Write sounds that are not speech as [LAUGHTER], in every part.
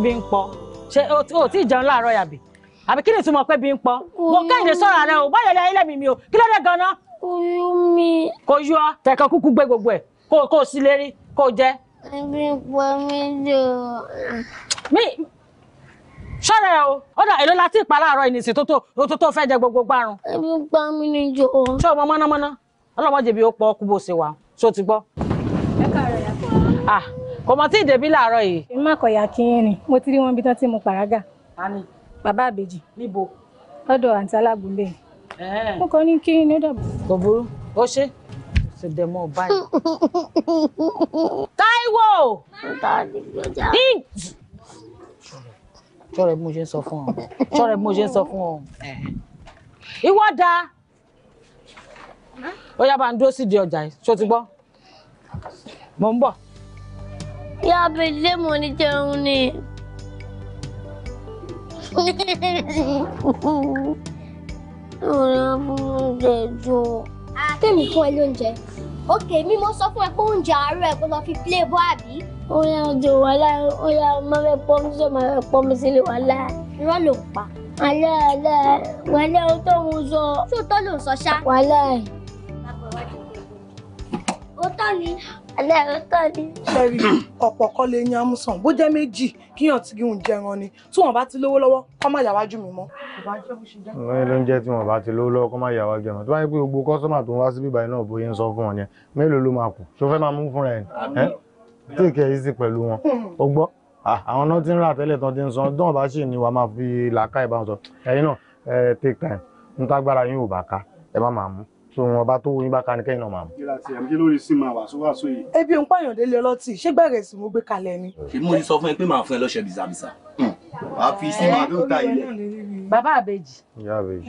ebi ń pọ ṣe o ti jẹun láàárọ̀ yàbí àbí kí ni ìtumọ̀ pé bí ń pọ mo kẹ́hìndé sọ̀rọ̀ rẹ o báyọ̀ lẹ́yìn lẹ́mìí mi o kí ló dé gan-an. kò yú mi. kò yú ọ tẹ̀kan kúkú gbé gbogbo ẹ̀ kó kó o sí lérí kó o jẹ. ebi ń pọ mi jò. mi sọ̀rọ̀ ẹ o ó dà èlò láti ìpa láàárọ̀ ìnìsín tó tó tó fẹ́ jẹ gbogbo gbárùn. ebi ń pa mi ní jò. ṣé o mọ mọ́nàmọ́ná ọlọ́mọdé ó pọ̀ ọkú bó ṣe wà ṣó ti gbọ́. ẹ káàárọ̀ yàtọ̀. Ah kò mọ̀ tí ì débí làárọ̀ yìí. èmi má kọ̀yà kí n rìn mo ti rí wọn bí tán ti mu pàrágà. ani. bàbá àbèjì. níbo. lọ́dọ̀ àǹtí alágúnbẹ̀. mo kọ ní kí ni ó dàbọ̀. kò burú ó ṣe ṣe dẹ̀ mọ́ báyìí. Táíwò. sọ̀rọ̀ bí mo ṣe ń sọ fún ọ sọ̀rọ̀ bí mo ṣe ń sọ fún ọ. ìwọ da ó yá bá ń dúró sídìí ọjà yìí ṣó ti gbọ́ mo ń bọ̀. Yá bèjì ṣé mo ní jẹun fún ẹ lóúnjẹ. Ókè mi mo sọ fún ẹ pé oúnjẹ àárọ̀ ẹ kó lọ fi play bọ́ àbí? Ó yá ọjọ́ wà láì ó yá máa fẹ́ pọ́ mi sọ máa fẹ́ pọ́ mi sílé wà láì. Irọ́ ló ń pa. Wàlẹ́ àlẹ́ wàlẹ́ ohun tó ń sọ. Ṣé òótọ́ ló ń sọ ṣá? Wàlẹ́. Òótọ́ ni aláàkọ́ ni. sẹ́rí ọ̀pọ̀ kọ́ lè yan amúsàn bó jẹ́ méjì kíyàn tí gíhùn jẹran ni tí wọ́n bá ti lówó lọ́wọ́ kọ́ má yàwájú mi mọ́. lóyún ló ń jẹ́ tí wọ́n bá ti lówó lọ́wọ́ kọ́ má yàwájú mi tó bá yẹ pé gbogbo kọ́sọ́mà tó ń wá síbí báyìí náà bóyá ń sọ fún wọn yẹn mélòó ló máa kù tó fẹ́ máa mú fúnra ẹ̀ tí ìkẹ́ yìí sì pẹ̀lú wọn ó hmm. gbọ́ àwọn náà ti ń rà tẹ́lẹ̀ tán ti ń sọ ẹ̀yin náà take time ń tágbára yín ò bá so wọn bá tó yín bá ka ni kẹ́yìn náà máa mú. ìlà tí àmì lórí sí máa wà sówàsó yìí. ebi ń pààyàn délé ọlọ́tì ṣé gbẹ̀rẹ̀ sí mo gbé kalẹ̀ ni. èmi mo ti sọ fún ẹ pé màá fún ẹ lọ́sẹ̀ bìsàbìsà. wà hmm. á fi sí máa tó ta ilẹ̀. bàbá àbèjì. ìyá àbèjì.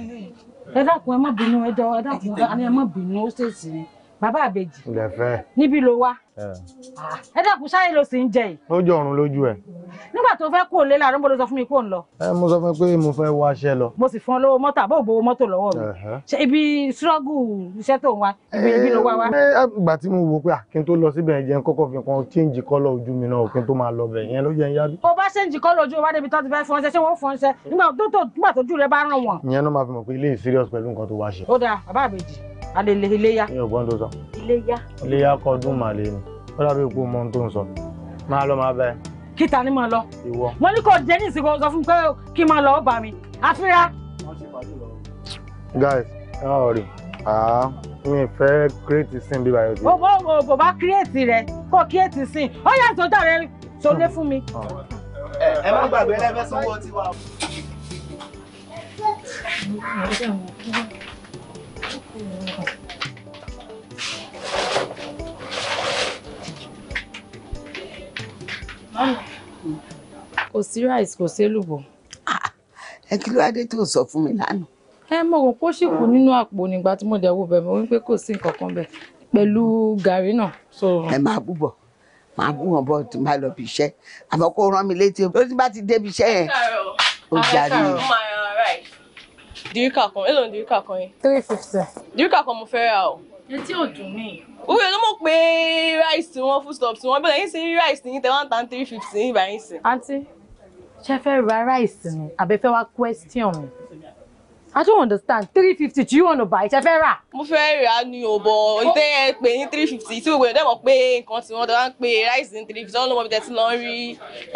ẹ dákun ẹ má bínú ẹ dákun ẹ má bínú ó ṣèṣì ni bàbá àbèjì. ilẹ̀ níbi ló wá ẹ dẹ́kun ṣáyé ló sì ń jẹ yìí. ó jọ ọrùn lójú ẹ. nígbà tó fẹ́ kú òlé láàárọ̀ níbo ló sọ fún mi kó ń lọ. ẹ mo sọ fún pé mo fẹ́ wá aṣẹ lọ. mo sì fún ọ lówó mọ́tò àbọ̀ ògbówó mọ́tò lọ́wọ́ mi. ṣe ibi ṣírọ́gù iṣẹ́ tó ń wá ibi ibi ló wá wá. ìgbà tí mo wò pé kí n tó lọ síbẹ̀ yẹn jẹ́ kọ́kọ́ fi kan chíǹjì kọ́lọ̀ ojú mi náà kí n tó máa lọ bẹ̀ yẹn ló yẹ o bá ṣéǹjì kọ́lọ̀ ojú wa débi tó ti fẹ́ fọ́nṣẹ́ ṣé wọ́n fọ́nṣẹ́ nígbà tó tó nígbà tójú rẹ bá ràn wọ́n. ìyẹn náà máa fi alele iléyá. mi ò gbọ́n tó sọ. iléyá. iléyá kọdún màlẹ́ ni ó dàbí ikú mọ́ tó ń sọ máa lọ máa bẹ́ẹ̀. kíta ni máa lọ. ìwọ. mo ní kò jẹ́ ní ìsìnkú sọ fún pé kí n máa lọ ọba mi àfíra. guys ẹ wọ́n rí àá mi fẹ́ create sin bí báyọ̀ sí. bó bó bó bá create rẹ kó create sin ó yà tó dàrẹ tó lé fún mi. ẹ má gbàgbé ẹlẹ́fẹ́ sanwó tiwa. Thank kò sí rice kò sí èlùbọ́. Ah, ẹ kí ló wá dé tó sọ fún mi lánàá. ẹ mo rò pé ó sì kù nínú àpò nígbà tí mo dẹ̀ wò bẹ̀ mo wí pé kò sí nǹkan kan bẹ̀ pẹ̀lú gàrí náà. ẹ máa búbọ̀ máa bú wọn bọ tí n bá lọ bí iṣẹ́ àmọ́ kó rán mi létí ó ti bá ti débi iṣẹ́ yẹn ó jàre dìríkà kan èlò ní dìríkà kan yẹn. three fifty. dìríkà kan mo fẹ́ ra o. etí ò dùn mí. wúwo ló mọ̀ pé rice wọn food stop wọn bẹ̀rẹ̀ yín sí rice ní tẹ̀wọ́n tán three fifty ní ìbáyín sí. àǹtí ṣe fẹ́ ra rice ni àbẹ́fẹ́ wá question I don't understand. Three fifty tí yóò nù bá ìṣe fẹ́ rà. Mo fẹ́ rà ní òbọ̀ oh. ìtẹ́ ẹ pè ní three fifty tí gbogbo ẹ̀dẹ́gbọ̀n pé nǹkan tí wọ́n dọ̀wá ń pè ráìsì ní three fifty wọ́n ló mọ ibi tẹ́tí lọ́n rí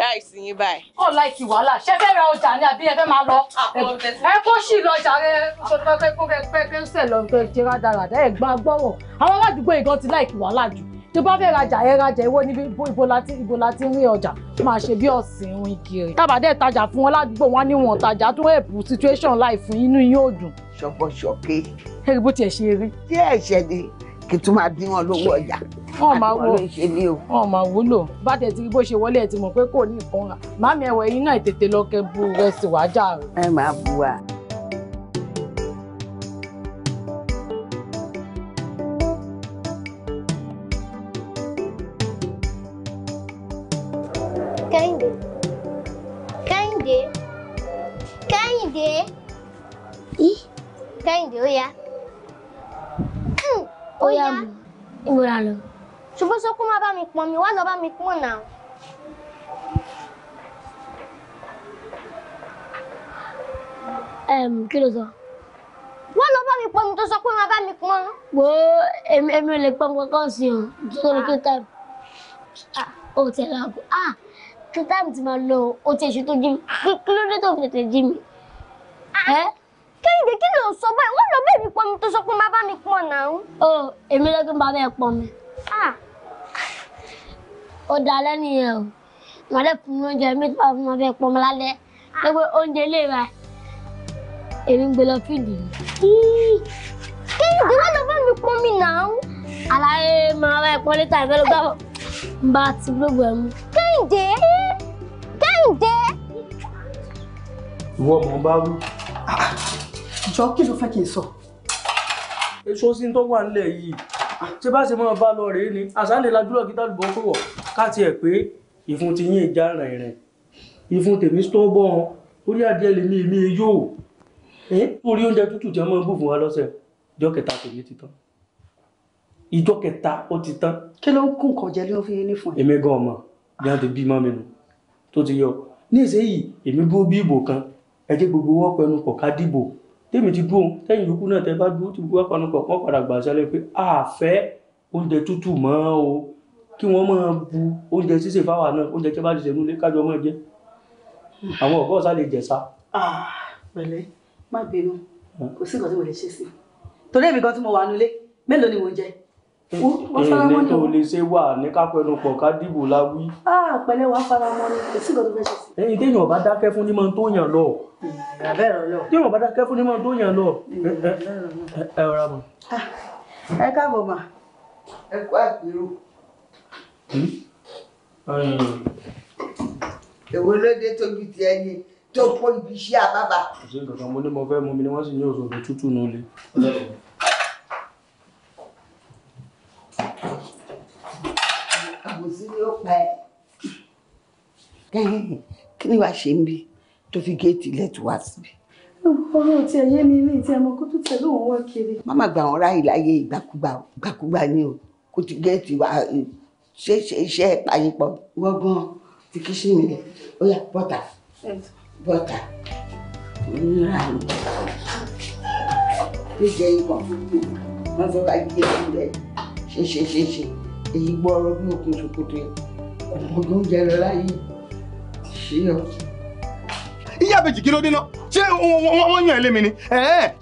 ráìsì yín báyìí. Ó láìkì wàhálà ṣé fẹ́ ra ọjà ni àbí ẹ fẹ́ máa lọ. Ah, ẹ kó sì lọ jàre pẹ́pẹ́pẹ́ pẹ́pẹ́ sẹ̀ lọ jẹ́ rádaràdá ẹ̀ gbọ́n agbọ́rọ̀. Àwọn aládùúgbò ìgan ti like wàhálà jù tó bá fẹ́ rajà ẹ rajà ìwọ níbi ibo láti ibo láti ń rí ọjà máa ṣe bí ọ̀sìn rin kiri tábàdẹ́ tajà fún wọn ládùúgbò wọn níwọ̀n tajà tó ẹ̀pù situation láì fún inú yín ò dùn. ṣọkọṣọkẹ. ẹ rí bó tiẹ̀ ṣe rí. tí ẹ̀ṣẹ̀ ni kì í tún máa dín wọn lówó ọjà wọn máa wò wọn máa wúlò bá tẹ ti bó ṣe wọlé ẹ ti mọ̀ pé kò ní nǹkan rà màmí ẹwẹ yín náà tètè lọ kẹ bu rẹsì wájà rẹ. ẹ máa bu wa. Kẹ́hìndé. Kẹ́hìndé. Kẹ́hìndé. Í. Kẹ́hìndé ó yá. Ó yá mu. Ibo la lọ? Ṣùgbọ́n sọ kó má bá mi pọn mi, wá na? bá mi pọn náà. um, kí ló sọ. wọ́n lọ bá mi pọnmi wo èmi èmi ò lè pọn kankan sí o tó lè kí n ta ah, o tẹ̀lé àgọ́ ah kí táìmù ti máa lọ o ti èṣù tó jí mi kí ló dé tó fi tètè jí mi. kéde kí ló ń sọ báyìí wọn lọ bẹ́ẹ̀ mi pọn mi tó sọ pé má bá mi pọn náà. o èmi ló kí n bá bẹ́ẹ̀ pọn mi. ó dáa lẹ́nu yẹn o màá dẹ̀ fún mi oúnjẹ mi tó bá fún mi bẹ́ẹ̀ pọn mi lálẹ́ pé oúnjẹ lè ra èmi ń gbé lọ fíìdì mi. kéde wọn lọ bá mi pọn mi náà. àlàyé màá dé. ìwọ mọ̀ bá wí. jọ kí ló fẹ́ kí n sọ. èso sí tó wà nílẹ̀ yìí ṣé bá ṣe máa bá lọ rèé ni àṣálẹ̀ lajúlọ̀ kí tálùbọ̀ kó wọ̀ káàtì ẹ̀ pé ìfun ti yín ìjà rìnrìn ìfun tèmi stọ́bọ̀n orí adìẹ lèmi èmi yóò torí oúnjẹ tútù jẹ́ mọ́ bùfún wa lọ́sẹ̀ ìjọ kẹta tèmi ti tán ìjọ kẹta ó ti tán. kí ló ń kún kọjẹ ló fi ní fún ẹ. èmi gan ọmọ bí wọn ti bí mọ mi nù tó ti yọ ní ìsẹ́yìí èmi dúró bí ìbò kan ẹ jẹ́ gbogbo wọ́n pẹnu pọ̀ ká dìbò tèmi ti dúró tẹ́yìn yòókù náà tẹ́ bá dúró tí gbogbo wọ́n pẹnu pọ̀ wọ́n padà gbà sálẹ̀ pé àfẹ́ oúnjẹ tútù mọ́ o kí wọ́n máa bu oúnjẹ sísè fáwa náà oúnjẹ tí wọ́n bá ti sẹ́nu lé kájọ mọ́ jẹ́ àwọn ọ̀gá ọ̀sá lè jẹ̀sà. pẹ̀lẹ́ má bínú kò sí nǹkan tí mo lè ṣe sí torí èmi kan tí mo wà nulẹ̀ mélòó ni mo jẹ ilé tó lè ṣe wà ní kápẹ́nu pọ̀ ká dìbò la wí. pẹ̀lẹ́ wàá fara mọ́ ni kò sí ìgbà tó fẹ́ ṣe sí. ẹyin téèyàn bá dákẹ́ fún ní máa ń tó yàn lọ. àbẹ̀rẹ̀ lọ. téèyàn bá dákẹ́ fún ní máa ń tó yàn lọ. ẹ ọ̀rá mọ̀. ẹ káàbọ̀ mà. ẹ kú àpérò. èwo ló dé tóbi ti ẹni tó kó ibi iṣẹ́ àbábà. kò sí nǹkan kan mo ní mo fẹ́ mu mi ni wọ́n sì ní òṣòro tútù nílé. kí ni wàá ṣe ń bí tó fi géètì lẹ́tù wá síbi. ọ̀rọ̀ tí ẹ̀yẹ́ mi ní ìtí ẹmọ kó tó tẹ̀ lóun wọ́n kiri. má má gbà wọn ráyè láyé ìgbàkúgbà ìgbàkúgbà ni o kó ti géètì wá ṣe iṣẹ́ ìpàyípọ̀. gbọ́ngàn ti kí sí mi lẹ̀ ó yá bọ́tà bọ́tà onírà mi jíjẹ ikọ̀ fún mi wọ́n fẹ́ wá gbé ẹ̀ ṣe ṣe ṣe ṣe èyí gbọ́ ọ̀rọ̀ bí òkun ṣòkòtò yẹn ọgbọ́n jẹ lọ láyé ṣé ọ. ìyá àbèjì kí ló dé náà ṣé wọ́n yàn lémi ni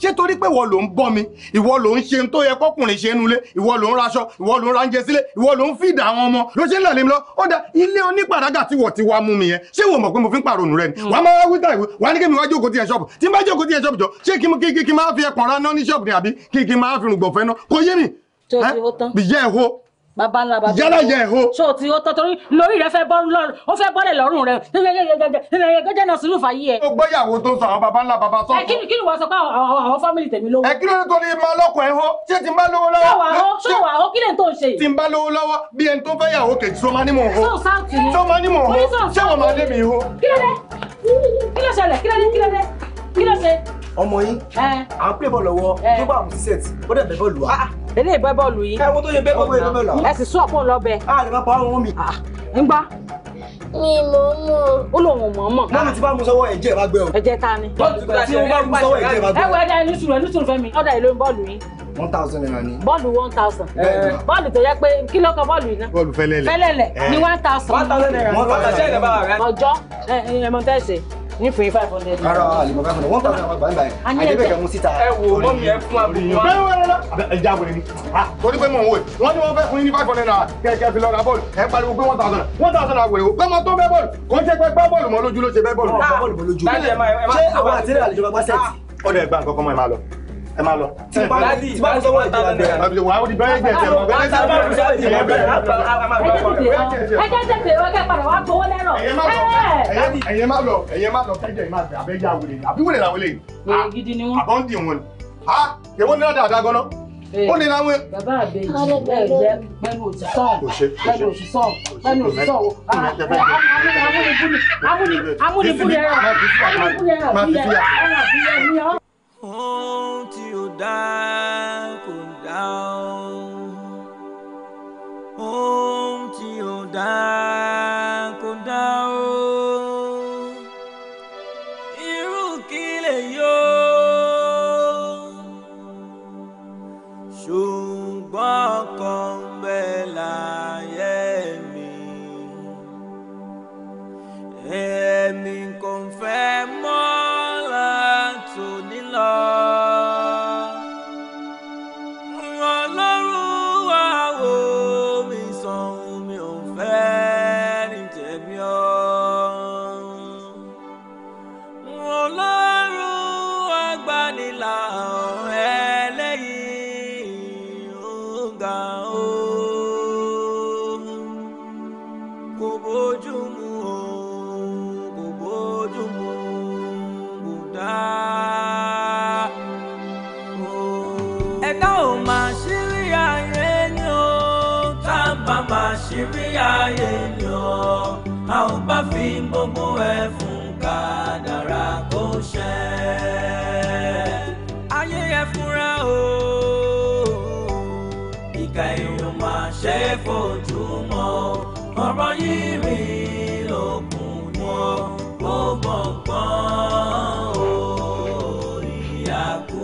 ṣé torí pé ìwọ ló ń bọ́ mi ìwọ ló ń ṣe tó yẹ kọkùnrin ṣe nulẹ̀ ìwọ ló ń raṣọ ìwọ ló ń ránjẹ sílẹ̀ ìwọ ló ń fìdá àwọn ọmọ ló ṣe ń lọ̀lẹ́ mi lọ ó da ilé onípàdágà tí wọ́n ti wá mú mi yẹn ṣé wọ́n mọ̀ pé mo fi ń pàrònú rẹ ni mm. wàá máa wí táìwé wàá ní kí mi wá jókòó tiẹ̀ ṣọ́ọ̀bù tí n bá jókòó tiẹ̀ ṣọ́ọ̀bù jọ ṣé kí n máa fi ẹ̀pọ̀n ra náà ní ṣọ́ọ̀bù ni àbí kí n máa fi rùngbọ̀n fẹ́ náà kò yé mi. tó o ti ó tán. bìyẹ́ ẹ̀ wo bàbá ńlá bàbá yálà yẹ o. so ti o tọ́tọ́rí lórí rẹ fẹ́ bọ́ lọ́rùn ó fẹ́ bọ́lẹ̀ lọ́rùn rẹ gẹ́gẹ́ náà sùúrù fàyè ẹ. ó gbọ́yàwó tó sọ àwọn bàbá ńlá bàbá sọ. ẹ kí ni kí ni wàá sọ pé àwọn fámìlì tèmi lówó. ẹ kí ló ń torí máa lọ́kọ̀ ẹ̀ hó ṣé ti ń bá lówó lọ́wọ́. sọ̀wà ó sọ̀wà ó kí lè tó ṣe. ti ń bá lówó lọ́wọ́ bí ẹni tó fẹ́ yàwó kejì sọ máa ní mò ń hó. sọ máa ní mò ń hó ṣé wọ́n máa lé mi hó. kí ló dé kí ló ṣẹlẹ̀ kí ló dé kí ló kí ló ṣe. ọmọ yín à ń pè bọ́ọ̀lù lọ́wọ́ tó bá àwọn tíṣẹ̀t ó dẹ̀ bẹ́ bọ́ọ̀lù wa. Ah, ah, eléyìí bẹ́ bọ́ọ̀lù yìí. ẹ wo tó yẹ bẹ́ bọ́ọ̀lù yẹn bẹ́ẹ̀ lọ. ẹ sì sún ọ̀pọ̀ lọ bẹ. a ah, lè má pa ọrùn mi. ń gbá. mi mọ̀ mọ̀. ó lóun mọ̀ mọ̀. mọ́mí ti bá mu sọ́wọ́ ẹ̀jẹ̀ ẹ̀ bá gbẹ o. ẹ̀jẹ̀ ta ni. bọ́ọ̀lù one thousand naira ni. bọ́ọ̀lù one thousand. Eh, bọ́ọ̀lù tó yẹ pé kí ló kọ bọ́ọ̀lù yìí náà. bọ́ọ̀lù fẹ́lẹ́lẹ̀. fẹ́lẹ́lẹ̀ ni eh. one thousand. one thousand naira. ọjọ́ ẹ̀ẹ́dẹ̀bá rẹ. ọjọ́ ẹ̀ẹ́dẹ̀mọ̀tẹ́sẹ̀ ní fún yín five hundred. rárá àlèmọ five hundred one thousand àwọn gbàǹgbà yẹn àyẹ̀bẹ̀ kẹ́ mú síta. ẹ wo mọ mi ẹ fún abiri wa. bẹ́ẹ̀ lọ ẹja wẹ̀rẹ̀ ni torí pé mò ń wè wọ́n ní wọ́n fẹ́ fún yín ní five hundred naira kẹ̀kẹ́ fi lọ ra ẹ pariwo pé one thousand one thousand naira wẹ̀rẹ̀ o pé mo tó bẹ́ bọ́ọ̀lù kò ń pé gbá bọ́ọ̀lù mọ́ lójú ló ṣe bẹ́ bọ́ọ̀lù. Ah, ṣé àwọn àti ẹ máa lọ. tí bá tí bá sọ wọn ìjọba bẹ̀rẹ̀. wàá wọ́n di bẹ́ẹ̀ jẹ̀ jẹ̀ mọ́ bẹ́ẹ̀ jẹ̀ mọ́ bẹ́ẹ̀ jẹ̀ mọ́ bẹ́ẹ̀ jẹ̀ mọ́. ẹ jẹ́ tètè ẹ kẹ́ padà wá gbowó lẹ́rọ̀. ẹ̀yẹ má lọ ẹ̀yẹ má lọ kẹ́jẹ̀ má bẹ̀ abẹ́jà wèrè àbí wèrè làwọn lè. wèrè gidi ni wọn. àbọ̀ ń dì wọn. a èwo ni wọn dáadáa gan-an ó ní láwọn. bàbá àbèjì ẹ jẹ pẹ̀lú òtítọ́ pẹ̀lú òtítọ́ pẹ̀lú òtítọ́ amúnibúni amúnibúni ẹ̀rọ amúnibúni ẹ̀rọ bíyà ẹ̀rọ bíyà bíyà. Home, to your dáa kò dáa ohun tí ó dáa. láyé yọ a ò bá fi gbogbo ẹ̀ fún kádàrá kó ṣẹ. ayé ẹ fúnra o ìka èèyàn máa ṣe é fojú ọ̀rọ̀ yìí rí lókun wọn kó gbọ̀ngbọ̀n o ìyá kú.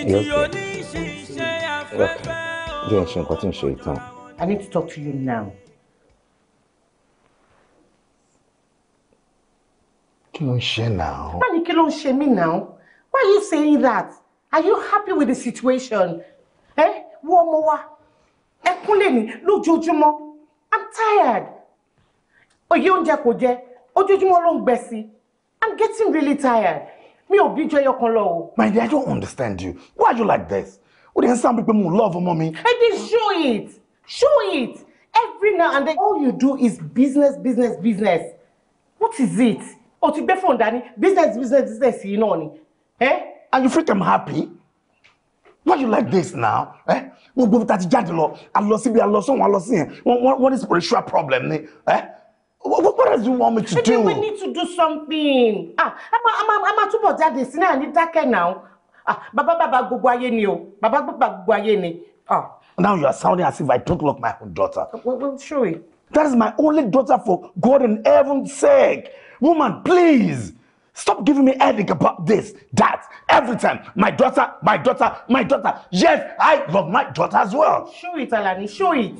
ìdí oníṣìṣẹ́ afẹ́fẹ́ o. jẹ́ ìṣe nǹkan tí ń ṣe ìtàn. I need to talk to you now. Kí ló ń now? Báyìí kí ló ń ṣe now? Why are you saying that? Are you happy with the situation? Eh? wo ọmọ wa, ẹkún lè ní lójoojúmọ́. I'm tired. Òye oúnjẹ kò jẹ, ojoojúmọ́ ló I'm getting really tired. Mi ò bí jẹ́ yọkan My dear, I don't understand you. Why are you like this? O dey some people mi pé mo love ọmọ I dey show it. Show it. Every now and then, all you do is business, business, business. What is it? O ti gbé phone dání, business, business, business yìí náà ni. Eh? And you freaking happy? Why you like this now? Eh? Gbogbo ta ti jáde lọ, a lọ síbi, a lọ sóhun, a lọ sí yẹn. What is spiritual problem ni? Eh? What, what else you want me to do? We need to do something. Ah, a máa túbọ̀ jáde sí náà ní dákẹ́ náà. Ah, bàbá bàbá gbogbo ayé ni o. Baba bàbá gbogbo ayé ni. Ah. Now you are sounding as if I don't love my own daughter. Uh, well, well show it. That is my only daughter for God in heaven's sake. Woman, please. Stop giving me headache about this, that, every time. My daughter, my daughter, my daughter. Yes, I love my daughter as well. Show it, Alani. Show it.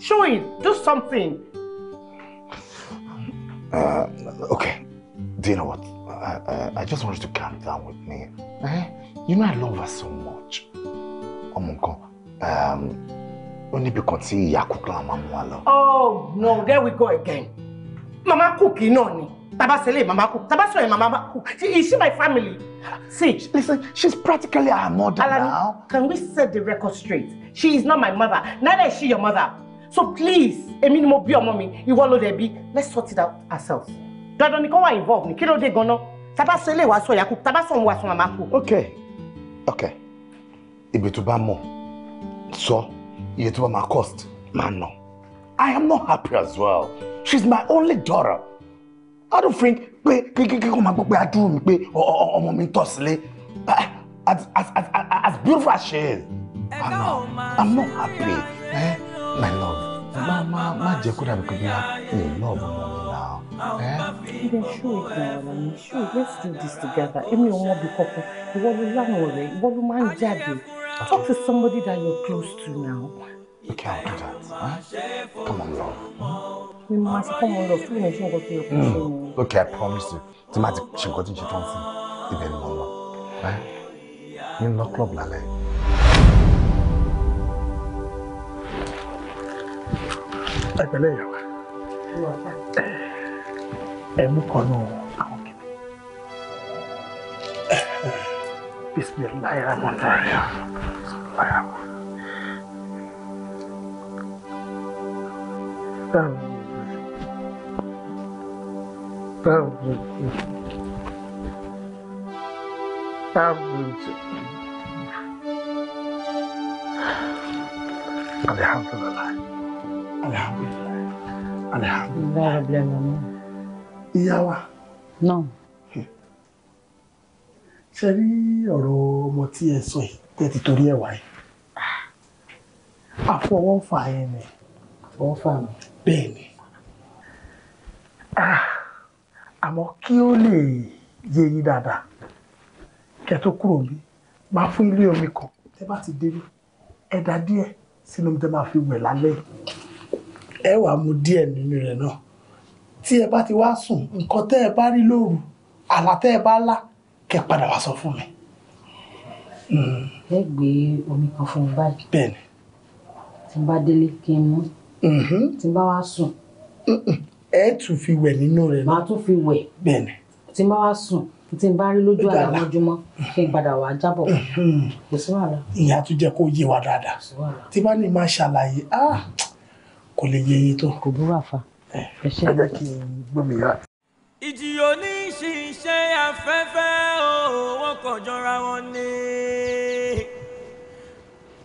Show it. Do something. Uh, okay. Do you know what? I, I, I just want you to calm down with me. Eh? You know I love her so much. Oh my God. Um, ó níbi kan tí ìyá la máa mú oh no there we go again mama cook náà ni taba sele mama cook taba sele mama cook See, is she my family. see listen she's practically our mother Alan, now. can we set the record straight she is not my mother neither is she your mother so please èmi ni mo bí ọmọ mi ìwọ ló dẹ̀ let's sort it out ourselves dandan ni kò involve ni kí ló gono. ganan taba sele wàá sọ ìyá cook taba sọ òun wàá mama cook. okay okay Ibe tó bá mọ̀. So, iye tó bá cost man. No, i am not happy as well She's my only daughter i don't think pé kékeré kò máa gbọ́ pé adúrú mi pé ọmọ mi ń tọ̀ sílé as as as as beautiful as she is i'm not i'm not happy eh? my love má má má jẹ́ kó dàbí pé bí wàá mi love ọmọ mi now. Even show it now, Rami. Show it. Let's do this together. Èmi ò mọ̀ bí kankan. Ìwọ ló láwọn ọ̀rẹ́. Ìwọ ló máa ń jáde. Talk to somebody that you're close to now. You can't do that. Huh? Come on, love. We must come on, love. Feel like you're going to Look, I promise you. Tí she ti ṣe nǹkan tí ṣe tán right? You're not mo lọ. Mi eh? ń lọ club lálẹ́. Ẹ̀pẹ̀lẹ́ ìyàwó. Ẹ mú kan بسم الله الرحمن الرحيم الحمد لله الحمد لله الحمد لله يا نعم ṣe rí ọ̀rọ̀ ọmọ tí ẹ sọ yìí tẹ́ ti torí ẹ̀ wáyé ah, àfọwọ́fà yẹn ni àfọwọ́fà mi bẹ́ẹ̀ ni ah, àmọ́ kí ó lè yé yín dáadáa kẹ tó kúrò bí máa fún ilé omi kan tẹ bá ti délé ẹ dá díẹ̀ sínú tẹ máa fi wẹ̀ lálẹ́ ẹ wàá mu díẹ̀ nínú rẹ̀ náà tí ẹ bá ti wá sùn nǹkan tẹ́ ẹ bá rí lóru àlá tẹ́ ẹ bá lá kẹ́ padà wá sọ fún mi. Mm. ẹ gbé omi kan fún mi báyìí. bẹ́ẹ̀ni. tí n bá délé kí n mú. Mm-hmm. tí n bá wá sùn. ẹ tún fi wẹ̀ nínú rẹ̀. màá tún fi wẹ̀. bẹ́ẹ̀ni. tí n bá wá sùn tí n bá rí lójú àlá mọ́júmọ́ kí n padà wá jábọ̀ mm-hmm. kò sí wàhálà. ìyẹn tún jẹ́ kó yé wa dáadáa tí bá ní máa ṣàlàyé ah, kò lè yé yín tó. kò burú àfa eh. ẹ jẹ́ kí n gbómi rà ìjì oníṣìṣẹ́ afẹ́fẹ́ o wọn kò jọra wọn ni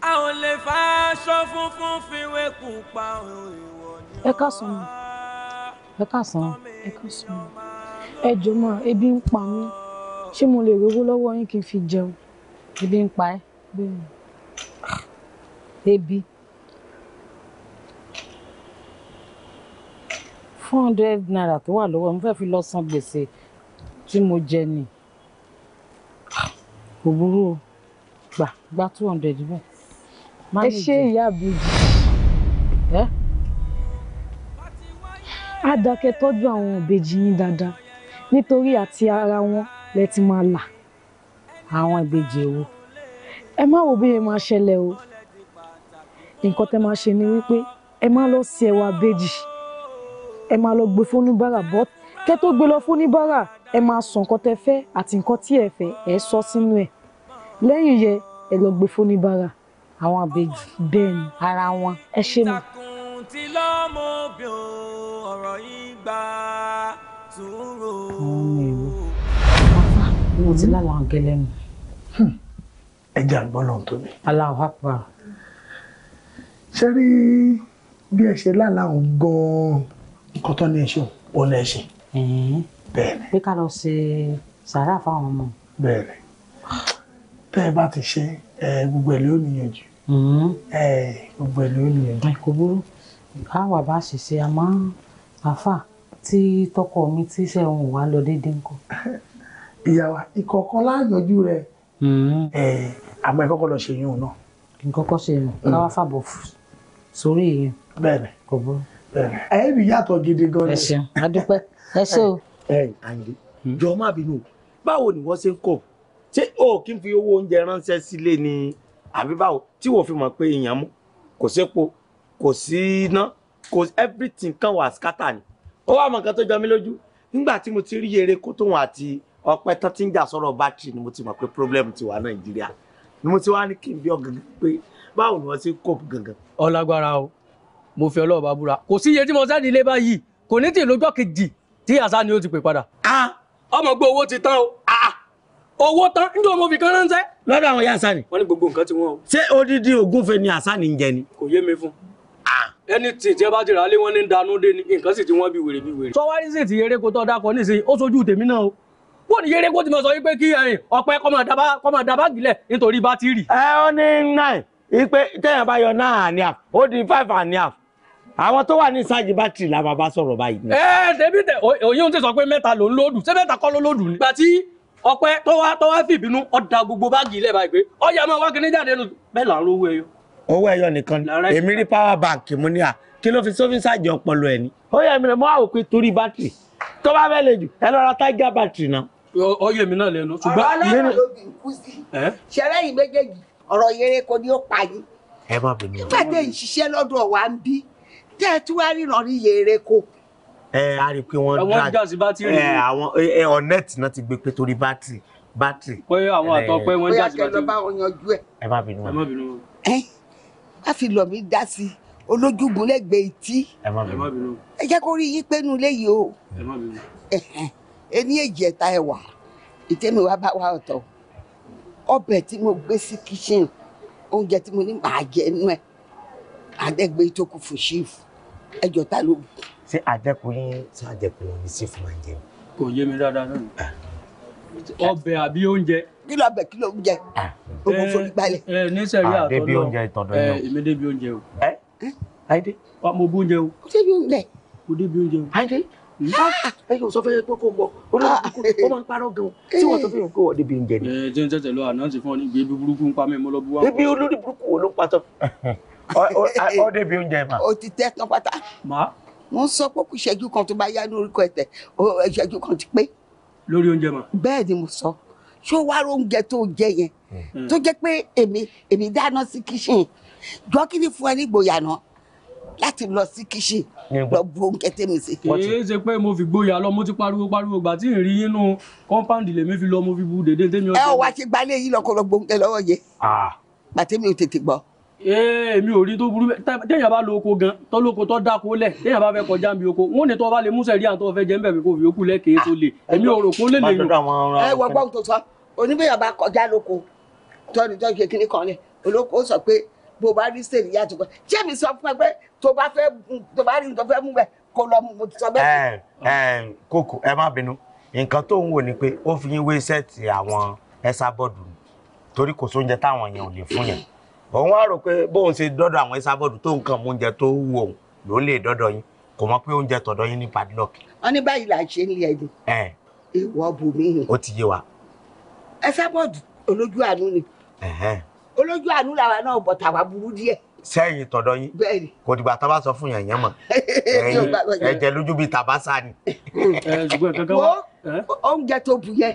a ò lè fa aṣọ funfun fi wé pupa o ni wá. ẹ káàsán ma ẹ káàsán ẹ káàsán ẹ jọ̀ọ́ ebi ń pa mí ṣé mo lè rówó lọ́wọ́ yín kí n fi jẹun ebi ń pa ẹ́ ah, ebi. four hundred naira tó wà lọ́wọ́ mo fẹ́ fi lọ san gbèsè tí mo jẹ ni kò burú o gbà gbà two hundred bẹ́ẹ̀. ẹ ṣe ìyá àbújá. ẹ. àdàkẹ́ tọ́jú àwọn ìbejì yín dáadáa nítorí àti ara wọn lẹ ti máa là àwọn ìbejì wo ẹ má wo bí ẹ máa ṣẹlẹ̀ o nǹkan tẹ máa ṣe ni wípé ẹ má lọ sí ẹwà ìbejì ẹ máa lọ gbé fún oníbàárà bọ́ kẹ́ tó gbé lọ fún oníbàárà ẹ máa sọ nǹkan tẹ́ fẹ́ àti nǹkan tí ẹ fẹ́ ẹ sọ sínú ẹ̀ lẹ́yìn yẹ ẹ lọ gbé fún oníbàárà àwọn àbèjì bẹ́ẹ̀ ni ara wọn ẹ ṣe mọ̀. mo ti lálàá gẹ́lẹ́ mi. Hmm. ẹ jẹ́ àgbọ́nà tóbi. Allahu Akbar. ṣé rí bí ẹ ṣe lálàá gan-an nǹkan tó ní ẹ ṣeun ó ní ẹ ṣe. bẹ́ẹ̀ni. pé ká lọ ṣe sàárà fáwọn ọmọ. bẹ́ẹ̀ni tẹ ẹ bá ti ṣe ẹ gbogbo ẹ ló níyànjú. ẹ gbogbo ẹ ló níyànjú. kò burú a wà bá ṣe ṣe àmọ́ àáfà tí tọkọ mi tí iṣẹ́ òun wà lọ déédéé nǹkan. [LAUGHS] ìyàwó ìkọ̀ọ̀kan láàyànjú rẹ̀ àmọ́ ẹ kọ́kọ́ lọ ṣe yún un náà. ìkọ̀ọ̀kan ṣe yún un káwá fàbọ̀ sórí yẹn. bẹ́ẹ̀ni kò burú. ẹ̀ẹ́dì yàtọ̀ gidi gan ni. ẹ ṣeun adúpẹ́ ẹ ṣe o. ẹ ẹ àyìnlé jọ má báwo ni wọ́n ṣe ń kọ̀ ṣé o kí n fi owó oúnjẹ ránṣẹ́ sílé ni àbí báwo tí wọ́n fi mọ̀ pé èèyàn mú kò sépo kò sí iná kò everything kan wà scatter ni ó wà mọ̀ nǹkan tó jọ mí lójú nígbà tí mo ti rí eré kó tóun àti ọpẹ tán ti ń jà sọ̀rọ̀ bátìrì ni mo ti mọ̀ pé problem ti wà nàìjíríà ni mo ti wá ní kí n bí ọ gangan pé báwo ni wọ́n ṣe ń kọ̀ gangan. ọlágbára o mo fi ọlọ́ọ̀bá búra kò sí iye tí mo sẹ́ni ilé báyìí kò ní tì lójọ́ kejì tí àṣà ni ó ti pè padà. ọmọ gbé owó ti tán o owó tán níjọ́ mo fi kán ránṣẹ́. lọ́dọ̀ àwọn ìyá àṣà ni. wọ́n ní gbogbo nǹkan tí wọ́n o. ṣé odidi ògúnfe ni àṣà ni ń jẹ ni. kò yé mi fún. ẹni tí tí ẹ bá ti rà á lé wọn ní danú dé ni nǹkan sì ti wọ́n bí wèrè bí wèrè. sọwárí sì ti eré kó tọ́ dákọ nísìnyí ó sojú tèmi náà o wọ́n ní eré kó ti mọ̀ sọ wípé kí eh, ọ̀pẹ kọ́mọ dábàgìlẹ̀ nítorí bátìrì. ẹ eh, ó ní nine ipe téèyàn bá yọ náà àní ó di five àní àwọn tó wà ní ìsájì bátìrì la máa bá sọ̀rọ̀ báyìí. ẹ ṣebí tẹ òyìn ti sọ pé mẹ́ta ló ń lóòdù ṣé mẹ́ta kọ́ ló lóòdù ni. gbàtí ọpẹ tó wá tó wá fìbínú ọdà gbogbo báàgì ilẹ̀ báyìí pé ọyà máa wá kíní jáde nù bẹ́ẹ̀ là ń rówó ẹyọ. owó ẹyọ nìkan ni èmi rí power bank mú ní à kí ló fi sófin ṣáàjì ọpọlọ ẹ ni. ó yẹ mi lọ mọ àwòkí torí bátìrì tó bá fẹ́ le jù ẹ lọ ra tiger bátìrì náà. ọyẹ mi náà lẹnu ṣùgbọ́n. ọ̀rọ̀ ọlọ́run ló bí kú sí ṣẹlẹ́yìn méjèèjì ọ̀rọ̀ yẹrẹ kò ní ó pa yín. ẹ má bẹ̀rù. nígbà tẹ̀ ń ṣiṣẹ́ lọ́dọ̀ wa ń bí tẹ́ ẹ tí wàá ríran rí yèrè kò. ẹ a rí i pé wọn drag wọn jọ́sí bátìrì ẹ àwọn ẹ ọ̀nẹ́ẹ̀tì náà ti gbé pé torí bátìrì bátìrì. pé àwọn àtọ pé wọn jọ́sí bátìrì. bóyá kẹlẹ bá wọn yanjú ẹ. ẹ má bínú wọn. ẹ má fi lọ mí dá sí olójúgun lẹ́gbẹ̀ẹ́ etí. ẹ má bínú. ẹ jẹ́ kó rí yín pé nu léyìí o. ẹ má bínú. ẹ ní èjì ẹ̀ta ẹ̀wà ìtẹ́mi wa bá wa ọ̀tọ̀ ọbẹ̀ tí mo gbé sí kíṣìn oúnjẹ tí mo ní màá jẹ nú ẹ̀ àdẹ́gbẹ́ tó kù fún ṣífù ẹjọ́ ta ló. ṣé àdẹ́kùn yín ṣé àdẹ́kùn ni ṣífù máa ń jẹ. kò yé mi dáadáa náà ah. ọbẹ̀ àbí oúnjẹ. kí ló ọbẹ̀ kí ló oúnjẹ. ogun ah. forí gbalẹ̀. ẹ ẹ nísẹ̀rí ah, àtọ́lọ́ àdébí oúnjẹ ìtọ́dọ̀ yẹn o. èmi débi oúnjẹ o. ẹ ayíde. mo bú oúnjẹ o. mo débi oúnjẹ. mo débi oúnjẹ o. ayíde hmm? ẹ yóò sọ fẹ́ pé kó bọ̀ ó máa ń parọ́ gan-an tí wọ́n sọ fẹ́ kó wọ́n débi oúnjẹ ni. ẹ jẹ́ ń tẹ̀tẹ̀ lọ àná ti fún ọ ní ibi burúkú ń pa mí mo ibi olórí burúkú wo ló ń patọ́. [LAUGHS] ọ débi oúnjẹ mà. o ti tẹ́ tán pátá. mà. wọ́n sọ pé kò ṣẹ́jú kan tó bá yá ní orúkọ ẹ̀tẹ̀ ṣẹ́jú kan ti pé. lórí oúnjẹ mà. bẹ́ẹ̀ ni mo sọ ṣó wá oúnjẹ tó jẹ yẹn hmm. tó jẹ́ pé èmi èmi dáná sí kíṣìn jọ kí ni fún ẹ ní ìgboyà náà láti lọ sí kíṣìn lọ bu oúnjẹ tèmi sí. èyí ṣe pé mo fi gbóyà lọ mo ti pariwo pariwo gbà tí ì rí inú kọ́ńpáǹdì lèmi fi lọ mo fi bu dèdè tèmi ọjọ́. ẹ wá ṣe gbalẹ̀ yìí lọkọ̀ lọ gbóúnjẹ lọ́wọ́ yẹ. Ah. gbà tèmi ò tètè gbọ́ èmi eh, ò rí tó burú bẹ́ẹ̀ téèyàn bá lo oko gan tó lóko tó dáko lẹ̀ téèyàn bá fẹ́ kọjá mi oko wọn ni tó bá lè mú sẹ̀rí àtọ́ fẹ́ jẹ́ ńbẹ̀ mi kò fi okú lẹ̀ kéé tó lè èmi ò rò kó lè lè yùn. ẹ wọ gbọ́n tó sọ oníbẹ̀yàn bá kọjá lóko tọ́ni tó ṣe kíní kan lẹ̀ olóko sọ pé bó bá rí sèrè yá tó kọ ṣé mi sọ fún ẹ pé tó bá fẹ́ tó bá rí nǹkan fẹ́ mú bẹ́ẹ̀ kó lọ mo ti sọ bẹ́ẹ̀. ẹ ẹ kókò ẹ má bínú nǹkan tó ń wò ni pé ó fi yín wé sẹ́ẹ̀tì àwọn ẹ̀sà bọ́ọ̀dù torí kò sóúnjẹ táwọn yẹn ò lè fún yẹn òun wá rò pé bóun ṣe dọ́dọ̀ àwọn ìsábọ̀dù tó nǹkan mú oúnjẹ tó wù òun ló lè dọ́dọ̀ yín kò mọ̀ pé oúnjẹ tọ̀dọ̀ yín ní padlock. wọ́n ní báyìí là ń ṣe nílé ẹni. ẹ ìwọ bùnmí yìí. ó ti yé wa. ìsábọ̀dù olójú àánú ni. olójú àánú làwa náà bọ̀ tàwa burú díẹ̀ sẹ́yìn tọ̀dọ̀ yín kò dìgbà tá a bá sọ fún [LAUGHS] yẹn yẹn mọ̀ ẹ̀jẹ̀ lójú bíi tàbásà ni. [LAUGHS] wo oúnjẹ tó bu yẹn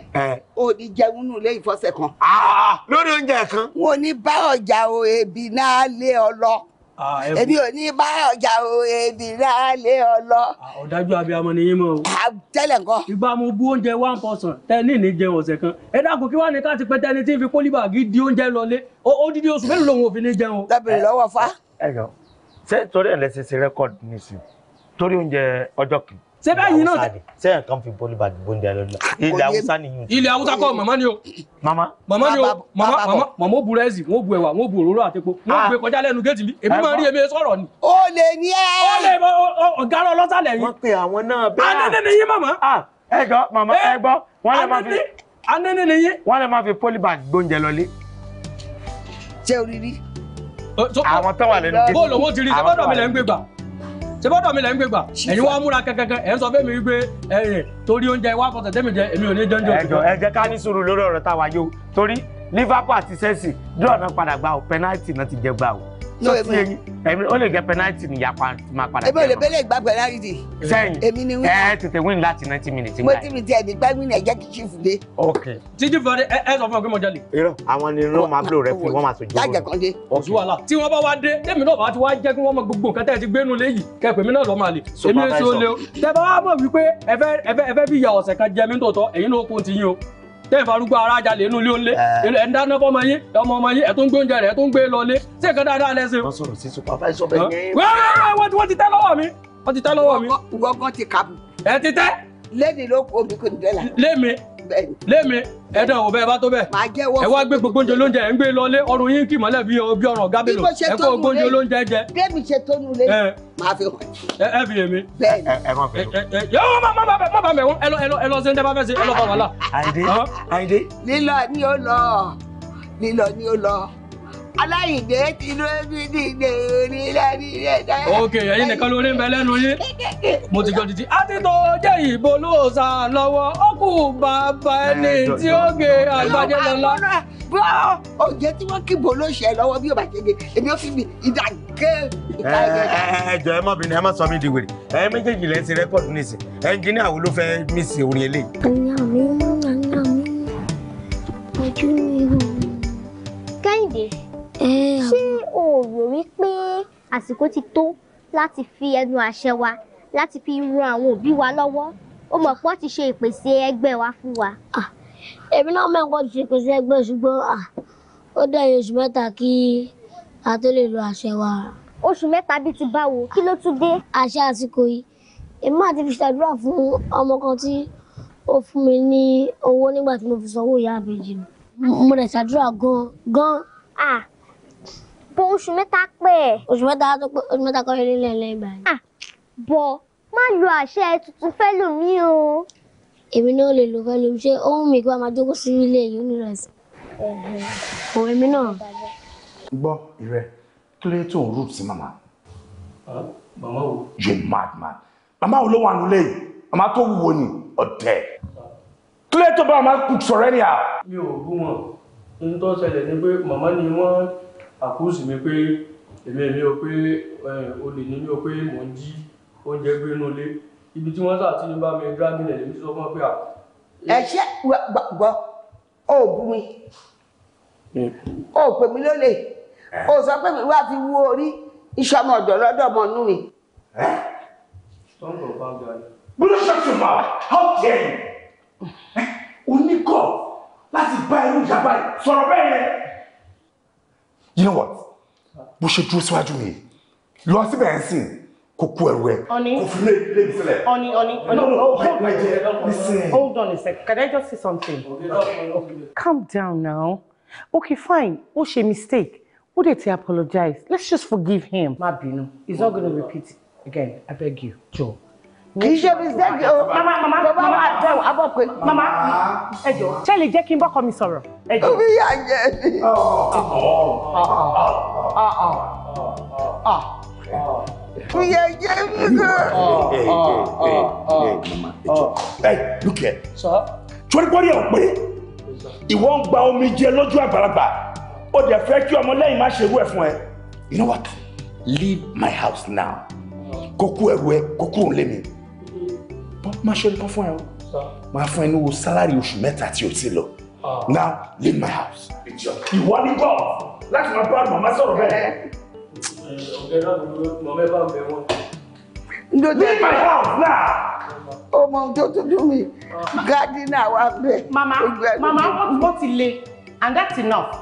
ò ní jẹun nù lé ìfọsẹ̀ kan. Ah, lórí oúnjẹ kan. wọn ò ní bá ọjà o èbí náà lé ọ lọ èmi ò ní bá ọjà o èmi lálẹ́ ọlọ. ọ̀dájú abiyamọ ni yín mọ tẹ́lẹ̀ nǹkan. ìgbà mo bú oúnjẹ one person tẹ́ni ní jẹun ọ̀sẹ̀ kan ẹ dákun kí wàá ní ká ti pẹ́ tẹ́ni tí ń fi pólíbàgì di oúnjẹ lọlé odidi oṣù mélòó lòun ò fi ní jẹun. lábẹ̀rẹ̀ lọ́wọ́ fa. ẹ jọ ṣé torí ẹ̀ lẹ́sẹ̀ ṣe rẹ́kọ̀dì nìsín torí oúnjẹ ọjọ́ kìí ṣé bẹ́yìn náà tẹ. sẹ́yìn kan fi bọ́ọ̀lù bàtí bọ́ọ̀lù dẹ lọ́dún ilẹ̀ haúsá ni yìí. ilẹ̀ haúsá kọ́ mama ni o. màmá. màmá ni o màmá o ó bu rẹ́sì o bu ẹ̀wà o bu òróró àtẹ̀pọ̀ o ah. gbé kọjá lẹ́nu géètì mi èmi máa rí èmi sọ̀rọ̀ ni. o lè ní ẹ. o lè ọ̀gá lọ lọ́sàlẹ̀ yìí. wọ́n pe àwọn náà bẹ́ẹ̀. anẹ́nẹ́ ni yín màmá. Ah, ẹ gbọ́ màmá eh, ẹ gbọ́ wọ́n lè máa fi. anẹ́nẹ́ ni yín. wọ́n lè máa fi pólíbàt gbóúnjẹ lọlé. jẹ́ oríire. àwọn tó wà lẹ́nu géètì. bóòlù owó ti rí sẹ́gbọ́dọ̀ mi lẹ́ ń gbé gbà ṣé bọ́dọ̀ mi lẹ́ ń gbé gbà ẹ̀yin wọ́n múra kankan ẹ̀ ń sọ fún mi wípé ẹ̀yìn torí oúnjẹ wá fọ̀tẹ̀ tẹ́mi jẹ èmi ò ní jẹun jẹ òtún. ẹjọ ẹ jẹ́ ká ní sùúrù lórí ọ̀rọ̀ táwa yóò torí Liverpool àti Chelsea dúró náà padà gba ò pẹnáìtì náà ti jẹ gbà o so èmi ó lè jẹ penalty ni ìyapa máa padà jẹ. ebile bele gba penalty. sẹ́yìn èmi ni win. ẹ tètè win láti ninety minutes. mo ti mi tiẹ̀ ní gbá win ẹ̀ jẹ́ kí chief dé. ok títí fún ẹ ẹ sọ fún ọ pé mo jalè. irọ́ àwọn ni irọ́ máa blow rẹ fún wọn máa tó jẹ́ wọn. lájà kan dé. ọ̀sùn wàhálà tí wọ́n bá wá dé tèmi náà bá ti wá jẹ́ kí wọ́n mọ gbogbo nǹkan tẹ́ ẹ ti gbénu léyìí kẹ́ pèmí náà lọ́ tẹ́ ìfarúgbó ara jalè inú ilé onílé ẹ̀ ń dáná fọmọ yín ọmọ ọmọ yín ẹ̀ tó rẹ̀ ẹ̀ gbé lọlé ṣé nǹkan dáadáa lẹ́sìn. wọ́n sọ̀rọ̀ sí supervisor bẹ́ẹ̀ yẹn. wẹ́ẹ́rẹ́ wọ́n ti tẹ́ lọ́wọ́ mi wọ́n ti tẹ́ lọ́wọ́ mi. gbọ́ngàn ti kàbù. ẹ ti tẹ́. lẹ́ni ló kó omi kò ní dẹ́là. lémi lémi ẹ dàn wò bá tó bẹ́ẹ̀ ẹ wá gbé gbogbo oúnjẹ lóúnjẹ ẹ ń gbé lọlé ọrùn yín kì mọ́lẹ̀ bí ọbí ọ̀ràn ọ̀gá bèlò ẹ kó gbogbo oúnjẹ lóúnjẹ jẹ. bẹ́ẹ̀ni ṣe tó nulẹ̀ máa fi hàn. ẹ fi èmi. bẹ́ẹ̀ni ẹ má fẹ́ lọ. yóò má má má má bàmẹ̀ ẹ lọ sí ẹ bá fẹ́ ṣe ẹ lọ fa wàhálà. àyíndé àyíndé. lílọ ni ó lọ lílọ ni ó lọ aláìdé ti ló fi dìde onílẹ̀ nílẹ̀ náà. ok ẹyin nìkan lórí ń bẹ lẹ́nu yín mo ti gbọ́ títí àtìtò jẹ́ ìbò lóòsà lọ́wọ́ ó kù bàbá ẹni tí ó gé àgbàjẹ́ lọ́la. bọ́ òjẹ́ tí wọ́n kíbo ló ṣe lọ́wọ́ bí òbàjẹ́ gé èmi ò fi mi ìdá gé ìta ẹ̀jẹ̀. ẹ jọ ẹ mọbìnrin ẹ má sọ mí di wèrè ẹ méjèèjì lẹ ń ṣe rẹkọọdù nísìn ẹnjìníà wo ló fẹ́ mí sí orin eléyìí. àyà mi àyà mi ojú mi kẹ́hìndé ṣé o rò wípé àsìkò ti tó láti fi ẹnu àṣẹ wa láti fi ran àwọn òbí wa lọ́wọ́ ó mọ̀ pé wọ́n ti ṣe ìpèsè ẹgbẹ́ wa fún wa. Ah, èmi náà mẹ́kọ̀ọ́ ti ṣe ìpèsè ẹgbẹ́ ṣùgbọ́n ah, ó dẹ̀yìn oṣù mẹ́ta kí a tó lè lo àṣẹ wa. oṣù mẹ́ta bíi ti báwo kí ló tún dé. àṣẹ àsìkò yìí èmi àti fi ṣàdúrà fún ọmọ kan tí ó fún mi ní owó nígbà tí mo fi sanwó ìyá àbèjì mo rẹ̀ ṣàdúrà gan-an gan-an. Ah, bọ oṣù mẹ́ta pé. oṣù mẹ́ta tó pé oṣù mẹ́ta kọ́ ilé lẹ́lẹ́ ìgbà yìí. Ah, bọ má lo àṣẹ tuntun fẹ́lòmí o. èmi náà lè lo fẹ́lòmí ṣé ohun mi kí wàá máa jókòó sí ilé yunifásitì. òun èmi náà. gbọ́ ìrẹ kí ló tó ń rúùtù sí màmá. Ah, màmá wo. you mad man màmá wo ló wà nílé yìí màmá tó wúwo ni ọ̀dẹ̀ kí ló tó bá màmá kù sọ̀rọ̀ ẹ̀ à. mi ò bú wọn ohun tó ṣẹlẹ̀ ni pé màmá ni wọ́n àkúùsì mi pé èmi èmi o pé eh, olè ní mi o pé mò ń jí oúnjẹ gbé inú ilé ibi tí wọ́n sà ti ń bá mi drágìnì lèmi ti sọ fún ọ pé à. ẹ ṣe gbọ́ ó bú mi ó pè mí lólè ó sọ pé mi wá fi wú orí iṣẹ́ ọmọ ọ̀dọ̀ lọ́dọ̀ ọmọ inú mi. Bílọ̀ ṣọ́ọ̀ṣì mà how dare you? Oníkọ̀ láti bá irú ìjàmbá sọ̀rọ̀ bẹ́ẹ̀ yẹn you know what bó ṣe dúró síwájú mi lọ síbẹ̀ ẹ̀ sìn kó kú ẹrù ẹ kó fi lé lé mi sílẹ̀. ọ̀nì ọ̀nì ọ̀nì hold on a sec can I just say something okay. Okay. calm down now okay fine ó ṣe mistake ó dẹ̀ ti apologize let's just forgive him. má bínú he's not gonna repeat again I beg you Joe kì í ṣe mistake o mama mama bàbá wa àtẹwò abọ pé. mama ẹ jọ ṣé lè jẹ́ kí n bọ́kọ mi sọ̀rọ̀. ẹ jọ omi yà jẹ ni. mi yà jẹ mi gan. torípọ́lì ẹ̀ pé ìwọ ń gba omi jẹ lójú àgbàlagbà ó dẹ̀ fẹ́ kí ọmọlẹ́yìn má ṣerú ẹ̀ fún ẹ. you know what leave my house now kókó ẹrù ẹ kókó òun lé mi máa ṣe nǹkan fún ẹ o máa fún ẹ ní owó sálárì oṣù mẹ́ta tí o ti lọ ah. now leave my house. ìwọ ní bọ́ọ̀ láti máa bá màmá sọ̀rọ̀ bẹ́ẹ̀. Eh. ọ̀gá náà mọ̀mọ́ ẹ bá bẹ̀ wọ́n. leave my house now ọmọ tó tó dùn mí ah. gádínà wa bẹ. mama mama what ti le and that's enough.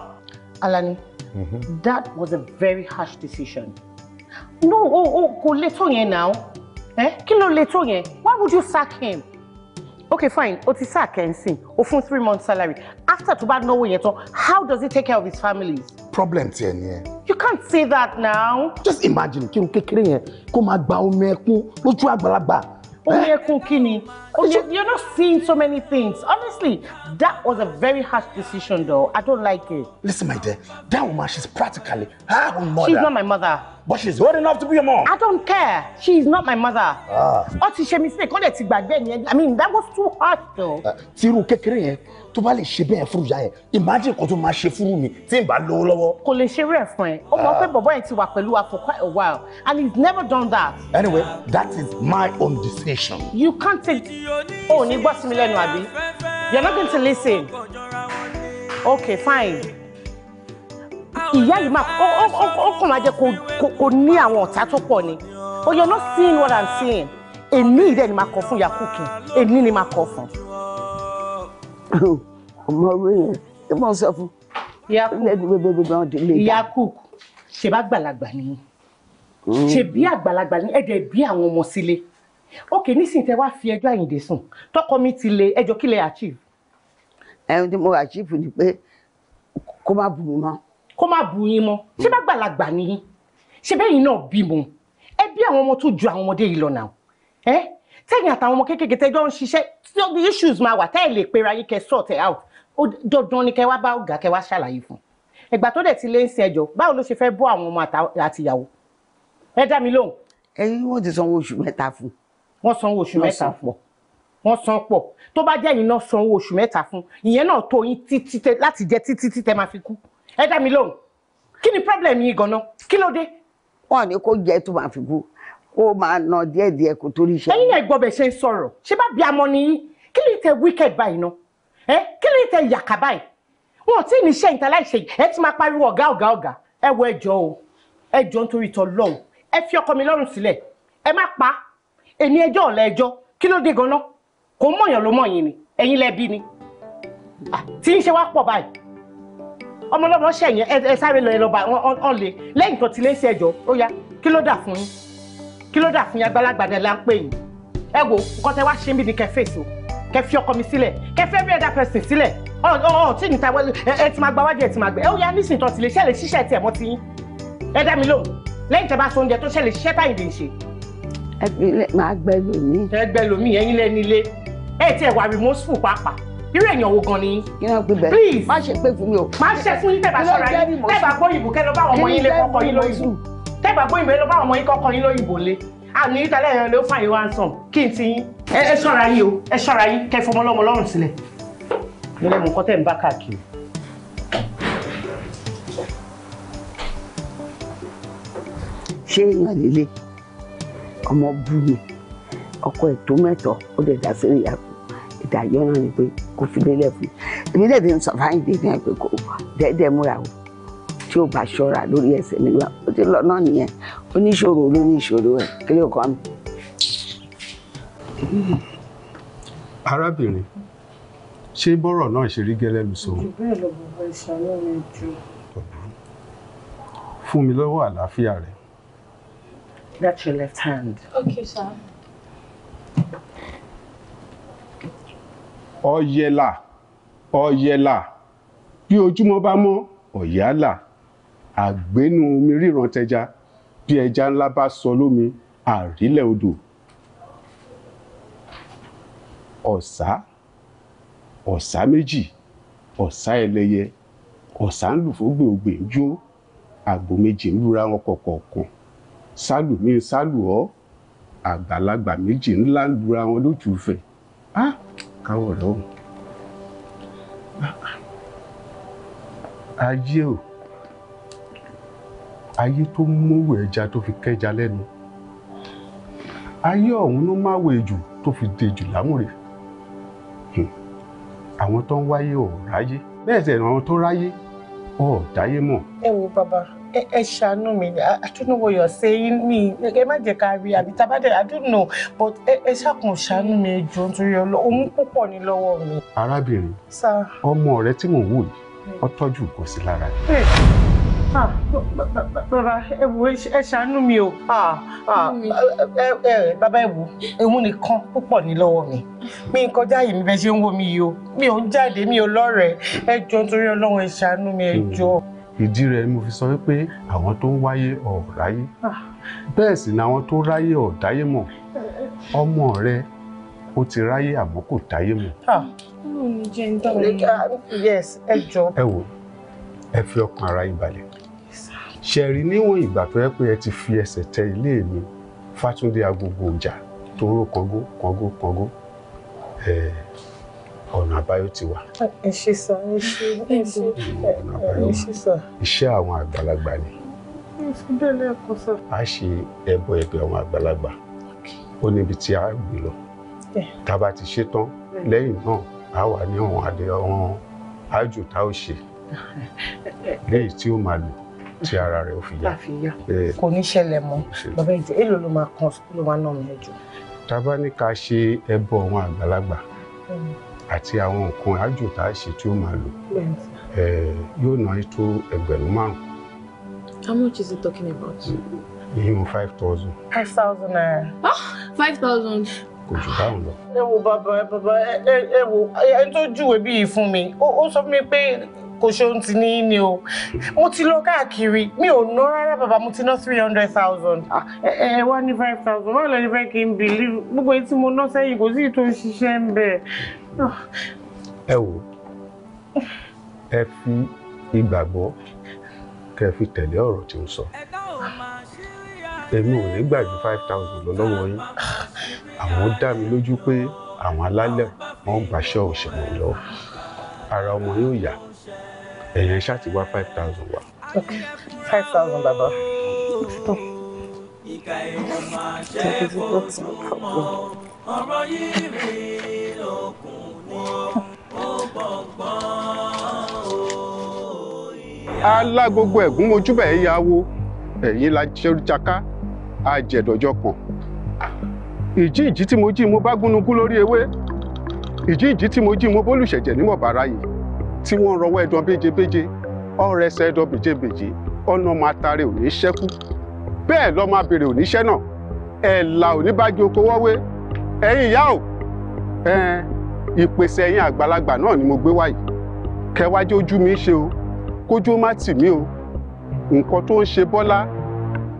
alani mm-hmm. that was a very harsh decision. no o oh, o oh, kò lè tó yẹn náà ẹ eh, kí ló le tó yẹn why would you sack him okay fine o ti sack ẹ̀ ń sìn o fún three months salary after tó bá náwó yẹn tán how does he take care of his family. problem tiẹ̀ nìyẹn. you can't say that now. just imagine kí n kékeré yẹn kó máa gba omi ẹkún lójú àgbàlagbà You're not seeing so many things. Honestly, that was a very harsh decision, though. I don't like it. Listen, my dear, that woman, she's practically her own mother. She's not my mother. But she's old enough to be your mom. I don't care. She's not my mother. Ah. Oh, she mistake. I mean, that was too harsh, though. Uh, tó bá lè ṣe bẹ́ẹ̀ fún ìyá yẹn imagine kan tó máa ṣe fún mi tí n bá lówó lọ́wọ́. kò lè ṣe rẹ̀ fún ẹ ó mọ̀ ah. pé bọ̀bọ̀ yẹn ti wà pẹ̀lú wa for quite a while and he's never done that. anyway that is my own decision. you can't take o ní gbọ́ sí mi lẹ́nu àbí you not going to listen okay fine ìyá yìí máa ó kàn máa jẹ kó ní àwọn ọ̀tá tó pọ̀ ni but you're not seeing what i'm seeing èmi ìdẹ́ni máa kọ fún yakukin èmi ni máa kọ fún ọmọ orí yẹn tí mo sọ fún. yakub ṣe bá gbàlagbà ni hmm. ṣe bí àgbàlagbà ni ẹ̀jẹ̀ bí àwọn ọmọ sílé ókè nísìnyí tẹ wá fi ẹjọ́ àyìndé sùn tọkọ mi ti le ẹjọ́ kí lè achieve. ẹni tí mo achieve ni pé kó má bù mí mọ́. kó má bù yín mọ́ ṣé bá gbàlagbà ni ṣé bẹ́yìn náà bímọ ẹ bí àwọn ọmọ tó ju àwọn ọmọdé yìí lọ náà tẹ̀yìn àtàwọn ọmọ kéékèèké tẹ́jọ́ ń ṣiṣẹ́ tí ó di issues máa wà tẹ́ẹ̀ lè pera yín kẹ́ sort it out ó dandan ni kẹ́ wá bá ọ̀gá kẹ́ wá ṣàlàyé fún un ìgbà tó dẹ̀ ti lé ń sin ẹjọ́ báwo ló ṣe fẹ́ bọ́ àwọn ọmọ àtìyàwó ẹ dá mi lóhùn. ẹyin wọn ti sanwó oṣù mẹ́ta fún. wọn sanwó oṣù mẹ́ta fún wọn san pọ̀ tó bá jẹ́ yín náà sanwó oṣù mẹ́ta fún ìyẹn náà tó yín títí láti jẹ títí títẹ máa fi kú ẹ dá mi lóhùn kí ni problem yín ganan kí ló dé. wọn ò ní kó jẹ tó máa fi kú ó máa nà díẹ̀ díẹ̀ kó torí iṣẹ́. ẹ̀yin náà gbọ́ bẹ̀ ṣe ń sọ̀rọ̀ ṣé bá bí amọ ni yín kí ló tẹ wicked báyìí ná ẹ kí ló tẹ yàkà báyìí wọn ò tí ì ní iṣẹ́ ìta láìṣe yìí ẹ ti máa pariwo ọ̀gá ọ̀gá ọ̀gá ẹ wo ẹjọ́ o ẹjọ́ nítorí tọ lọ́hùn ẹ fi ọkọ mi lọ́rùn sílẹ̀ ẹ má pa èmi ẹjọ́ ọ̀la ẹjọ́ kí ló dé ganan kò mọ̀yàn ló mọ̀yìn ni ẹ̀yin lẹ́bi ni tí ń ṣe wá pọ̀ báyìí ọmọlọ́mọ ṣẹ̀yìn ẹ sáré lọ ẹ lọ bá ọ lè lẹ́yìn tó ti lé sí ẹjọ́ ó yá kí ló dà fún yín kí ló dà fún yín àgbàlagbà dẹ̀ la ń pè yín ẹ wo nǹkan tẹ wá ṣe ń bí ni kẹ fèsò kẹ fi ọkọ mi sílẹ̀ kẹ fẹ́ bí ẹ̀dá pẹ̀sìn sílẹ̀ ọ ọ tí nìta ẹ ti máa gba wájú ẹ ti máa gbẹ ẹ ó yá nísìnyí tó ti lè ṣẹlẹ̀ ṣiṣẹ́ tiẹ̀ mọ́ ti yín ẹ dá mi lóhùn lẹ́yìn tẹ bá so oúnjẹ tó ṣẹlẹ̀ ṣiṣẹ́ táyìn lè ṣe. ẹ fi máa gbẹ lómi. ẹ gbẹ lómi ẹ̀yin lẹni ilé ẹ tiẹ̀ wà remorseful pàápàá irú èèyàn wo gan ni. kí ló ń gbé bẹ́ẹ̀ má ṣe pé fún mi o. má ṣe fún yín tẹ̀ bá ṣọ́ra yín tẹ̀ bá gbóyìnbó kẹ́ lọ bá àwọn ọmọ yín lé kọ́kọ́ yín lóyún tẹ́gbà pé ìbẹ̀rẹ̀ lọ bá àwọn ọmọ yín kọ́kọ́ yín lóyìnbó lé àmì ìtàlẹ̀ yẹn ló fàyè wá ń sàn kí n ti yín ẹ ṣọ́ra yín o ẹ ṣọ́ra yín kẹ́ fọmọ lọ́mọ lọ́rùn sílẹ̀ mo lẹ́mu nǹkan tẹ̀ ń bá káàkiri. ṣé èèyàn líle ọmọ bú mi ọkọ ètò mẹ́tọ̀ ó lè dá sí ìyàwó ìdájọ́ náà ni pé kò fi lélẹ̀ fún mi èmi lè ń sọ fáyín dé ní ẹgbẹ́ kò dẹ́ẹ̀dẹ́ o tí ò bá ṣọ́ra lórí ẹsẹ̀ mi ó ti lọ náà nìyẹn oníṣòro ló ẹ̀ kí ló mi. arábìnrin ṣé bọ́rọ̀ náà ṣe rí gẹ́lẹ́ lu so. fún mi lọ́wọ́ àlàáfíà rẹ̀. that's your left hand. okay sir. ọ̀yẹ̀là ọ̀yẹ̀là bí ojúmọ́ bá mọ́ ọ̀yẹ́ àlà àgbénu omi ríran tẹja bí ẹja ńlá bá sọ lómi àrílẹ̀ odò ọ̀sá ọ̀sá méjì ọ̀sá ẹlẹ́yẹ ọ̀sá ń lù fógbè ògbè ń jó àgbò méjì ń lura wọn kọ̀kọ̀ọ̀kan sálù mí sálù ọ́ àgbàlagbà méjì ńlá ń lura wọn lójú ìfẹ́ á káwọ̀ lọ́hùn ayé o ayé tó mówó ẹja tó fi kẹja lẹ́nu ayé ọ̀hún ló máwò ejò tó fi dejò lámùrè hmm. àwọn tó ń wáyé ò ráyé bẹ́ẹ̀ sẹ̀ àwọn tó ráyé ò dáyé mọ̀. ẹ wo bàbá ẹ ṣàánú mi i don't know what you're saying mi ẹ má jẹ́ ká rí àbí tabadẹ i don't know but ẹ ṣàkùn ṣàánú mi jù nítorí ọlọ ohun púpọ̀ ní lọ́wọ́ mi. arábìnrin ọmọ rẹ tí mò ń wò yìí ọ hmm. tọ́jú nǹkan sí lára rẹ. Hmm. Ah, bàbá ẹ wò ẹ ṣàánú mi o ah, ah, bàbá ẹ wò ewu nìkan púpọ̀ ní lọ́wọ́ mi mi ń kọjá yìí mi bẹ ṣe ń wo mi yìí o mi ò ń jáde mi ò lọ́rẹ̀ẹ́ ẹ jọ torí Ọlọ́run ẹ ṣàánú mi ẹ hmm. jọ ìdí rẹ̀ mo fi sọ wípé àwọn tó ń wáyé ọ̀ráyé bẹ́ẹ̀ sì ni àwọn tó ráyé ọ̀dáyé mọ̀ eh, eh. ọmọ rẹ ó ti ráyé àmọ́ kò táyé mọ̀. ẹ wò ẹ fi ọkàn ara yín balẹ̀ ṣẹ̀rí níwọ̀n ìgbà tó yẹ pé ẹ ti fi ẹsẹ̀ tẹ ilé mi fátúndé agogo ọjà tó ró kangó kangó kangó ọ̀nà àbáyọ ti wà. ẹ ṣe sá ẹ ṣe ẹ ṣe ẹ ṣe sá. iṣẹ́ àwọn àgbàlagbà ni. ẹ fi bẹ́ẹ̀ lẹ́ẹ̀kan sá. a ṣe ẹbọ ẹgbẹ́ àwọn àgbàlagbà ó níbi tí a gbé lọ tá a bá ti ṣe tán lẹ́yìn náà a wà ní ọ̀hún adé ọ̀hún àjò tá a ó ṣe [LAUGHS] léyìí tí ó máa lò tí ara rẹ̀ ò fi yá. kò ní ṣẹlẹ̀ mọ́ bàbá ìjọ èlò ló máa kan ló máa ná mi ẹjọ́. tá a bá ní ká ṣe ẹbọ àwọn àgbàlagbà àti àwọn nǹkan àjò tá a ṣe tí ó máa lò yóò ná tó ẹgbẹ̀rún márùn. how much is he talking about. ìyún five thousand. five thousand naira. Ah, five thousand kò jù báwọn lọ. ẹ wo bàbá ẹ bàbá ẹ ẹ wo ẹni tó júwèé bíi fún mi ó sọ fún mi pé kò ṣeun ti ní ní o mo ti lọ káàkiri mi ò ná rárá bàbá mo ti ná three hundred thousand ah, ẹ ẹ wá ní five thousand báwo lẹni fẹ́ kí n believe gbogbo èyí tí mo ná sẹ́yìn kò sí èyí tó ń ṣiṣẹ́ ah. ẹ wò ẹ fi ìgbàgbọ́ kẹ́ fi tẹ̀lé ọ̀rọ̀ tí ń sọ èmi ò ní gbàgbé five thousand lọ lọ́wọ́ yín àwọn dá mi lójú pé àwọn alálẹ̀ wọn gbàṣẹ́ òṣèlú lọ ara ọmọ yóò yá ẹ̀yẹn ṣáà ti wá five thousand wá. ok five thousand bàbá tán yìí rí lókun ní ó gbọ̀ngbọ̀n alágbogbo ẹ̀gún mojúbẹ̀ ẹ̀yà ẹ̀yìn la ṣerúchaka àjẹ̀dọ̀jọ pọ̀ ìjì ìjì tí mo jí mo bá gúnugún lórí ewé ìjì ìjì tí mo jí mo bólùṣẹ̀jẹ̀ nímọ̀ bàrá yìí tí wọ́n rọwọ́ ẹ̀dọ̀ béjebéje ọ̀rẹ́sẹ̀ ẹ̀dọ̀ béjebéje ọ̀nà máa tare ò ní ṣẹ́kù bẹ́ẹ̀ lọ́ máa bèrè òníṣẹ́ náà ẹ̀là ò ní bá gé oko wọ́wé ẹ̀yin ìyá ò ìpèsè ẹ̀yin àgbàlagbà náà ni mo gbé wáyìí kẹwájú ojú mi ṣe o kójú má tì mí o nǹkan tó ń ṣe Bọ́lá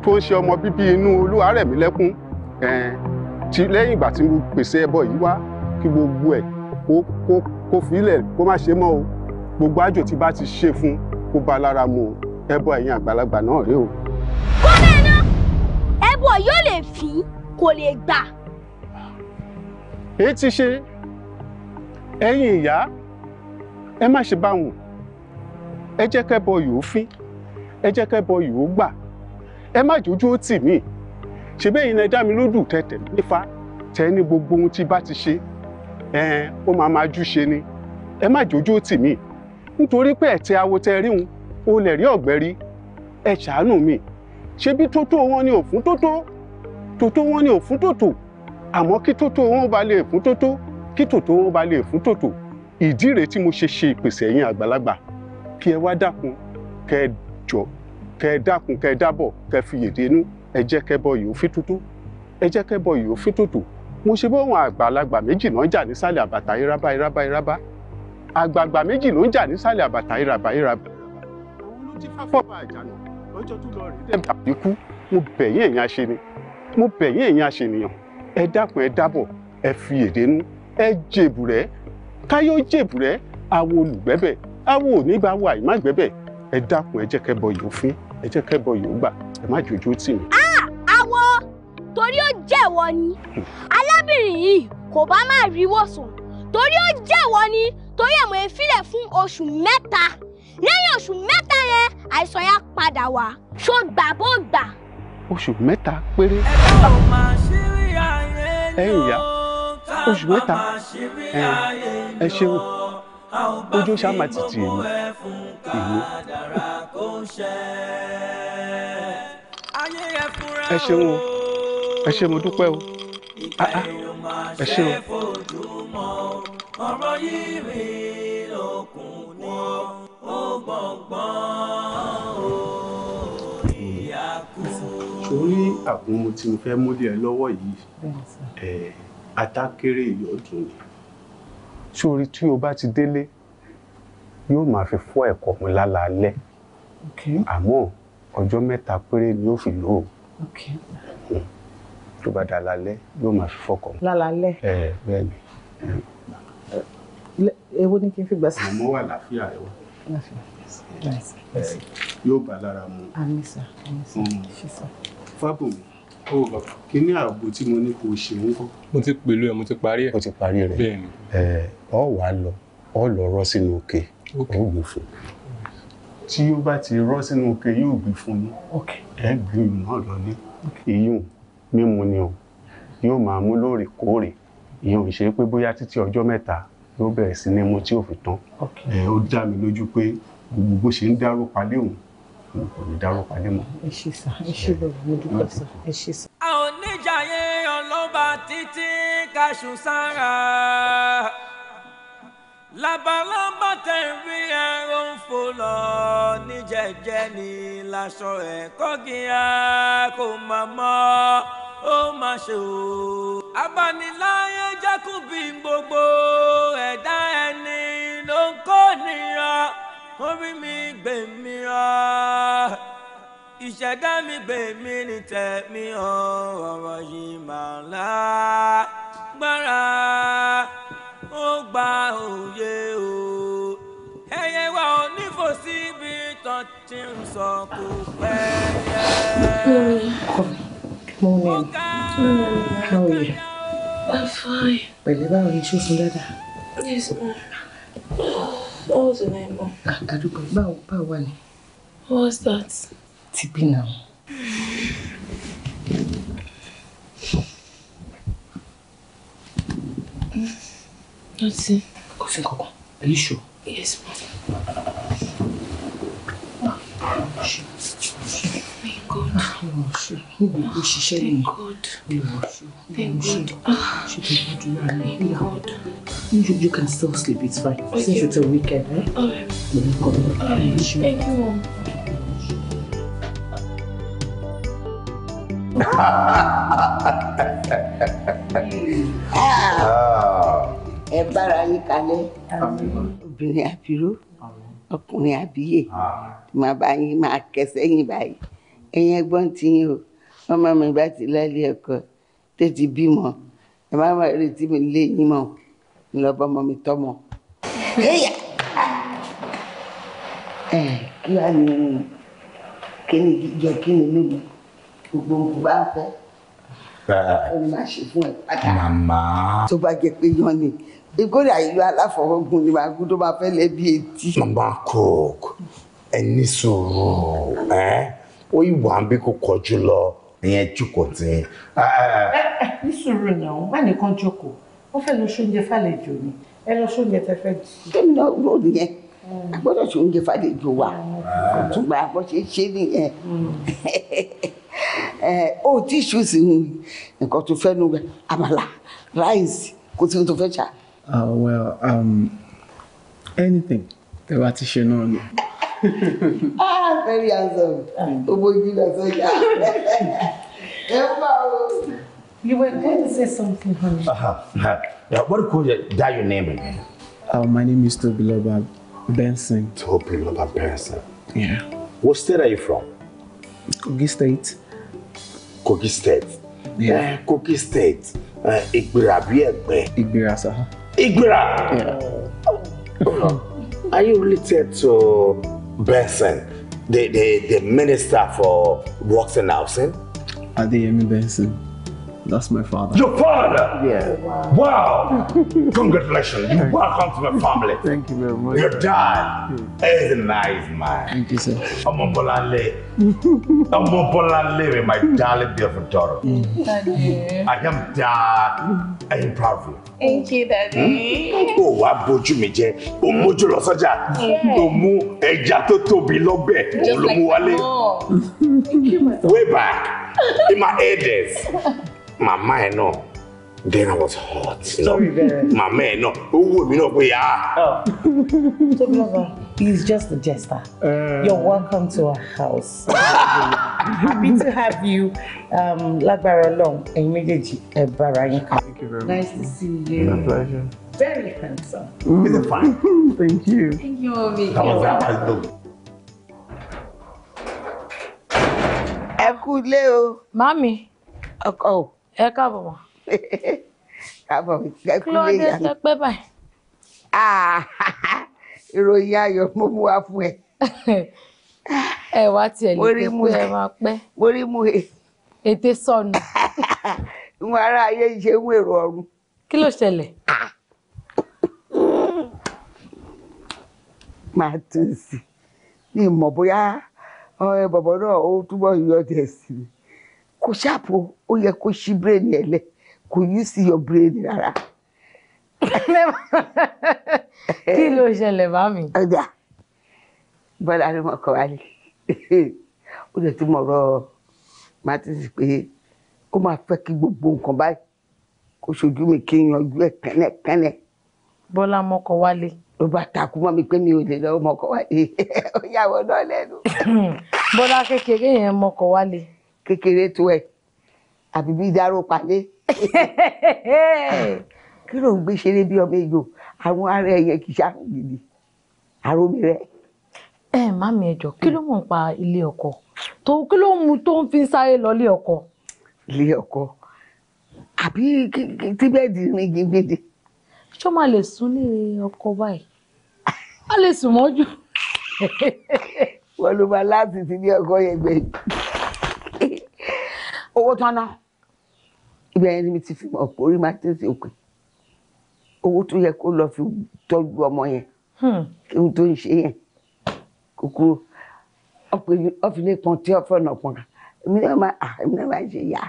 tó ń ṣe ọmọ bíbí inú Olúwarẹ̀mí lẹ́kún ti lẹ́yìn ìgbà tí mo pèsè ẹbọ yìí wá kí gbogbo ẹ̀ kó filẹ̀ kó má ṣe mọ́ o gbogbo àjò tí bá ti ṣe fún kó bá lára mu ẹbọ ẹ̀yin àgbàlagbà náà rèé o. kó bẹ́ẹ̀ ná ẹbọ yóò lè fi kò lè gbà. èyí ti ṣe ẹ̀yin ìyá ẹ má ṣe bá wọn ẹ jẹ́ kẹ́bọ yòó fín ẹ jẹ́ kẹ́bọ yòó gbà ẹ má jójú ó tì mí ṣebí ẹ̀yin náà dá mi lódù tẹ̀tẹ̀ nífa tẹ̀ ní gbogbo ohun tí bá ti ṣe ẹ̀ẹ́n ó máa máa jú ṣe ni ẹ má jójú ó tì mí nítorí pé ẹ̀tẹ́ awo tẹ rí wọn o lè rí ọ̀gbẹ́ rí ẹ ṣàánú mi ṣebí tótó wọn ni òfún tótó tótó wọn ni òfún tòtò àmọ́ kí tótó wọn bá lè fún tótó kí tòtó wọn bá lè fún tòtò ìdí rèé tí mo ṣe ṣe ìpèsè ẹ̀yin àgbàlagbà kí ẹ wá dákun kẹ ẹ jọ kẹ ẹ dákun kẹ ẹ dábọ̀ kẹ ẹ fi yèdè inú ẹ jẹ́ kẹ bọ yìí ó fi tótó ẹ jẹ́ kẹ bọ yìí ó fi tòtò mo ṣe bọ́ àwọn àgbàlagbà méjì náà jà nísàlẹ̀ àbàtà irábá irábá irábá àgbààgbà méjì ló ń jà nísàlẹ̀ àbàtà ìràbà ìràbà òun ló ti fáfọ́ bá àjànà lọ́jọ́ tó lọ rí dẹ́m tàbí kú mo bẹ̀yìn ẹ̀yin aṣeni mo bẹ̀yìn ẹ̀yin aṣènìyàn ẹ dákun ẹ dábọ̀ ẹ fi èdè nú ẹ jèbùrẹ́ káyọ̀ jèbùrẹ́ àwo olùgbẹ́bẹ̀ àwo oníbàwò àìmágbẹ́bẹ̀ ẹ dákun ẹ jẹ́ kẹ́ bọ yòó fún ẹ jẹ́ kẹ́ bọ yòó gbà ẹ má jòjó tì mí. àwọ̀ torí ó jẹ́wọ́ ni hmm. alábìnrin yìí kò bá má rí wòsàn torí ó jẹ́wọ́ ni torí ẹ̀ mo e fílẹ̀ fún oṣù mẹ́ta lẹ́yìn oṣù mẹ́ta yẹn àìsàn yẹn padà wá ṣó gbà bó gbà. oṣù mẹ́ta péré. ẹ̀yin ìyá oṣù mẹ́ta ẹ ṣeun ojú ṣá máa ti tì èmi èmi. ẹ ṣeun o ẹ ṣe mo dúpẹ́ o ẹ ṣé o. ọ̀rọ̀ yìí rè lókun ní ó gbọ̀ngbọ̀n o ìyá kú. torí àgùn tí mo fẹ́ múlé ẹ lọ́wọ́ yìí adákéré ìyọ̀dún ni. sórí tí o bá ti délé yóò máa fi fọ́ ẹ̀kọ́ mi lálaalẹ́ àmọ́ ọjọ́ mẹ́ta péré ni yóò fi lò ó tó bá dà lálẹ́ yóò máa fi fọkọ̀. lálálẹ́. ẹ bẹ́ẹ̀ ni. èwo ni kí n fi gbà sí. àmọ́ wà láfíà rẹ wá. yóò bá lára mu. àmì sà àmì sà mm. ṣe sà. fábùmí ó bàbá kí ní ààbò tí mo ní kò ṣe ń kọ́. mo ti pẹ̀lú ẹ mo ti parí ẹ. mo ti parí rẹ bẹ́ẹ̀ ni. ọ wàá lọ ọ lọ rọ sínú òkè ó gbé fún tí ó bá ti rọ sínú òkè yóò gbé fún yín ẹ gbé ìmọ̀ lọ ní ìyún mímu ni o yóò máa mú lóòrèkóòrè ìyẹn ò ṣe pé bóyá títí ọjọ́ mẹ́ta yóò bẹ̀rẹ̀ sí ní mu tí ò fi tán ẹ ó dá mi lójú pé gbogbo bó ṣe ń dárò palẹ̀ òun kò ní dárò palẹ̀ mọ́. ẹ ṣe sá ẹ ṣe bẹ̀rù mo dúpẹ́ sá ẹ ṣe sá. a ò níjà yẹn ọlọ́ba títí kaṣù sára labalábá tẹ̀ ń rí ẹ̀rọ ń fò lọ ní jẹ́jẹ́ ni láṣọ ẹ̀ kọ́gìyà kò má mọ́ ó má ṣe o. abániláyé jákùbí gbogbo ẹ̀dá ẹni ló ń kó nìyàn orí mi gbèmí ọ́ ìṣẹ̀dá mi gbèmí ní tẹ̀mí ọ̀rọ̀ yìí mà lágbára ó gba òye o ẹyẹ wa ò nífò síbi tán ti ń sọ kò pẹ́ yẹ. Morning. Morning. How are you? I'm fine. Pẹ̀lẹ́ báwo ni ṣó fún dáadáa? Yes, ma. All the night, ma. Àdúgbò báwo báwo wà ní? What's that? Ti bí náà. Nothing. Kò sí nǹkan Are you sure? Yes, ma. Thank God. Ó ah, ṣiṣẹ́ Thank God. Ah. Thank God. You, can still sleep, it's fine. Okay. Since it's a weekend, eh? Alright. Thank you, Mom. [LAUGHS] ah ẹ bára yín kalẹ̀ obìnrin àbíró ọkùnrin àbíyè màá bá yín máa kẹsẹ́ yín báyìí ẹ̀yin ẹgbọ́n ti yín o ọmọ mi bá ti lálẹ́ ẹ̀kọ́ tó ti bímọ ẹ má má retí mi lé yín mọ́ ńlọ́bọ́mọ mi tọ́mọ. kí wàá ní kí ni jíjẹ kí ni mímu gbogbo nǹkan bá ń fẹ́ ó ní máa ṣe fún ẹ pátá. màmá. tó bá jẹ pé yan ni ìkórè ìlú aláfọwọ́gun ni màá kú tó bá fẹ́ lẹ́bi etí. mama cook ẹni sòrò ẹ ó ìwà ń bí kò kọjú lọ ìyẹn jókòó tí. ní sùúrù náà má nìkan jókòó wọ́n fẹ́ lọ sóúnjẹ fàlejò ni ẹ lọ sóúnjẹ tẹ́fẹ́ jù. tó ń lọ rò nìyẹn mm. a gbọ́dọ̀ sóúnjẹ fàlejò wa mm. túgbà bó ṣe ṣe nìyẹn ó tíṣù sí nǹkan tó fẹ́ nu àmàlà ráìsì kò sí ohun tó fẹ́ ṣá. Uh, well, um, anything The what is your name? ah very handsome ogbó ibi náà sọ yà ẹ You were going to say something, honey. Uh-huh. Yeah, what could you, that your name again? Uh, my name is Tobiloba Benson. Tobiloba Benson. Yeah. What state are you from? Kogi State. Kogi State. Yeah. Eh, Kogi State. Uh, Igbira bí ẹgbẹ́. Igbira sá. Igbira. are you related to Benson, the, the, the minister for works and housing? Adeyemi Benson. That's my father. Your father? Yeah. Wow. Congratulations. You welcome to my family. Thank you very much. Your dad is a nice man. Thank you, sir. I'm a Ọmọ with my darling, beautiful daughter. Mm. Daddy. I am dad. I am proud of you. Thank you, Daddy. Ó hmm? wá bójú mi jẹ́, ó mójú lọ sọ́jà, ó mú ẹja tó tóbi lọ́bẹ̀, òun ló mú wálé. Way back in my 80 My ẹ̀ no. then I was hot. Sorry, Vera. Màmá ẹ̀ náà, ó wù mí náà pé Oh. Tobi Lover, he's just a jester. Uh, You're welcome to our house. Happy to have you. Um, Lágbára long ẹ̀yin méjèèjì, ẹ bára yín Thank you very much. Nice to see you. My pleasure. Very handsome. Mm. Is fine? Thank you. Thank you, Obi. That was that was good. Ẹ kú Oh ẹ káàbọ̀ mọ́. [LAUGHS] káàbọ̀ kẹ́kúlé ìyá mi. kí ló dé pẹ́ báyìí. Ah, [LAUGHS] ìròyìn ayọ̀ mo mú wa fún ẹ. ẹ wá tiẹ̀ lè pé pé ẹ máa pẹ́. mo rí mu e. ètè sọnù. ìwọ̀n [LAUGHS] ara ayé ṣe ń wèrò ọ̀run. kí ló ṣẹlẹ̀. Ah. máa tún sí i ní ìmọ̀ bóyá eh, bọ̀bọ̀ náà ó túbọ̀ yọ sí i kò ṣàpò ó yẹ kó ṣí bírèèdì ẹ lẹ kò yí sí yọ bírèèdì rárá. kí ló ṣẹlẹ̀ bá mi. ọjà bọ́lá ló mọ̀ kọ́ wa lé ó lè tún mọ̀ ọ̀rọ̀ Martins pé ó máa fẹ́ kí gbogbo nǹkan báyìí kó ṣojú mi kí n yanjú ẹ̀ kẹ́nẹ̀kẹ́nẹ̀. bọ́lá mọ́kọ wálé. ló bá takú mọ́ mi pé mi ò lè lọ́wọ́ mọ́kọ wálé ó [LAUGHS] yàwọ̀ náà lẹ́nu. bọ́lá kékeré yẹn mọ́kọ wálé kékeré tó ẹ̀ àbí bí dáró palé [LAUGHS] kí ló ń gbé ṣeré bí ọmọ èjò àwọn ará ẹyẹ kì í ṣàrùn gidi àròmí rẹ. ẹ má mi ẹjọ kí ló mọ̀ ń pa ilé ọkọ tó kí ló mu tó ń fi sáré lọ ilé ọkọ. ilé ọkọ àbí tí bẹ́ẹ̀ di rin gidi. ṣó máa lè sùn ní ọkọ báyìí a lè sùn mọ́jú. wọ́n ló máa láti ti ní ọkọ yẹn gbẹ̀yìn owó tán náà ibi ẹni mi ti fi mọ̀ pé orí máa tẹ̀sí òkè owó tó yẹ kó lọ fi tọ́jú ọmọ yẹn hmm. kí n tó ń ṣe yẹn kúkúrú ọ̀fìlẹ̀ kan tí ọ̀fẹ́ ọ̀nà kan èmi náà máa à èmi náà máa ṣe yá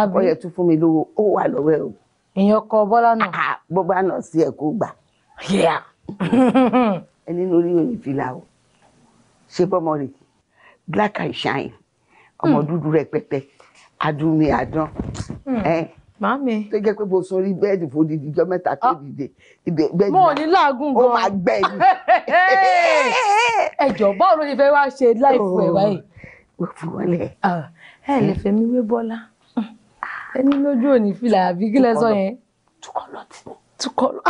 ọkọ tún fún mi lówó ó wà lọ́wọ́ ẹ̀ o. èèyàn kọ bọ́lá náà. bọ́lá náà sí ẹ̀ kó gbà. [LAUGHS] ẹni lórí òní fìlà o ṣe bọ́mọ rè black eye shine ọmọ hmm. dúdú rẹpẹtẹ adùn mi àdán màámi. Hmm. Eh. tó jẹ́ pé mo sọ rí bẹ́ẹ̀dì fòdìdì jọ mẹ́ta tó ah. dìde ibẹ̀ bẹ́ẹ̀dì máa mo ní láàgùn gan-an ó máa gbẹ ni. [LAUGHS] ẹjọ báwo ló ṣe fẹ́ wá ṣe láìpẹ́ oh. ẹ̀ báyìí. o fi wọlé. Ah, ẹ lè eh. fẹ́ mi wé bọ́lá ẹni lójú òní fìlà àbí kí lẹ sọ yẹn. tukọlọ ti tukọlọ.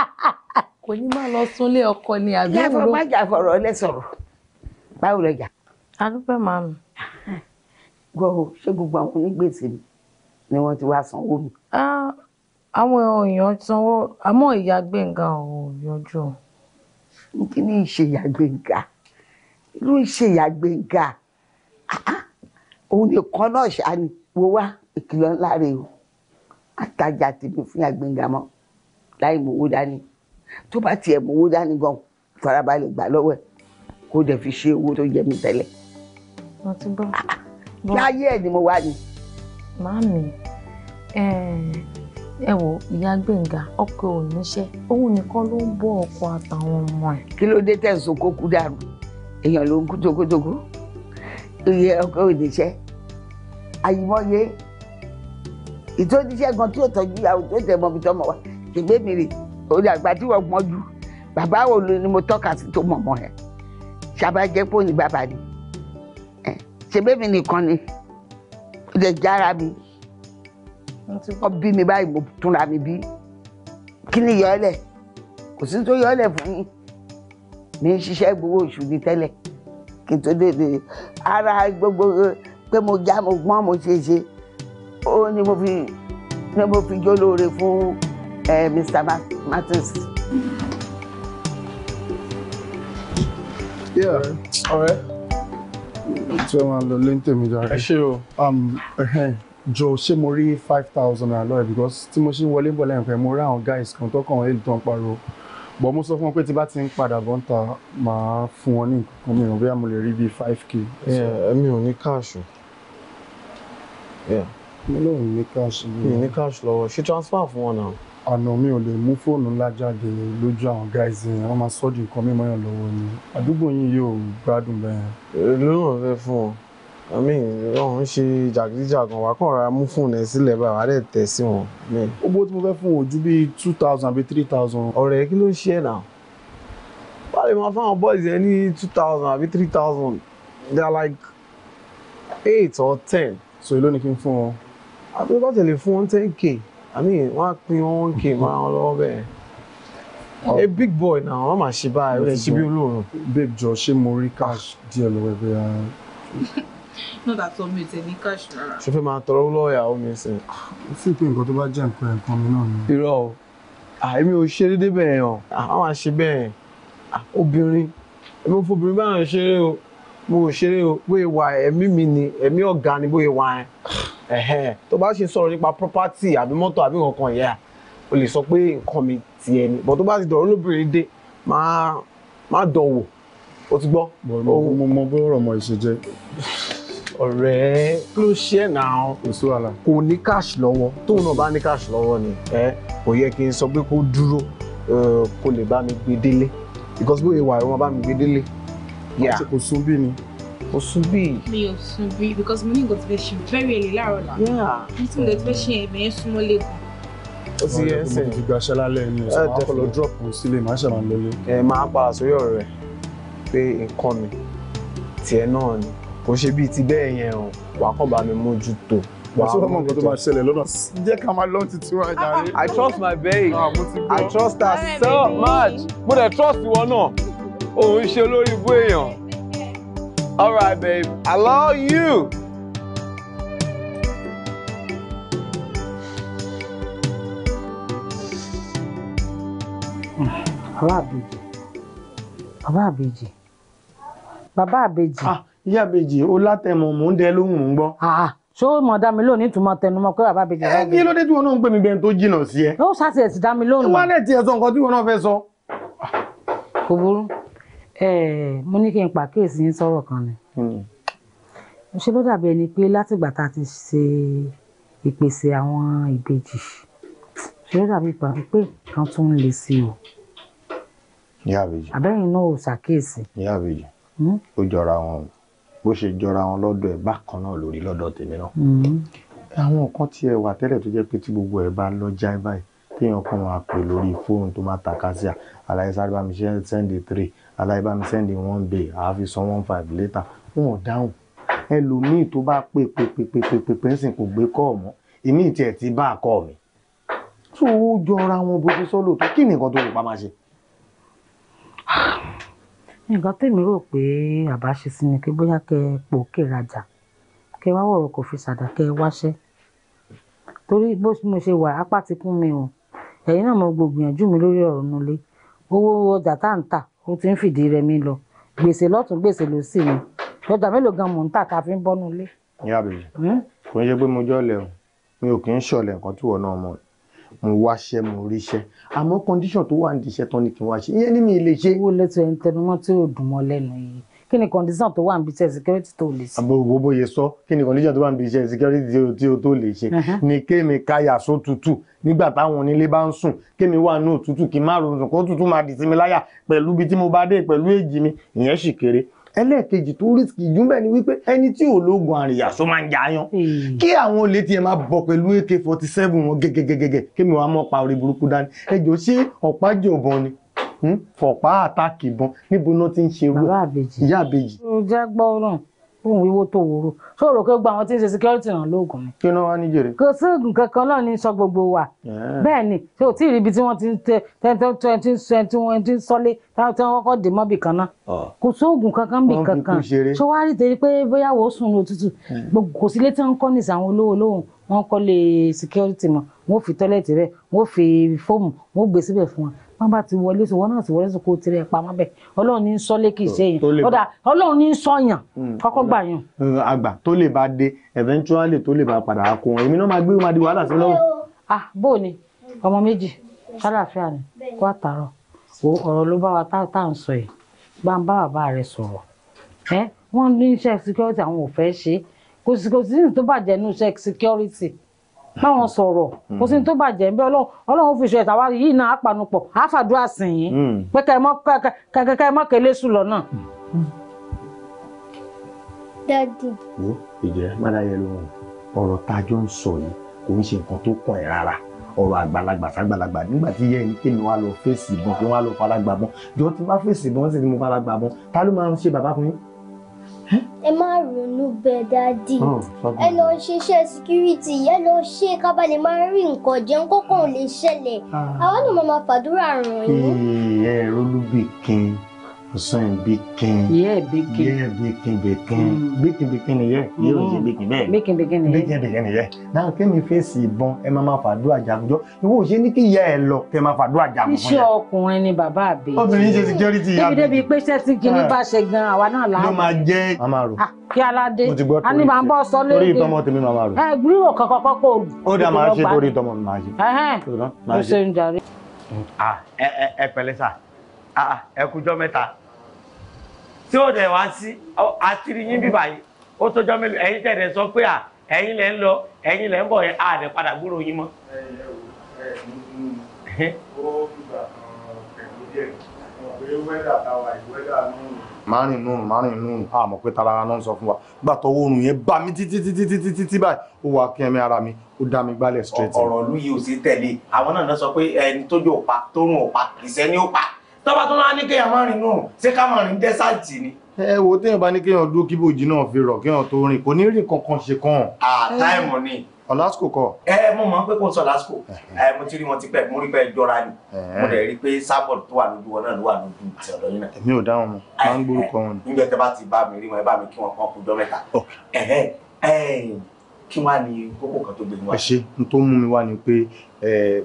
[LAUGHS] kò ní máa lọ súnlé ọkọ ni àbí òun ló. yàtọ̀ má jà fọ̀rọ̀ lẹ́sọ̀rọ̀ báwo lọ jà. alúpẹ̀ gbọ́ o ṣé gbogbo àwọn onígbèsè mi ni wọ́n ti wá sanwó mi. àwọn èèyàn sanwó àmọ́ ìyá Gbẹ́ngà ò yọjú o. kí ni ìṣèyà Gbẹ́ngà irú ìṣèyà Gbẹ́ngà òun nìkan náà ṣáà ni wo wá ìkìlọ̀ ńlá rèé o àtajà tèmi fún àgbẹ̀ngà mọ́ láì mówó dání tó bá tiẹ̀ mówó dání gan farabalẹ̀ gbà lọ́wọ́ ẹ̀ kó dẹ̀ fi ṣe owó tó jẹ mí tẹ́lẹ̀. mo ti gbọ́ láyé ẹ̀ ni mo wà ní. màámi ẹ wo ìyá gbẹ̀ngà ọkọ ò níṣẹ́ òun nìkan ló ń bọ́ ọkọ àtàwọn ọmọ ẹ̀. kí ló dé tẹ̀sán kó kú dàrú èèyàn ló ń kú jogojogo iye ọkọ ò níṣẹ́ àyìmọ́ye ìtòníṣẹ́ gan tí ò tọ́jú ìyàwó tó tẹ̀ mọ́bi tọ́mọ wa ṣègbè mi rè orí àgbà tí wọ́n gbọ́n jù bàbá wo ni mo tọ́ka sí tó mọ̀mọ́ ẹ̀ ṣàbàjẹ́pọ̀ ní bàbá ni ṣèbémi nìkan ni ó lè jára mi ó bí mi báyìí mo túnra mi bí kí ni yọ ọlẹ kò sí tó yọ ọlẹ fún yín mi ń ṣiṣẹ́ gbowó oṣù ní tẹ́lẹ̀ kí n tó dédé ara gbogbo pé mo já mo gbọ́n mo ṣe ṣe ó ní mo fi ní mo fi jó fún Mr. Martins. Yeah. All right tí wọ́n máa lọ lé ní tèmi jàre. ẹ ṣe o. Um, jọ ṣé mo rí five thousand naira lọ́rẹ̀ because tí mo ṣe wọlé bọ̀ lẹ́yìn pé mo rí àwọn guys kan tó kàn wọ́n tó ń pariwo bọ̀ mo sọ fún wọn pé tí bá ti ń padà bọ́ ń ta màá fún wọn ní nǹkan mìíràn bóyá mo lè rí bíi five k. èmi ò ní káàṣù. mi lóun ní káàṣù. mi ní káàṣù lọ́wọ́ ṣe transfer fún wọn náà àná mi ò lè mú fóònù ńlá jáde lójú àwọn guys yẹn wọ́n máa sọ di nǹkan mímọ́ yàn lọ́wọ́ ni àdúgbò yín yóò gbádùn bẹ́ẹ̀. lóyún ọ̀fẹ́ fún ọ àmì ọ̀hún ṣe jàgídíjàgan wà kàn ra mú fóònù ẹ sílẹ̀ báyìí wà dẹ̀ tẹ̀ sí wọn. owó tí mo fẹ́ fún ojú bíi two thousand àbí three thousand. ọ̀rẹ́ kí ló ń ṣe ẹ̀ náà wọ́n lè máa fáwọn boys yẹn ní two thousand àbí three thousand they are like eight or ten. so èló ni kí n fún wọn. àbí ten k àmì wọn á pín wọn ń kì í máa wọn lọ́wọ́ a big boy na wọn máa ṣe báyìí ó lè ṣe bí olóòórùn. babe jọ ṣé mo rí cash díẹ̀ lọ́wọ́ ẹ bóyá. [LAUGHS] náà dàtọ̀ mi ò tẹ̀ ní cash rárá. ṣé fẹ́ máa tọrọ lọ́ọ̀yàwó mi sìn. ó ah, sì pé nǹkan tó bá jẹ́ nǹkan ẹ̀kan mi náà ni. irọ́ o ah, èmi ò ṣe déédéé bẹ́ẹ̀ hàn àwọn ah, máa ṣe bẹ́ẹ̀ obìnrin èmi ò fobìnrin báyọ̀ ṣeré o mo ò ṣeré o bóyá wà ẹ̀mí mi ni ẹ̀mí ọ̀gá ni bóyá wà ẹ̀ tó bá ṣe sọ̀rọ̀ nípa property àbí mọ́tò àbí nǹkan yẹn o lè sọ pé nǹkan mi ti ẹni bọ̀ tó bá ti dọ̀rọ̀ lóbìnrin dé máa máa dán wò o ti gbọ́. mo mọ bí ọ̀rọ̀ ọmọ ìṣe jẹ́. ọ̀rẹ́ ló ṣe é nà kò sí wàhálà. kò ní cash lọ́wọ́ tóun náà bá ní cash lọ́wọ́ ni kò yẹ kí n sọ pé kó dúró kó lè bá mi gbé délé because bóyá ìwà ìwọ̀n bá mi gbé délé. kò sún bí ni o sùn bí. mi ò sùn because mo ní nǹkan tí fẹ́ ṣe very early láàárọ̀ la. ní tí mo lè ti fẹ́ ṣe ẹ̀mí yẹn súnmọ́ lẹ́kọ̀ọ́. ó ti yẹ ẹsẹ̀ mo gba aṣọ lálẹ́ ẹni ọ̀sán eh, máa kọ́ lọ drop òun sílé màá ṣe máa lọlé. ẹ eh, máa padà sórí ọ̀rọ̀ rẹ pé nǹkan mi tiẹ̀ náà ni kò ṣe bíi ti bẹ́ẹ̀ yẹn o wà á kàn bá mi mójútó. wà á mọ nǹkan tó máa ṣẹlẹ̀ lọ́nà jẹ́ ká máa lọ́n I trust my babe ah, I trust her so much mo dẹ̀ trust ìwọ náà òun ṣe olórí ibú èèyàn. All right, babe. I love you. Baba Àbèjì. Baba Àbèjì. Baba Àbèjì. Ah, ìyá Àbèjì, ó látẹ̀mọ̀ mò ń dẹ lóhùn mò ń gbọ́. Ah, ah. ṣé ó mọ̀ dá mi lóhùn nítumọ̀ tẹnumọ́ pé bàbá Àbèjì. Ẹ eh, kí ló dé tí wọn náà ń pè mí bẹ́ẹ̀ tó jìnnà sí ẹ? Ó ṣàṣẹ̀ sí dá mi lóhùn. Wọ́n á lẹ̀ tiẹ̀ sọ nǹkan tí wọn náà fẹ́ sọ. Kò burú. Eh, mo ní kí n pàkíyèsí yín sọ̀rọ̀ kan ni hmm. ṣe ló dàbí ẹni pé látìgbà tá a ti ṣe ìpèsè àwọn ìbejì ṣe ló dàbí pé nǹkan tún ń le sí o. ìyá àbèjì àbẹ́yìn náà ò ṣàkíyèsí. ìyá àbèjì hmm? ó jọra wọn bó ṣe jọra wọn lọ́dọ̀ ẹ̀ bákan náà lórí lọ́dọ̀ tèmi náà. Hmm. àwọn nǹkan tí ẹ wà tẹ́lẹ̀ tó jẹ́ pé tí gbogbo ẹ̀ bá lọ já báyìí téèyàn kàn máa pè lórí fóònù tó máa tàkásíà aláìsáré bá mi ṣe sẹ́ndì three aláìbámi sẹ́ndì one bay àáfi san one five later wọn ò dáhùn ẹlòmíì tó bá pè pè pè pè pè pè pè ń sìn kò gbé kọ́ ọ̀ mọ́ ìmí ìtì ẹ̀ ti bá àkọ́ mi tó o jọra wọn bó ṣe sọ́lò tó kí nìkan tó lè pa máa ṣe. nǹkan tèmi rò pé àbá ṣe sí ni pé bóyá kẹ ẹ pò kè rajà kẹ wá wọ̀rọ̀ kò fi ṣàdá kẹ ẹ wáṣẹ́ torí bó mo ṣe wà apá ti kún mi o ẹ̀yin náà mo gbògbìyànjú mi lórí ọ̀rọ̀ nulẹ̀ owó ọjà tá à ń tà ó ti ń fìdí rẹmi lọ gbèsè lọ́tún gbèsè ló sì ni ọjà mélòó gan mò ń tà tá a fi ń bọ́nú ilé. ìyá àbèjì hm? kò ń ṣe pé mo jọ lẹ́hùn mi ò kì í ṣọ̀lẹ̀ nǹkan tí wọ́n náà mọ̀ mo wáṣẹ́ mo ríṣẹ́ àmọ́ kọ́ndíṣọ̀n tó wà ní iṣẹ́ tán ni kí n wáṣẹ́ ìyẹn ní mi lè ṣe. owó lẹ́tọ̀ ẹ̀ ń tẹnumọ́ tí ò dùn mọ́ lẹ́nu yìí kí ni condition tó wà níbi iṣẹ́ security tó lè ṣe. àbò wo bóye sọ kí ni condition tó wà níbi iṣẹ́ security tí o tó lè ṣe uh-huh. ni kémi káyà só tutù nígbà táwọn onílé bá ń sùn kémi wà ní òtútù kí n má ronú kó tutù máa dì sí mi láyà pẹ̀lú ibi tí mo bá dé pẹ̀lú èjì mi ìyẹn sì kéré ẹlẹ́ẹ̀kejì tó rísìkì jù bẹ́ẹ̀ ni wípé ẹni tí ò lóògùn àríyá só máa ń jayán kí àwọn olè tiẹ̀ máa bọ̀ pẹ̀lú ak forty seven wọn gẹ́gẹ́gẹ́gẹ́ kémi wàá mọ̀ pa orí burúkú dání ẹjọ́ ṣé ọ̀pá jọ̀bọ̀n ni Hmm? fọ̀pá àtàkì ìbọn níbo náà ti ń ṣe irú ìyá àbèjì. ǹjẹ́ gbọ́ ọ̀ràn fún wíwó tó wúro ṣòro pé gbogbo tí ń ṣe security ràn lóògùn ni. kí ló wá ní jèrè. kò sí oògùn kankan náà ní sọ gbogbo wa. bẹ́ẹ̀ ni ṣé o tí ì rí ibi tí wọ́n ti ń tẹ twenty twenty one ti ń sọ́lé táwọn tí wọ́n kọ́kọ́ dè mọ́ bì kan náà. kò sí oògùn kankan bì kankan ṣé wàá rí tẹ́lẹ̀ pé bóyá wò ó sùn ní òtútù hmm. kò sí ilé tí wọ́n ń kọ́ ní ìsàwọn olówó lóhùn wọ́n kọ́ lé security mọ́ wọ́n fi tọ́lẹ̀tì rẹ̀ wọ́n fi fóòmù wọ́n gbé síbẹ̀ fún wọn wọn bá ti wọlé sọ wọn náà ti wọlé sọ kó tirẹ̀ pamọ́ bẹ́ẹ̀ ọlọ́run ní ń sọ lékì sẹ́yìn ọ̀dà ọlọ́run ní ń sọyàn hmm. kọ́kọ́ gbà yàn. Hmm, àgbà tó lè bá dé eventually tó lè bá padà kó wọn èmi náà máa gbé wọn di wàhálà sí lọ́wọ́. ah bó o ni ọmọ méjì kálàfíà ni kó àtàrọ ọ̀rọ̀ ló bá wa tá à ń sọ yìí bá ń bá bàbá rẹ sọ̀rọ̀ ẹ wọ́n ní iṣẹ́ security àwọn ò fẹ́ ṣe kò sí kò sí tó bàjẹ́ ní iṣẹ́ security báwọn sọ̀rọ̀ kò sí hmm. ní tó bàjẹ́ ń bẹ́ ọlọ́run fi ṣe ẹ̀ta wá yìí náà àpanupọ̀ àfàdúrà sìn yín hmm. pé kẹ́kẹ́ mọ́ kẹ́lẹ́ sùn lọ́nà. dadi. wo ìjẹ́ mádàyẹ ló ń ọ̀rọ̀ tá a jọ ń sọ yìí kò ń ṣe nǹkan tó kàn ẹ́ rárá ọ̀rọ̀ àgbàlagbà fàgbàlagbà nígbà tí yẹ ẹni kéèmí wá lọ fèsì ìbọn kí wọ́n á lọ falagbà bọ́n jọ ti bá fèsì ìbọn sí ni mo falagbà bọ́n ta ló máa ń ṣe bàbá fún yín ẹ má ronú bẹ́ẹ̀ dáàdì oh, ẹ lọ ṣiṣẹ́ síkírítì ẹ lọ ṣe kábà lè máa rí nǹkan jẹun kókò lè ṣẹlẹ̀ ah. àwọn náà máa fàdúrà ràn yín. ẹ ẹ rólúbì kin saying baking. Yeah, baking. Yeah, baking, baking. Mm. Baking, baking, yeah. Mm. Yeah, yeah, baking, yeah. Baking, baking, yeah. Baking, baking, yeah. Now, kí ni fèsì ìbọn ẹ máa ma fàdúrà jagunjọ? Ìwọ ò ṣe ní kí ìyá ẹ lọ kí ẹ máa fàdúrà jagun fún yẹn. Iṣẹ́ ọkùnrin ni bàbá àbẹ̀. Obìnrin ṣe security ìyá mi. Débi débi pé iṣẹ́ tí kìíní eh. bá ṣe gan àwa náà láàbù. Ló máa jẹ́. Màmá rò. Ah, kí Aládé. Mo ti gbọ́ torí ìtẹ́. A ní màá bọ́ sọ lóde. Torí ìtọ́mọ tèmi màmá rò. Ẹ eh, gbúrò kankan kọ́ kó o. Ó dà máa ṣe torí ìtọ́mọ mi máa ṣe. Ẹ̀hẹ́n. Eh, Ó ṣe ń darí. Ah, ẹ pẹ̀lẹ́ sà. Ah, ẹ kújọ́ mẹ́ta tí ó dẹ̀ wá sí àtìrí yín bíbà yìí ó tọjọ́ mélòó ẹ̀yin tẹ̀lé sọ pé à ẹ̀yin lẹ́ ń lọ ẹ̀yin lẹ́ ń bọ̀ yẹn àdẹ̀ padà gbúrò yín mọ́. márùn nùrùn márùn nùrùn àmọ́ pé tara ara náà ń sọ fún wa gbà tọwọ́ oorun yẹn bá mi títí títí títí títí báyìí ó wà kí ẹ̀mí ara mi ó dá mi gbálẹ̀ straight. ọ̀rọ̀ ìlú yìí ò sí tẹ̀lé àwọn náà sọ pé ẹni tójú ò pa tórùn ò pa ìṣẹ́ ni ó pa tọ́ba tó máa ní kéèyàn máa rìn náà ṣé ká máa rìn dẹ́sàtì ni. ẹ wo téèyàn bá ní kéèyàn dúró kí bòjì náà fi rọ̀ kéèyàn tó rìn kò ní rìn kankan ṣe kan. àtàìmọ̀ ni ọlásìkò kọ. ẹ mo máa ń pẹ́ kó ń sọ lásìkò ẹ mo ti rí wọn ti pẹ́ mo rí pẹ́ jọra ni mo dẹ̀ rí pé sábọ̀ tó wà lójú wọn náà ló wà lójú ti ọ̀dọ̀ yín náà. èmi ò dá wọn mọ máa ń gbórúkọ wọn. nígbà tẹ bá ti bá mi rí wọn ẹ bá mi kí wọn kàn kú jọ mẹ́ta. kí wàá ní kókó kan tó gbé wá. ẹ ṣe n tó mú mi wá ni pé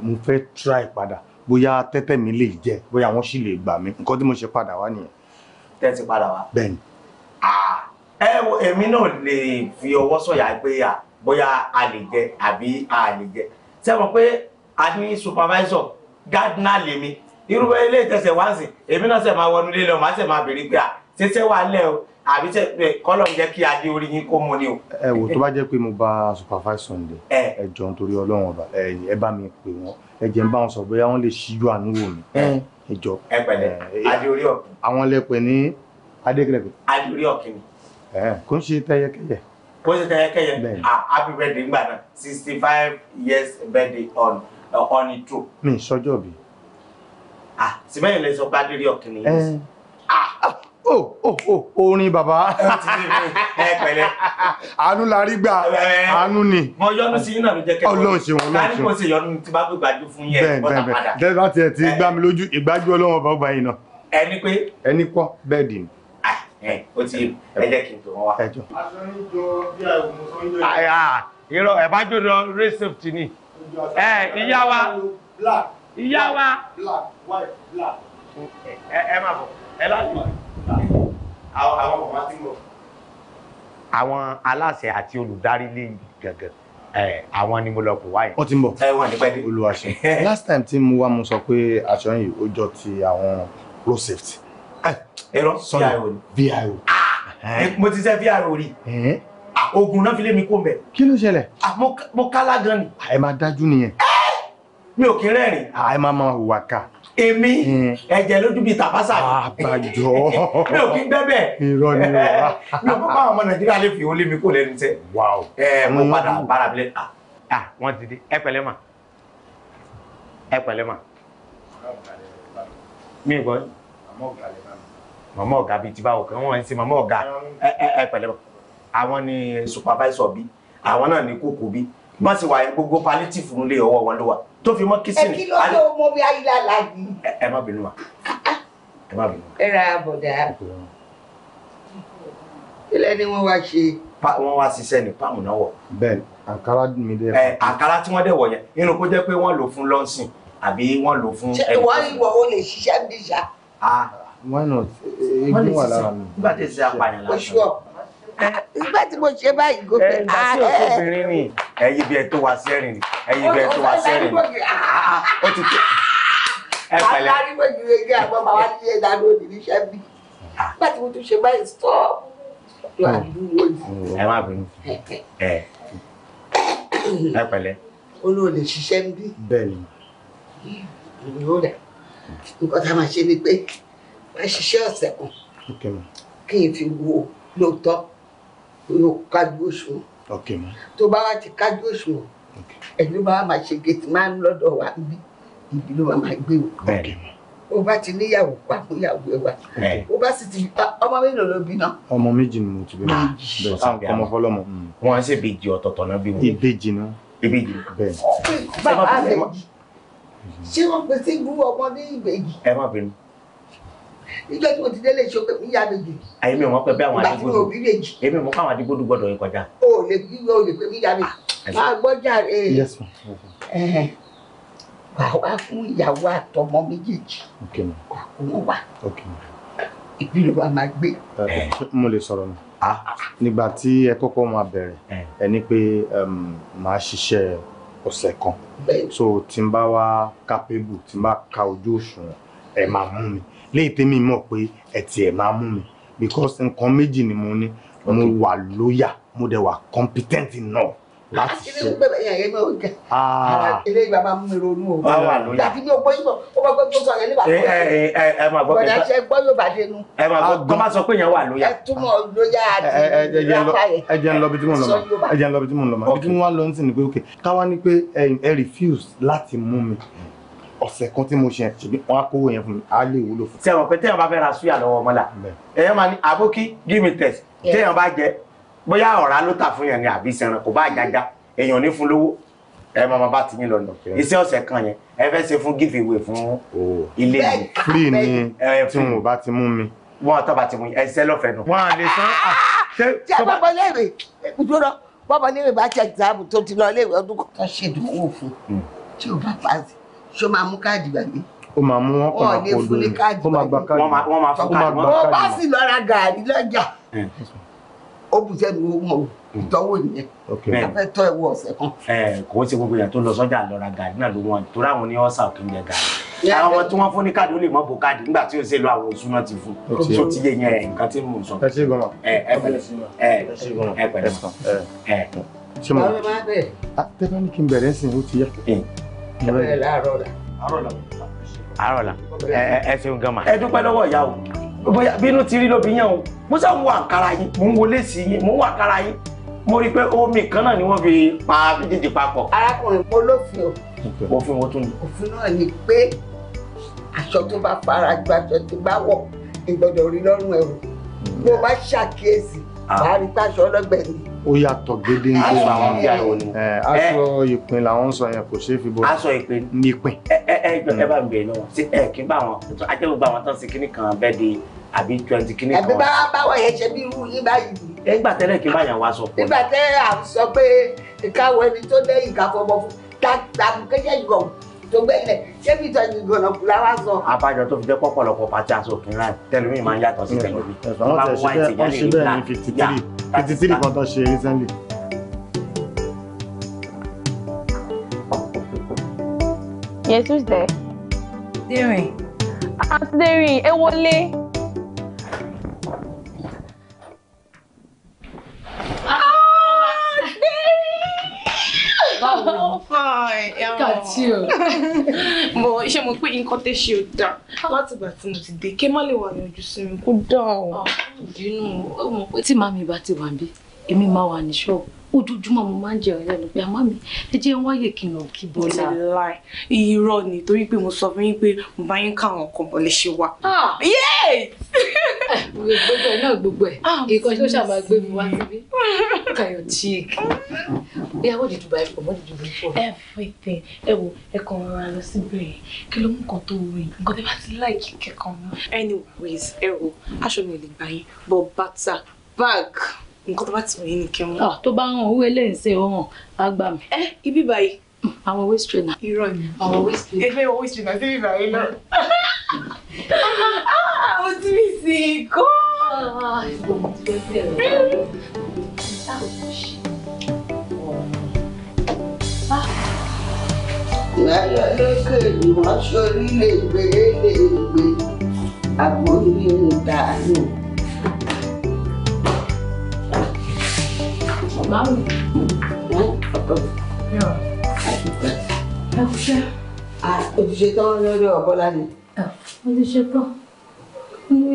mo fẹ́ try padà bóyá tẹ́tẹ́ mi lè jẹ bóyá wọ́n sì lè gbà mí nǹkan tí mo ṣe padà wá nìyẹn. tẹ́ ti padà wá. bẹ́ẹ̀ ni. ẹ wo èmi náà lè fi ọwọ́ sọ̀yà pé bóyá a lè jẹ àbí a lè jẹ ṣé pé a ní supervisor gardener lèmi irú ilé ìtẹ̀sẹ̀ wá sí èmi náà ṣe máa wọnú lílọ màá ṣe máa bèrè pé à ṣẹṣẹ wà lẹ o àbí ṣe kọ́lọ̀ ń jẹ́ kí adé orí yín kó mu ni o. ẹ wo tó bá jẹ́ pé mo bá supervisor ń dẹ ẹ jọ nítorí Ọlọ́run ọba ẹ bá mi pè wọ́n ẹ̀jẹ̀ ń bá wọn sọ̀rọ̀ bóyá wọ́n lè ṣíjú àánú wò mí ẹjọ́ àwọn lẹ́pẹ̀ ní adékẹ́lẹ́pẹ̀. adéorí ọ̀kìnì. kò ń ṣe tẹ́yẹkẹ́yẹ. kò ń ṣe tẹ́yẹkẹ́yẹ ah, happy birthday ngbà náà sixty five years birthday on uh, on the two. mi sọjọ́ bi. ah sìmẹ́yìn lè sọ pé adéorí ọ̀kìnì yìí ó ó ó orin bàbá [LAUGHS] ẹ pẹ̀lẹ́ àánú la rí gbà àánú ni. wọn yọnu sí iná ló jẹ kẹkọọ Ọlọ́run ṣeun Ọlọ́run ṣeun láti mọ sí yọnu tí bá gbé gbàjú fún yẹn bọ́tà padà. bẹ́ẹ̀ bá tiẹ̀ ti gbá mi lójú ìgbájú Ọlọ́run ọba ọba yìí náà. ẹni pé ẹni kọ bẹ́ẹ̀ dì ní. ó ti ẹ jẹ́ kí n tó wọn wá. ẹjọ. irọ́ ẹ̀ bá jò lọ receipt ni ìyá wa ìyá wa ẹ má bọ̀ ẹ láti àwọn kò wá sí lọ. àwọn aláṣẹ àti olùdarí lè gàngàn àwọn ni mo lọ kó wáyé. ó ti ń bọ̀ olùwàṣẹ last time tí mo wá mo sọ pé aṣọ yìí ó jọ ti àwọn road safety. ẹ̀rọ VIO ni. VIO. Ah, mo ti ṣe VIO rí. Ah, oògùn náà fi lé mi kó mbẹ. kí ló ṣẹlẹ̀. Ah, mo kálá gan ni. ẹ máa dájú nìyẹn. Eh! mi ò kí ń rẹ́rìn. ẹ máa máa hùwà ká èmi hmm. ẹ̀jẹ̀ lójú bíi tàbásà ni. àbàjọ [LAUGHS] mi ò kí ń bẹ́bẹ̀. irọ́ ni o wa. [LAUGHS] mi ò kó báwọn ọmọ nàìjíríà lè fi olé mi kó lẹ́nu tẹ́. wàá ẹ mo hmm. padà bára bilẹ̀ ta. à ah, wọ́n ti dé ẹ pẹ̀lẹ́ mà ẹ pẹ̀lẹ́ mà. mi ò gbọ́. màmá ọ̀gá bíi ti báwo kan wọ́n ń ṣe màmá ọ̀gá ẹ pẹ̀lẹ́ mà. àwọn ni supervisor bí àwọn náà ni kókó bí wọ́n sì wà gbogbo palliative nílé ọwọ́ wọn ló wà tó fi mọ́ kissing. ẹ kí ló tó mọ bí ayélujára yìí. ẹ má bínú wa ẹ má bínú wa. ẹ ra àbọ̀dá ilé ni wọ́n wá ṣe. wọ́n wá ṣiṣẹ́ ní páàmù náà wọ̀. bẹ́ẹ̀ àkàrà mi dẹ. ẹ àkàrà tí wọ́n dẹ̀ wọ̀ yẹn inú kó jẹ́ pé wọ́n lò fún lọ́nsìn àbí wọ́n lò fún. ṣé wọ́n ìwọ o lè ṣiṣẹ́ níjà. Ah. why not egun wà lára mi. nígbà tí ẹ ṣe apààyàn lásán nígbà tí mo ṣe báyìí gòkè. ẹ ìgbà tí òkú ah, eh, eh. obìnrin ni ẹyin bí ẹ tó wá sẹ́rìn ni ẹyin bí ẹ tó wá sẹ́rìn ni ah, ah, ó ti tó. ẹ pẹ̀lẹ́. àwọn arígbò ju ege àwọn bàbá ti ṣe ìdáná òdì níṣẹ́ bí. nígbà tí mo tún ṣe báyìí stop. Hmm. ẹ má bínú ẹ ẹ pẹ̀lẹ́. olóò lè ṣiṣẹ́ ń bí. bẹ́ẹ̀ni. ìlú rẹ̀ nǹkan tá a máa ṣe ni pé máa ṣiṣẹ́ ọ̀sẹ̀ kan kí n fi wo lóòótọ́ yóò kájú òṣùwọ̀n tó bá wá ti kájú òṣùwọ̀n ẹni bá wà máa ṣe gẹ̀tì máa ń lọ́dọ̀ wa ń bí ibi ló máa gbé o ó bá ti níyàwó pa fún ìyàwó ẹ wa eh. ó bá sì ti ah, ọmọ mélòó ló bí náà. ọmọ méjì ni mo ti bẹ̀rẹ̀ bẹ̀rẹ̀ sí ọmọ fọlọ́mọ. Mm. wọn á ṣe ìbejì ọ̀tọ̀ọ̀tọ̀ náà bí wọn. ìbejì náà. ìbejì bẹ́ẹ̀. bàbá rẹ̀ ṣé wọ́n pèsè ìlú ọmọ ní ìbejì. ẹ má bínú níjọ́ tí mo ti délé ìṣó pé mi yá méjì. àyè mi ò mọ̀ pé bí àwọn adigun gbòdù èmi ò mọ̀ pé àwọn adigun gbọ́dọ̀ yìí kọjá. o lè bí o lè pé mi yá ah, méjì máa gbọ́ jàre wàá wá fún ìyàwó àtọmọ méjèèjì wàá kó ìbí ló wàá máa gbé. Eh, eh. mo lè sọ̀rọ̀ nù ah. nígbà tí ẹ kọ́kọ́ máa bẹ̀rẹ̀ eh. ẹ ní pé màá ṣiṣẹ́ ọ̀sẹ̀ kan so tí n bá wá capable tí n bá ka ojú òṣùwọ̀n ẹ máa mú mi léyìí tèmi mọ̀ pé ẹ tiẹ̀ máa mú mi because nǹkan méjì ni mo ní mo wà lóyà mo dẹ̀ wà competent náà láti ṣe. ilé ah. ìgbà máa mú mi ronú o. báwa lóyà láti ní ogbó yìnbọn ó bá gbogbo sọ yẹn nígbà tó yẹ. ẹ ẹ ẹ máa gbọ́ pé bọ́dà ṣe gbọ́ yóò bá dé nu. ẹ máa gbọ́ tó ah, máa sọ pé yẹn wà lóyà. ẹ túmọ̀ lóyà eh, àti ìyáfà eh, eh, yẹn. ẹ jẹ́ ń lọ bí tí mo lọ mọ́ ẹ jẹ́ ń lọ bí tí mo lọ mọ́ ọ̀sẹ̀ kan tí mo ṣe ṣèbí wọn á kówó yẹn fún mi á lè wúlò fún. sẹ́wọ̀n pé téèyàn bá fẹ́ ra súyà lọ́wọ́ ọmọlá ẹ̀yàn máa ní àbókí give me test téèyàn bá jẹ bóyá ọ̀rá ló tà fún yẹn ni àbí sẹran kò bá àjàjà èèyàn ní fún lówó ẹ máa bá ti yín lọ nà iṣẹ́ ọ̀sẹ̀ kan yẹn ẹ fẹ́ ṣe fún give away fún oh. ilé mi. free ni tí wọn ò bá ti mú mi. wọn tó bá ti mú mi ẹsẹ lọfẹ nù. wọn à lè san. Ah, ah, hmm. tí a bá bọ léèrè ṣó máa mú káàdì gbàgbé ó máa mú wọn pàápàá olórí ó máa gba káàdì wọn máa fún káàdì wọn. wọ́n bá sì lọ ra gàrí lọ́jà ó bù sẹ́nu ó mọ̀ ìtọ́wò nìyẹn afẹ́ tọ́ ẹ̀wọ̀ ọ̀sẹ̀ kan. kò sí gbogbo èèyàn tó lọ sọ́jà lọ ra gàrí náà ló wọn torí àwọn ní ọ̀sà òkè ń jẹ gàrí àwọn tí wọ́n fún ní káàdì ó lè mọ́ bo káàdì nígbà tí ó ṣe lọ àwọn òṣùnà ti fún tó ti yé yẹn nǹkan tí mò ń sọ. ẹ ṣe gbọmọ ẹ ẹ pẹ̀lẹ́ ẹ pẹ̀lẹ́ ẹ ṣe mọ. ọ̀rẹ́ máa bẹ̀. tẹ́fẹ́ ní kí n bẹ̀rẹ̀ sí i ó ti yá ẹ bẹ̀rẹ̀ láàárọ̀ la. àárọ̀ la ẹ ṣeun gan ma. ẹ dúpẹ́ lọ́wọ́ ìyá o bóyá bínú ti rí lóbi yẹn o mo sọ wo àǹkárá yín mo ń wọlé sí yín mo ń wọ àǹkárá yín mo rí i pé omi kan náà ni wọ́n fi pa méjèèjì papọ̀. arákùnrin mo lófin o. òfin wo tún ni. òfin náà ni pé aṣọ tó bá fara gba aṣọ tó bá wọ̀ ìgbọ́dọ̀ rí lọ́rùn ẹ̀rù bó bá ṣàkíyèsí wàá ah. rí pé aṣọ ó yàtọ̀ gédéńgbé aṣọ àwọn tí àìwò ni. aṣọ ìpín làwọn sọ yẹn kò ṣeé fi bo. aṣọ ìpín ní ìpín. ẹ ẹ ẹ jọ ẹ hmm. bá mi bẹ̀rẹ̀ lọ́wọ́ sí ẹ kí n bá wọn ajẹ́ gbogbo àwọn tán sí kíní kan bẹ́ẹ̀ di àbí twenty kíní kan. àbí bá báwọ̀ yẹn ṣe bí irú yín báyìí. nígbà tẹ́lẹ̀ kí n bá yàn wá sọ pé. nígbà tẹ́lẹ̀ à ń sọ pé ìkáwọ ẹni tó lẹ́yìn ìkáfọ́ ọmọ fún tó gbẹ́lẹ̀ ṣé bí ìtọ́jú gbọ̀nà kù láwá sọ. àbájọ tó fi jẹ́ pọ̀pọ̀lọpọ̀ pàtí aṣọ òkè ńlá tẹlifíìn máa ń yàtọ̀ sí tẹlifíìn. ẹ̀sán náà tẹ̀ ṣe bẹ́ẹ̀ ṣe fifty three fifty three kan ṣe recently. yes who's there. derin. àti derin ẹ wọlé. oh, fine. Look at oh. you. Mo [LAUGHS] ṣe mo pé nǹkan tẹ́ ṣe ò dáa. Ah. Láti ìgbà mo ti dé, ké má lè wà ni sí mi kó dáa o. Ìdínú ah, mo pé tí màmí bá ti wà bí, èmi máa wà ní ṣọ́ọ̀bù. Ojoojúmọ́ mo máa ń jẹ ọ̀rẹ́ lọ pé ah, mi ẹ jẹ́ wáyè kí n lọ kí bọ́lá. Mo ni torí pe, mo sọ fún yín pé mo bá yín ká àwọn ọkọ̀ bọ̀lẹ̀ ṣe wà. Yéè! gbogbo ẹ̀ náà gbogbo ẹ̀ ìkan ah, tó ṣàmà gbé mi wá síbí look at your cheek yeah what did you buy for what did you buy for. everything ẹ wo ẹ kàn rọra lọ síbẹ̀ yẹn kí ló mú nǹkan tó rí nǹkan tó bá ti láìkí kẹ̀kọ́ mú. anyways ẹ wo aṣọ mi ò lè gbà yín but bàtà bag nǹkan tó bá ti wọ̀nyí ni kí wọ́n. Ah, tó bá ń hàn owó ẹlẹ́yìn ṣe ọ̀hún á gbà mí. ẹ eh, ibi báyìí Àwọn waist trainer. Irọ́ ni. Àwọn waist trainer. Ẹgbẹ́ waist trainer sí ìgbà yìí lọ. Àwọn tí mi sì kọ́. Ìgbòho i gbẹ́sẹ̀ rẹ̀. Náyà lókè ìmọ̀ sórí lè gbé lè gbé àgbórí ìdánù. Mami. Ọ̀pọ̀. Yeah. [LAUGHS] Ah, ẹ kú ṣẹ́. òṣìṣẹ́ tán lọ́dọ̀ ọ̀bọ́lá ni. òṣìṣẹ́ tán ní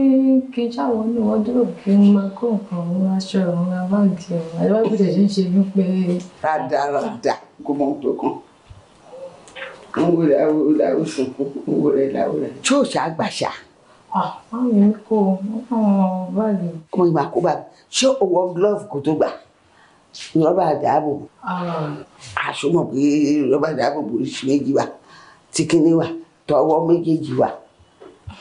kí n ṣàwọn ní wọ́dúrò kí n máa kó nǹkan òun aṣọ òun abáǹkì òun àdébàbí tẹ̀ ṣe ń ṣe wípé. rádaràdà kò mọ tó kàn ń wúrẹ̀ láwùrẹ̀ sunkún ń wúrẹ̀ láwùrẹ̀. tí ò ṣàgbàṣà. báwo ni kò báyìí. kò ìgbà kó bá ṣé òwò glove kò tó gbà rọ́bà dáàbòbò àṣùmọ̀ ah. pé rọ́bà dáàbòbò oríṣi méjì wà tí kíní wà tọwọ́ méjèèjì wà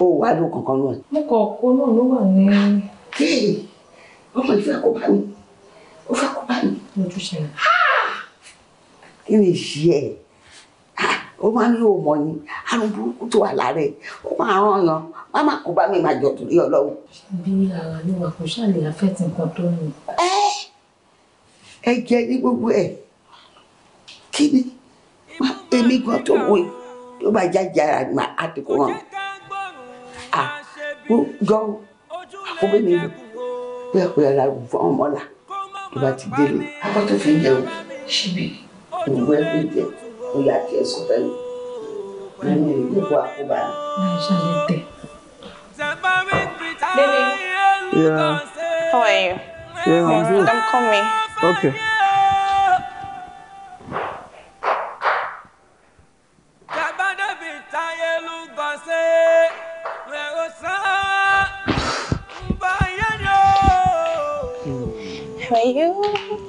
ó wà ló kankan náà. mo kọ ọkọ náà ló wà ní. ọmọ ìfẹ́ kó bá mi ó fẹ́ kó bá mi. lójú ṣẹlẹ̀. Ah! kí ni ìṣe ẹ̀ ah! ó máa ń lò mọ́ ni àrùn burúkú tó wà lára ẹ̀ ó máa ràn yàn má má kó bá mi máa jọ torí ọlọ́run. bí ara ló wà kó ṣàlè afẹ́ tí nǹkan tó ń lò. Eh! ẹ̀jẹ̀ ní gbogbo ẹ̀ kí ni èmi gan tó wo tó bá jájà àgbà àtìkù hàn à ó jọ àkóbé mi lò bóyá kò yàrá rò fún ọmọ là tó bá ti délé. akọ́ tó fi jẹun síbi òwú ẹ̀ fi jẹ òyà kí ẹ sọ fẹ́ mi nínú ìgbòho àkóbá mi. máa ṣàlẹ̀ tẹ̀. Baby, yeah. how are you? Yeah, I'm good. Don't call me. Okay. How are you?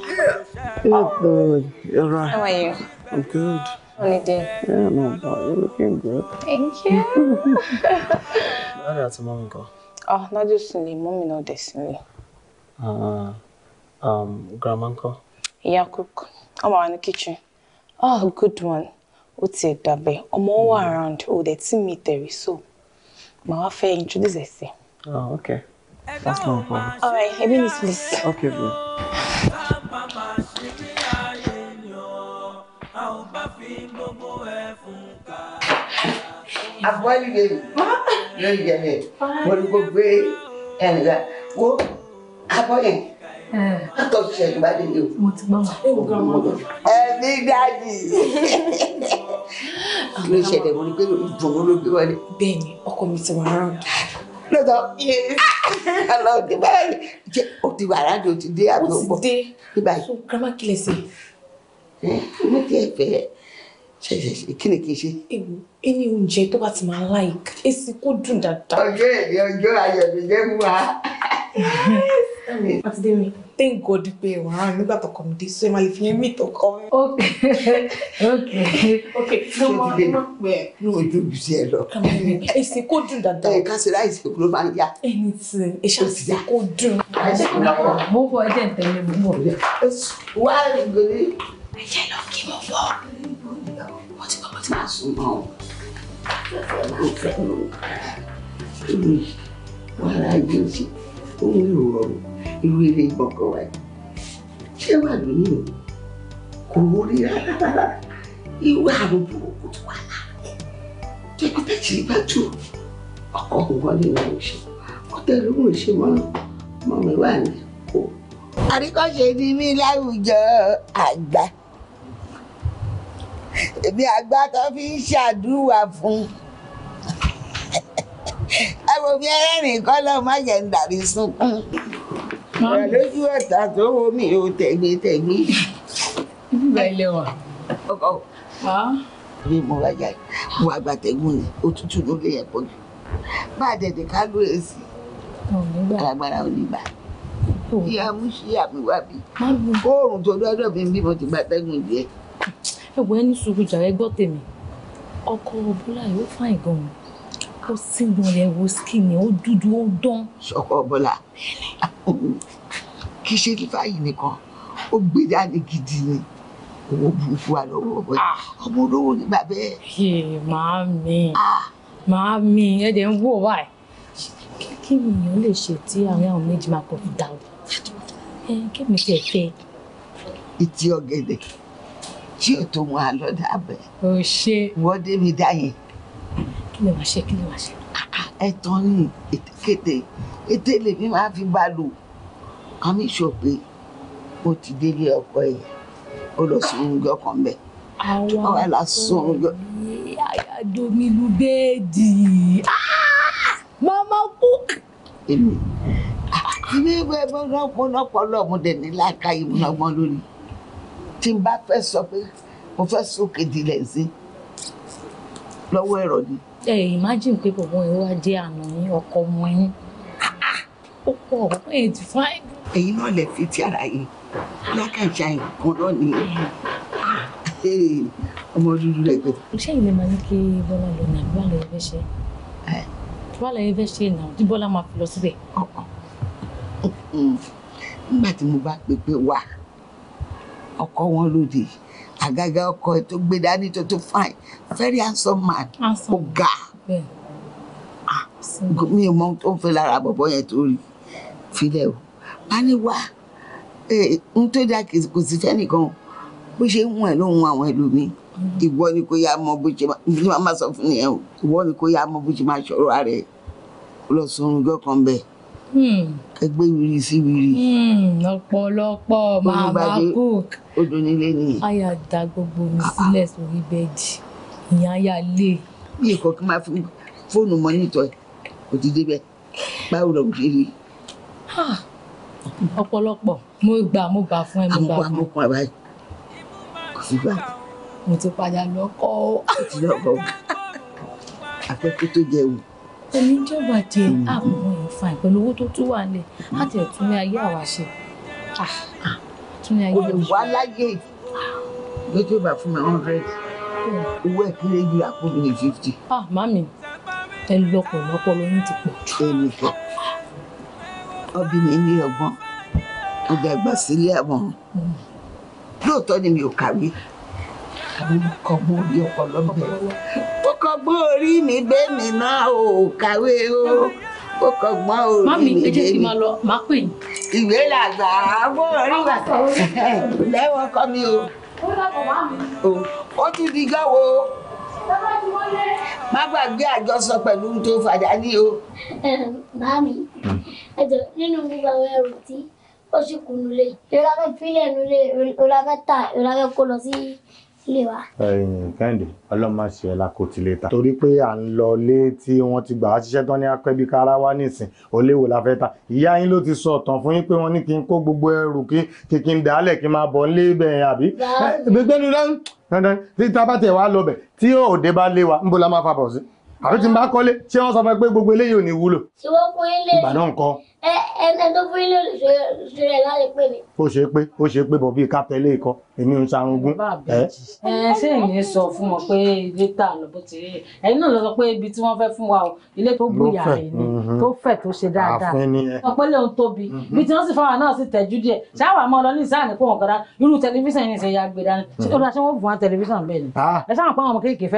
Yeah. Good, good. You're right. How are you? I'm good. Only day. Yeah, no, but you're looking good. Thank you. Where did mommy go? [LAUGHS] Oh, not just in the mommy, not this in Ah. Uh. Uh-uh um, grandma ńkọ́? Ìyá cook. I'm wà ní kitchen. Oh, good one. Ó ti dàbẹ̀. Ọmọ wà hmm. around. Ó the ti meet ẹ so. My wife fẹ́ introduce ẹ Oh, ah, okay. That's no problem. All right, a minute, please. Okay, bro. Àbúrálì lèyí, lórí ìjẹ̀mẹ̀, mo ní gbogbo ẹ̀ tó ṣe ìgbà délé o. mo ti gbọ́ mọ́. ẹ̀mí dájì. kí ló ṣẹlẹ̀ mo ní pé ìdùnnú ló gbé wọlé. bẹ́ẹ̀ni ọkọ mi ti wà rán mi. lọ́dọ̀ yé alọ́ ti bá jẹ́ o ti wà rán mi o ti dé àbí o bọ̀. o ti dé so grandma kílẹ̀ sí. ẹ mo ti ẹ fẹ́ ṣe ṣe ṣe kí ni kí n ṣe. ewu ẹni oúnjẹ tó bá ti máa láìka èsì kó dùn dáadáa. ọjọ́ èdè ọjọ́ ayọ̀ mi jẹ́ mú wa. [LAUGHS] àti dèmi thank god pé wàá rán nígbà tó kọ́ mi dé so ẹ máa lè fi yẹn tó kọ́ mi. [LAUGHS] ok ok ok ló mọ ló mọ pé. ní ojú ibi sí ẹ lọ. èsì kò dùn dáadáa. ẹ ká ṣe láì sí ló máa ń yá. ẹni tí ẹ ṣàṣìṣe kò dùn. àṣẹ kò lọ pọ̀ mo bọ̀ ẹjẹ̀ ń tẹ̀lé mo bọ̀. wá gbèrè. ẹjẹ lọ kí mo bọ̀ mo ti bọ̀ mo ti máa sùn mọ́ o. wàhálà gbèsè ó ń lò wọ́n irú ilé gbọ̀ngàn wa yìí ṣé wà lónìí kò rí rárá rárá irú àrùn burúkú tó wà lára tẹkọtẹ tí ì bá tú ọkọ nǹkan nínú ẹ̀ ṣe ọtẹ lóhùn ṣe mọ́ràn mọ́ mi wà ní kó. àríkọ́ṣe ni mí láwùjọ àgbà èmi àgbà tó fi ń ṣàdúrà fún un ẹ wo bí ẹlẹ́rìn kọ́ lọ́ọ́ má jẹ́ ń dàrí sunkún lójú ọ̀tá tó omi ò tẹ̀gbẹ́ tẹ̀gbẹ́. ibùba ilé wa. ọkọ bí mo wá jáde mo wá gba tẹ̀gùn ni òtútù ló lè yẹ pọ̀jù bá a dẹ̀dẹ̀ ká ló èsì alágbára ò ní bá ìyá mú sí àmì wá bí oòrùn tó dọ́dọ̀ mi bí mo ti gba tẹ̀gùn díẹ̀. ẹ̀wọ̀n ẹni sùúrù jàre gbọ́ tèmi ọkọ̀ ọ̀bùnlá yóò fàìn gan-an ó sígun rẹ̀ wo skin ó dúdú ó dán. sọkọ bọlá kì í ṣe fífàyè nìkan ó gbé dání gidi ni owó burúkú wa lọ́wọ́ ọmọ ah. ọmọ olówó ni bàbá ẹ. màámi ah. màámi ẹ dẹ̀ ń wò wá ẹ̀ kí ni èèyàn lè ṣe tí àwọn àwọn méjì máa kọ̀ fún dáwọ́ ẹ kí mi tiẹ̀ fẹ́. ìtì ọ̀gẹ̀dẹ̀ tí ò tó wọn àlọ́ dábẹ́. ò ṣe. wọ́n dé mi dá yẹn lè wá ṣe kí lè wá ṣe. Ah, ah, ẹ̀tàn ni ètekéte ète lèmi máa fi bá lò àmì ìṣòpè ó ti délé ọkọ ẹ̀ ó lọ sùn oúnjẹ kan bẹ́ẹ̀ àwọn àwọn lásán oúnjẹ. àyàdomi lu bẹ́ẹ̀dì ah, mama cook. èmi ilé ìwé mọ́nàpọ̀ lọ́mọdé ní láàkáyé mọ́nàpọ̀ lónìí tí n bá fẹ́ sọ pé mo fẹ́ sókè dilẹ̀ sí lọ́wọ́ ẹ̀rọ ni ẹ imagine pé bọ̀bọ̀ yẹn wá jẹ́ àná yín ọkọ ọmọ yín ah, ah, ó pọ̀ ẹ̀ ti fáìn. èyí náà lè fi ti ara yìí lákàtà ìkan náà nìyẹn ah, ọmọ dúdú rẹ gbẹ. sẹ́yìn lè máa ní kí bọ́lá lọ ní àbí bàlẹ̀ ẹ̀fẹ́ ṣe bàlẹ̀ ẹ̀fẹ́ ṣe nà tí bọ́lá máa fi lọ síbẹ̀. nígbà tí mo bá pè wà ọkọ wọn lóde yìí àgàgà ọkọ ẹ tó gbé dání tó tó fine very handsome man ó ga ah, mi ò mọ tó ń fẹ́ lára bọ̀bọ̀ yẹn tó rí filẹ̀ o bá ní wá n tó dá kò sí fẹ́nìkan bó ṣe ń wọ̀n ẹ̀ ló ń wọ̀n àwọn ẹlòmíì mm-hmm. ìwọ ni kò yá mọ bó ṣe máa sọ fún nìyẹn o ìwọ ni kò yá mọ bó ṣe máa ṣọ̀rọ̀ rẹ̀ lọ sọrun gọ́kàn bẹ́ẹ̀. Hmm. ẹgbẹ́ wiri sí wiri. Hmm, ọ̀pọ̀lọpọ̀ màmá cook odò nílé ni. àyà da gbogbo mi ah, ah. sílẹ̀ sórí bẹ́ẹ̀dì ìyẹn àyà lè. bí èkó kí n máa fún fóònù mọ́nítọ̀ kò ti débẹ̀ báwo lọ ṣe rí. Ah, ọ̀pọ̀lọpọ̀ mo gbà mo gbà fún ẹ mo gbà fún ẹ. àmọ́ àmọ́ àbáyé kò sí mo ti padà lọ́kọ àpẹkẹ tó jẹ òun tẹ̀mí jẹ́ bàjẹ́ àbùkù ìfà pẹ̀lú owó tó tún wà lẹ̀ láti ẹ̀tún ní ayé àwa ṣe. Ah, olùwà láyé lójú bá fún mi hundred hmm. owó ẹ̀kílẹ̀ yìí àpò mi ní fifty. Ah, màmí ẹ lọ́pọ̀ lọ́pọ̀ lóyún ti pọ̀ jù. èmi kọ ọbí mi ní ọgbọ́n mo dàgbà sílé àwọn hmm. lóòótọ́ ni mi ò kàwé àbí mo kọ́ mọ́ orí ọpọlọ bẹ́ẹ̀ kọ́gbọ́n orí mi gbé mi náà ò kàwé o ó kọ́gbọ́n orí mi gbé mi. mami ẹ jẹ́ kí n máa lọ máa pè yín. ìwé làgbà àbọ̀ orí wa lẹ́wọ̀n kọ́ mi o. ó tún di gọ́wọ́ o. má gbàgbé àjọsọ pẹ̀lú ohun tó fàdá ní o. mami hmm. ẹ jọ nínú gbogbo àwọn ẹrù tí ó sì kùnú lé ìrora fẹ́ fílẹ̀ nulẹ̀ ìrora fẹ́ tà ìrora fẹ́ kó lọ sí ilé wa. ẹyìn kẹ́hìndé ọlọ́run má ṣe ẹ lákò tí lè ta. torí pé à ń lọ lé tí wọ́n ti gbà á ṣiṣẹ́ tán ní akẹ́bí kára wá nísìn oléwò la fẹ́ ta. ìyá yín ló ti sọ ọ̀tàn fún yín pé wọ́n ní kí n kó gbogbo ẹrù kí kí n dàálẹ̀ kí n máa bọ̀ nílé ibẹ̀ yẹn àbí. gbẹgbẹ́ni dandan tí tábà tẹ̀ wá lọ bẹ̀ tí òde bá lé wa níbo la máa fa bọ̀ sí. àbí tí n bá kọ́lé ṣé wọ́n sọ ẹni tó fún ilé ìṣẹ̀lẹ̀ láti pè mí. ó ṣe pé ó ṣe pé bọ̀bí kápẹ́lẹ́ ikọ́ e èmi ń sarungún. ẹ ṣé èyí sọ fún wọn pé ilé tà lọ bó ti rí ẹ̀yin náà lọ sọ pé ibi tí wọ́n fẹ́ fún wa o ilé tó gbìyà rẹ̀ ni mhm. tó fẹ̀ tó ṣe dáadáa wọ́n pẹ́ lóun tóbi ibi mhm. tí wọ́n sì fáwọn náà sì tẹ̀jú díẹ̀ ṣáwà máa lọ ní ìsáà ní pọ̀wọ̀n kọ́dá irú tẹlifíṣàn yìí ṣe ya gbé dání mhm. ó dá wọ́n fún wa tẹlifíṣàn bẹ́ẹ̀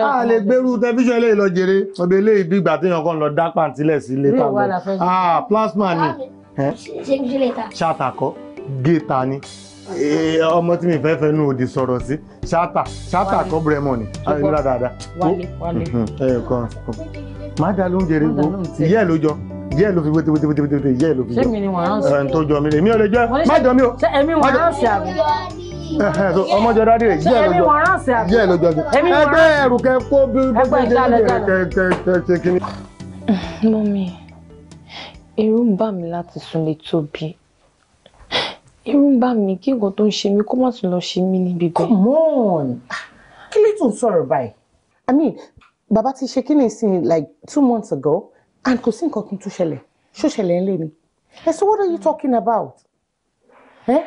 ah. a lè gbèrú tẹlifíṣàn eléyìí lọ jèrè ọbẹ̀ eléyìí bí ìgbà téèyàn kan lọ dá pàǹtílẹ̀ sí ah, plasma ni ṣàtàkọ́ géta ni ọmọ tí mi fẹ́ fẹ́ nu òdì sọ̀rọ̀ sí ṣáàtà ṣáàtà kọ́ bremọ ni àríwá dáadáa ẹ kàn má dá ló ń jẹrè gbó ìyá ẹ ló jọ ìyá ẹ ló fi wété wété wété wété ìyá ẹ ló fi jọ ẹ ń tó jọ mi rè mí ò lè jọ ẹ má jọ mi o má jọ ọmọ jọ dádì rè ìyá ẹ ló jọ ìyá ẹ ló jọ ẹgbẹ́ ẹrù kẹ kó bí bí bí bí kẹ kẹ kẹ kẹ kí ni. mọ́mí ẹ̀rù ń bà mí láti súnlé tóbi ẹ̀rù ń bà mí kí nǹkan tó ń ṣe mí kó má tún lọ ṣe mí níbi bẹ́ẹ̀. come on kí ló tún sọ̀rọ̀ báyìí i mean bàbá ti ṣe kí ni sí like two months ago and kò sí nǹkan kan tó ṣẹlẹ̀ ṣó ṣẹlẹ̀ ńlẹ̀ ni ẹ eh, so what are you talking about? Eh?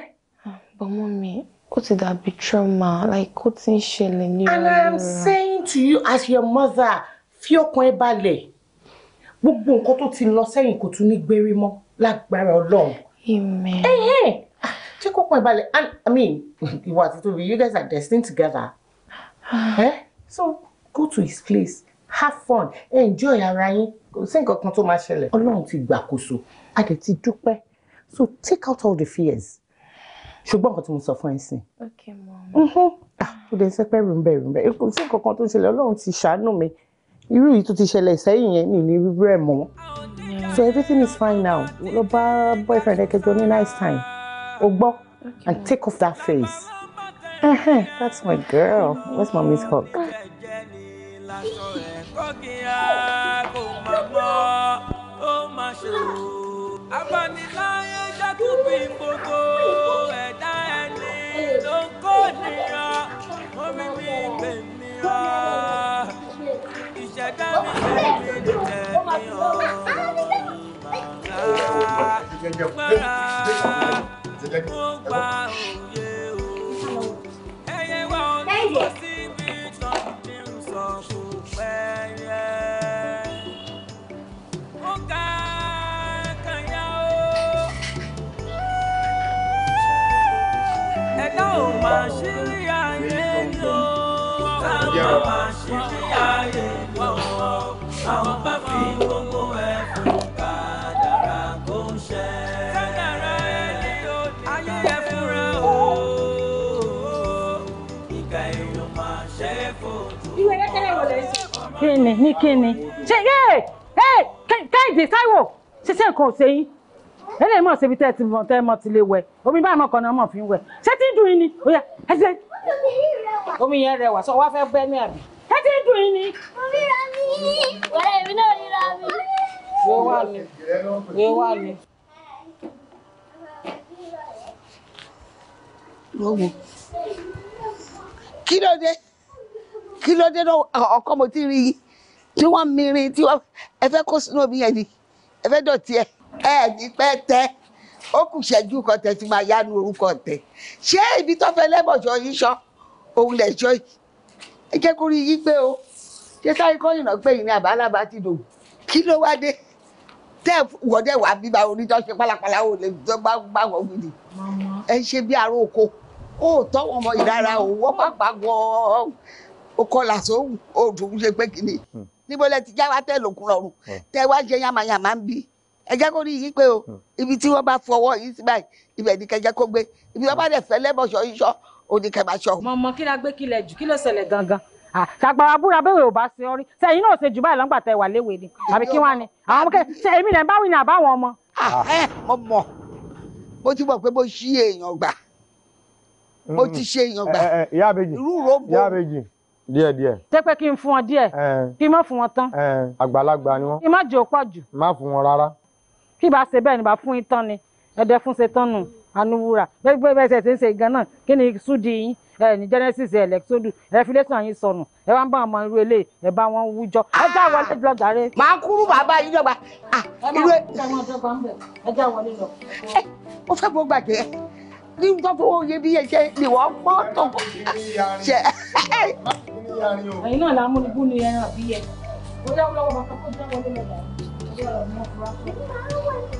Ah, bọ́mọ mi ó ti dàbí trauma like ó ti ń ṣẹlẹ̀ ní ìrora. and i am saying to you as your mother fi ọkàn ẹ balẹ̀ gbogbo nǹkan tó ti lọ sẹ́yìn kò tún ní gbérí mọ́ lágbára ọlọ́run. amen. Ah, jẹ́ kó pọ̀ ìbalẹ̀ i mean ìwà àti tóbi you guys are destined together. Ah. eh? so go to his place have fun enjoy ara yín kò sí nǹkan kan tó máa ṣẹlẹ̀ ọlọ́run ti gbàkóso a dẹ̀ ti dúpẹ́ so take out all the fears ṣùgbọ́n nǹkan tí mo sọ fún ẹ sìn. ok mhm. Ah, ó dẹ̀ ń sẹ́pẹ́ rúmbẹ̀ rúmbẹ̀ kò sí nǹkan kan tó ṣẹlẹ̀ ọlọ́run ti ṣàánú mi irú yìí tó ti ṣẹlẹ̀ sẹ́yìn yẹn mi ní rírú ẹ̀ mọ́ so everything is fine now lọ bá boyfriend ẹ̀kẹjọ ní nice time o gbọ́ and take off that face uh-huh, that's my girl where's mommy's hug. abaniláyé jákùbí gbogbo ẹ̀dá ẹni ló ń nìyà omi mi gbẹ̀mí ọ́ ẹ̀dá mi lẹ́yìn sáwọn ní ayé ṣe. kádàrá ẹni o ayé ni ní kí ni ṣe yé káyìdé táíwò ṣiṣẹ́ nǹkan ò ṣe yín eléyìí mọ̀ síbi tẹ́ ẹ ti mọ̀ tẹ́ ẹ mọ̀ ti lè wẹ̀ omi báyìí mọ̀ kan ni wọ́n wẹ̀ ṣé tí ń dùn yín ni ó yá ẹ ṣe omi yẹn rẹwà sọ wá fẹ́ bẹ́ ní àbí. tẹ́tí ń dùn yín ni. ríra mi ọ̀rẹ́ mi náà ríra mi. wíwá wà ní wíwá wà ní. lọ́wọ́ kí ló dé kí ló dé ọkọ mo ti rí i tí wọ́n mirin tí wọ́n ẹ fẹ́ kó sínú omi yẹn ni ẹ fẹ́ dọ̀tí ẹ ẹ ní pẹ́ tẹ́ ó kù ṣẹ́jú kan tẹ̀ tí máa yánu orúkọ tẹ̀ ṣé ibi tó fẹ́ lẹ́bọ̀ṣọ́ yín ṣan òun lẹ̀ ṣọ́ yìí ẹ jẹ́ kó rí yín pé o ṣé sáré kọ́yìnà pé yìí ni àbálábá ti dòwò kí ló wá dé tẹ́ wọ́dẹ̀ wá bíbá oníjọ́ ṣe pálapàla ò lè jọ bá wọ́n wí ni ẹ ṣe bí aró oko ó tọ́ wọn mọ ìdára o wọ́n má pa gan-an okọ làṣọ́hùn òòdùn ṣe pé kínní hmm. níbo lẹ ti já wa tẹ́ lòkun rọrùn hmm. tẹ́ wá ṣe yàmàyàmà ń bí ẹ jẹ́ kó rí yìí pé o hmm. ibi tí wọ́n bá fọwọ́ yìí sí báyìí ibẹ̀ ni kẹjẹ kó gbé ibi wọ́n bá dẹ̀ fẹ́ lẹ́bọ̀ṣọ́ yíṣọ́ ó ní kẹba ṣọ. mo mọ kí la gbé kílẹ̀ jù kí ló ṣẹlẹ̀ gangan. kàgbàrà búra bẹ́ẹ̀ ò bá ṣe ọrí sẹ́yìn náà ṣe jù báyìí lọ́ngbà tẹ wà léwe ni àbí kí wọ́n á ní. àwọn ọmọ kẹ́kẹ́ ṣe èmi náà bá wí ni àbáwọn ọmọ. mo mọ mo ti mọ pé mo ṣí èèyàn gbà mo ti ṣe èèyàn gbà mm, mm, mm, eh, eh, irú ròbó díẹ̀ díẹ̀. tẹ́ pé kí n fún wọn díẹ̀ eh. kí n má fún wọn tán. àgbàlagbà ni wọn. kí n má jò pọ̀ jù. má fún wọn rárá. kí bá ṣe bẹ́ẹ̀ ni bá fún yín tán ni ẹ̀dẹ̀ fún ṣe tán nù anuwura bẹ́ẹ̀ bẹ́ẹ̀ ṣe ń ṣe gan náà kí ni súdi yín ẹ ní genesis ẹ lẹ́kítọ́dù ẹ fi lẹ́sùn àyín sọnù ẹ wá ń bá ọmọ irú eléyìí ẹ bá wọn wújọ ẹ já wọlé lọ gàrí. màá kúrú bàbá yín dọ́gba. Ah, ẹ já wọlé lọ. Eh, ó fẹ́ bó gbàgbé ẹ ní nǹkan tó wọ́n yé bí ẹ ṣe ni wọ́n mọ́ tó kọ́ ṣe. ẹ̀yin náà la múnibú ni ẹran àbí ẹ. ó dáwọ́ lọ́wọ́ bàtà kó dáwọ́ lé lọ́jà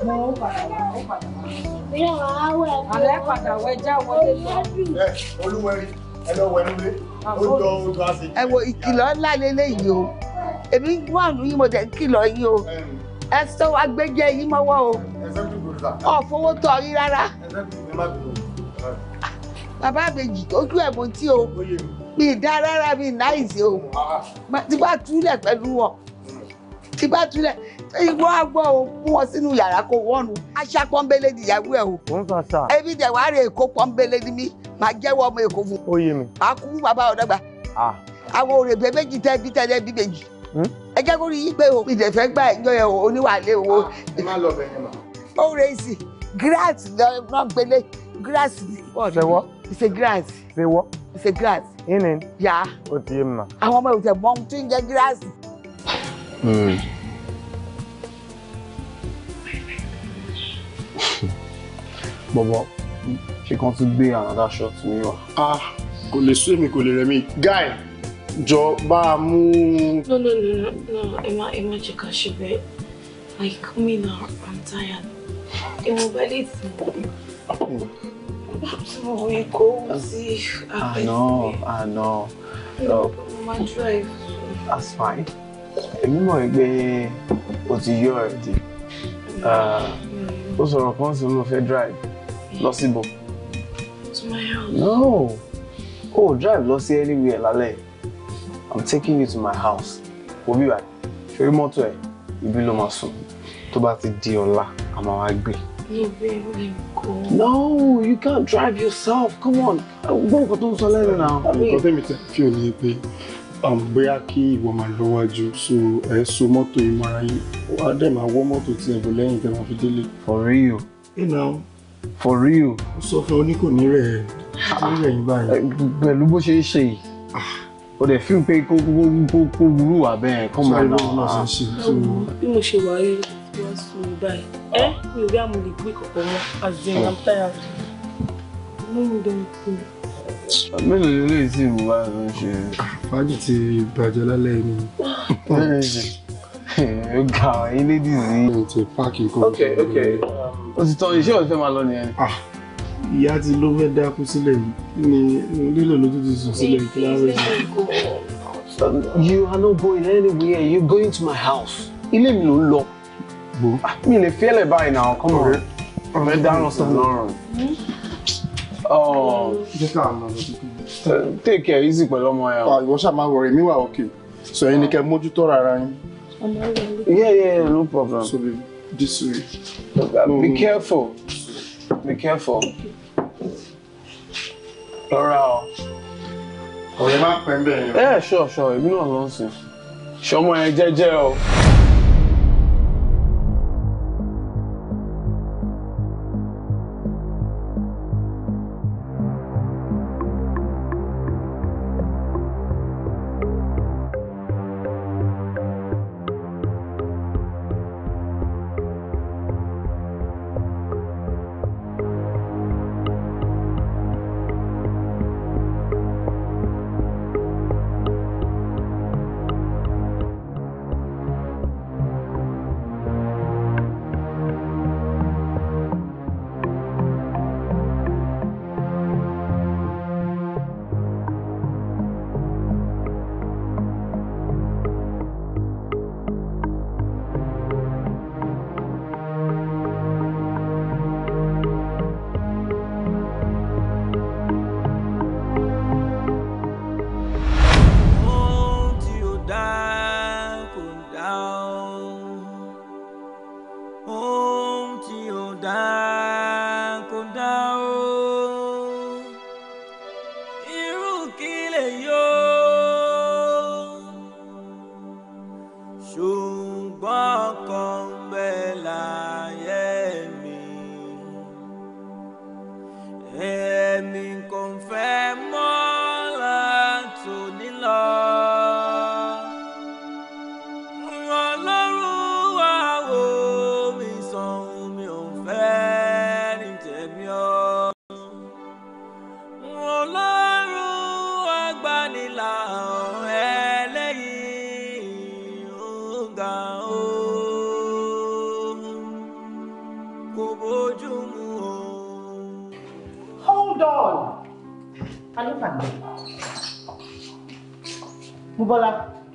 mo ó padà wá ó padà wá. mi ò wá wẹ̀. já wọlé lọ. ẹ olúwẹ̀rí ẹ lọ wẹ̀ lulẹ̀ ah, ó jọ odò àṣẹ. ẹ wo ìkìlọ̀ ńlá lélẹ́yìí o èmi wà ní yín mo dẹ̀ ń kìlọ̀ yín o ẹ sọ wá gbẹ́jẹ́ yín mọ́wọ́ o ọ̀fọwọ́ tọ̀ yín rárá. bàbá àbèjì ojú ẹ̀ mo tí o mi dá rárá mi náìsí o ah. tí bá túlẹ̀ pẹ̀lú wọn tí bá túlẹ̀. ìwọ agbọ́ o mú wọn sínú yàrá kó wọ́nu aṣá o. ebi dẹ̀ wàá rè èkó pọ́nbélé ni mí màá jẹ́wọ́ ọmọ èkó fún. bàbá ọ̀dọ́gba. àwọn òrèbè méjì bí méjì. Hm? ẹ kó rí pé o ìdẹ̀fẹ́ gbà ẹjọ́ yẹn o o. ó rè sí grass náà gbélé grass ni. sẹ́wọ́. ìṣe yà. ti yé mi ma. àwọn ọmọ [LAUGHS] bọ̀bọ̀ she kan tún gbé another shot mi wá. ah go lè sún go kò lè guy jọ bá no no no no no Emma Emma, ẹ má jẹ ká I come in now i'm tired Emma, lè ti mọ̀ tí uh, mo rí kó sí apẹ̀sẹ̀. àná drive. that's fine Emma, mọ̀ pé o ti yọ̀ ó sọ̀rọ̀ kan sí mo fẹ́ drive lọ síbò. to my house. no o oh, drive lọ sí anywhere lálẹ́ i'm taking you to my house òbí wa ṣorí mọ́tò ẹ̀ ibi ló máa sùn tó bá ti di ọ̀la a máa wá gbé. no you can't drive yourself come on gbọ́ nǹkan tó ń sọ lẹ́nu náà. nǹkan tẹ́mi tẹ́ fi ò ní í pé. Um, bóyá kí ìwọ máa lọ wájú so ẹ so mọ́tò yìí mọ́ra yín wàá dẹ̀ máa wọ́ mọ́tò tí ẹ bọ̀ lẹ́yìn tẹ́ máa fi délé. for real. ẹ na o. for real. ó sọ fún ọ ní kò ní rẹ̀ ní rẹ̀ yín báyìí. Eh, pẹ̀lú bó ṣe ń ṣe yìí o ah. dẹ̀ fi pé kó kó kó kó wúrú wà bẹ́ẹ̀ kó máa náà. Ah. bí mo ṣe wà á wọ́n sùn báyìí ẹ mi ò rí àmúlẹ̀ gbé kọ̀ọ̀kan mọ́ as in ah. i'm tired mélòó lélẹ́yìí tí mo bá ń ṣe. fàájì ti bàjẹ́ lálẹ́ mi. very easy ó ga ẹ̀yin ladies yìí. o ti páàkì kó. ok ok o ti tọ́ iṣẹ́ òfin máa lọ nìyẹn. Ah, ìyá ti ló fẹ́ dákú sílẹ̀ yìí ni lílò lójú sùn sílẹ̀ kí láwọn you are not going anywhere you going to my house ilé mi ló ń lọ. Ah, mi lè fi ẹlẹ báyìí náà kọ́mọ̀rẹ́ oh. ọ̀rẹ́ dáná sọ̀rọ̀ jẹ́ ká máa lọ take care easy pẹ̀lú ọmọ ẹ̀ o. Ah, ìwọ ṣáà máa wọrẹ mi wà òkè sọ yẹn ni kẹ mójútó rárá yín. yeah yeah no problem. so be this way. Uh, be mm. careful be careful. lọ́ra o. ọ̀rẹ́ máa pẹ́ ń bẹ̀rẹ̀. ẹ ṣọ́ ṣọ́ èmi náà lọ́sìn ṣọmọ ẹ jẹ́jẹ́ o.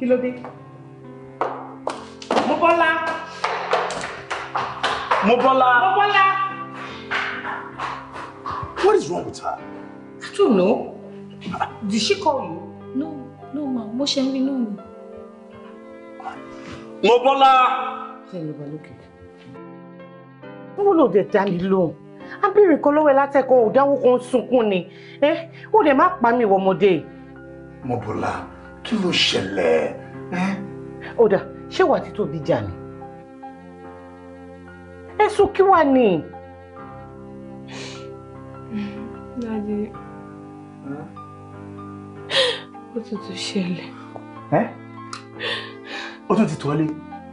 kí ló dé mo bọ́lá mo bọ́lá mo bọ́lá. What is wrong with her? I don't know. Did she call you? No, no, ma. Mo ṣe ń rí inú mi. Mo bọ́lá. Hello, Baloke. Wọ́n lò dé dá mi lóhùn. A béèrè kan lọ́wọ́ ẹ látẹ̀kọ́ ọ̀dáwó kan sunkún ni. Ẹ ó dẹ̀ má pa mi wọ̀mọdé. Mo bọ́lá kí ló ṣẹlẹ̀ ó dà ṣé wàá ti tóbi jà ni ẹ̀sùn kí wàá ni. dájú ó tún ti ṣẹlẹ̀. ó tún ti tọ́lé.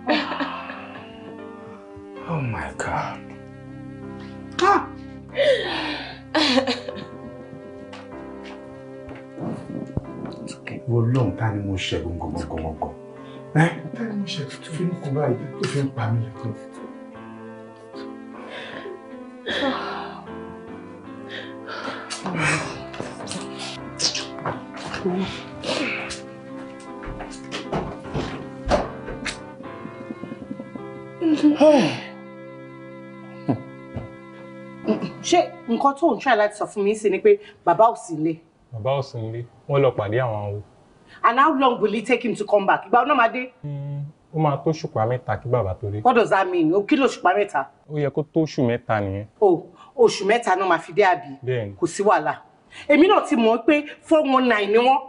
[LAUGHS] oh my god. ọlọ́run ta ni mo ṣe gbọ̀ngbọ̀ngbọ̀ngbọ̀n ẹ ta ni mo ṣe tó fi ń kú báyìí tó fi ń pa mí lẹ́kọ̀ọ́. ṣé nǹkan tó ń ṣàlàyé sọ fún mi sí ni pé bàbá ò sí nílé. bàbá ò sí nílé wọ́n lọ pàdé àwọn wo and how long will it take him to come back ìgbà ọ̀nà máa dé. Hmm, ó máa tó ṣùpá mẹ́ta kí bàbá tó dé. what does that mean o kí ló ṣùpá mẹ́ta. ó yẹ kó tó oṣù mẹ́ta nìyẹn. o oṣù mẹ́ta náà máa fi dé àbí kò sí wàhálà èmi náà ti mọ̀ pé four one nine ni wọ́n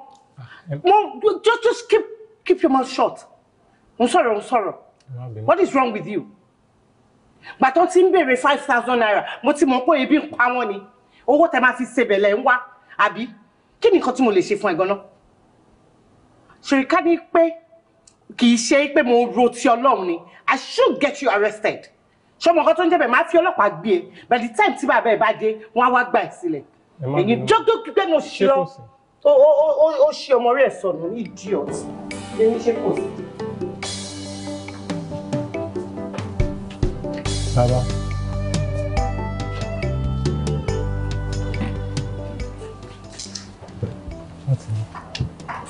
wọ́n ah, just just keep keep your mouth shut n sọ̀rọ̀ n sọ̀rọ̀ what is wrong with you gbàtọ́ tí ń béèrè five thousand naira mo ti mọ̀ pé ebi ń pa wọ́n ni owó tẹ máa fi ṣe bẹ̀lẹ̀ ń wá àbí kí ni nǹkan tí mo lè ṣe fún ẹ gan-an ṣèríkà ní pé kì í ṣe pé mo ro ti ọlọ́run ni i should get you arrested ṣọmọ kan tó ń jẹ́ bẹ́ẹ̀ máa fi ọlọ́pàá gbé e by the time tí bàbá ẹ̀ bá dé wọ́n á wá gbà ẹ̀ sílẹ̀ èyí jọ́gbó gbígbẹ́ ní oṣù lọ ó ṣe ọmọ rẹ̀ sọnù ní idiot èyí ṣe kò sí. Baba.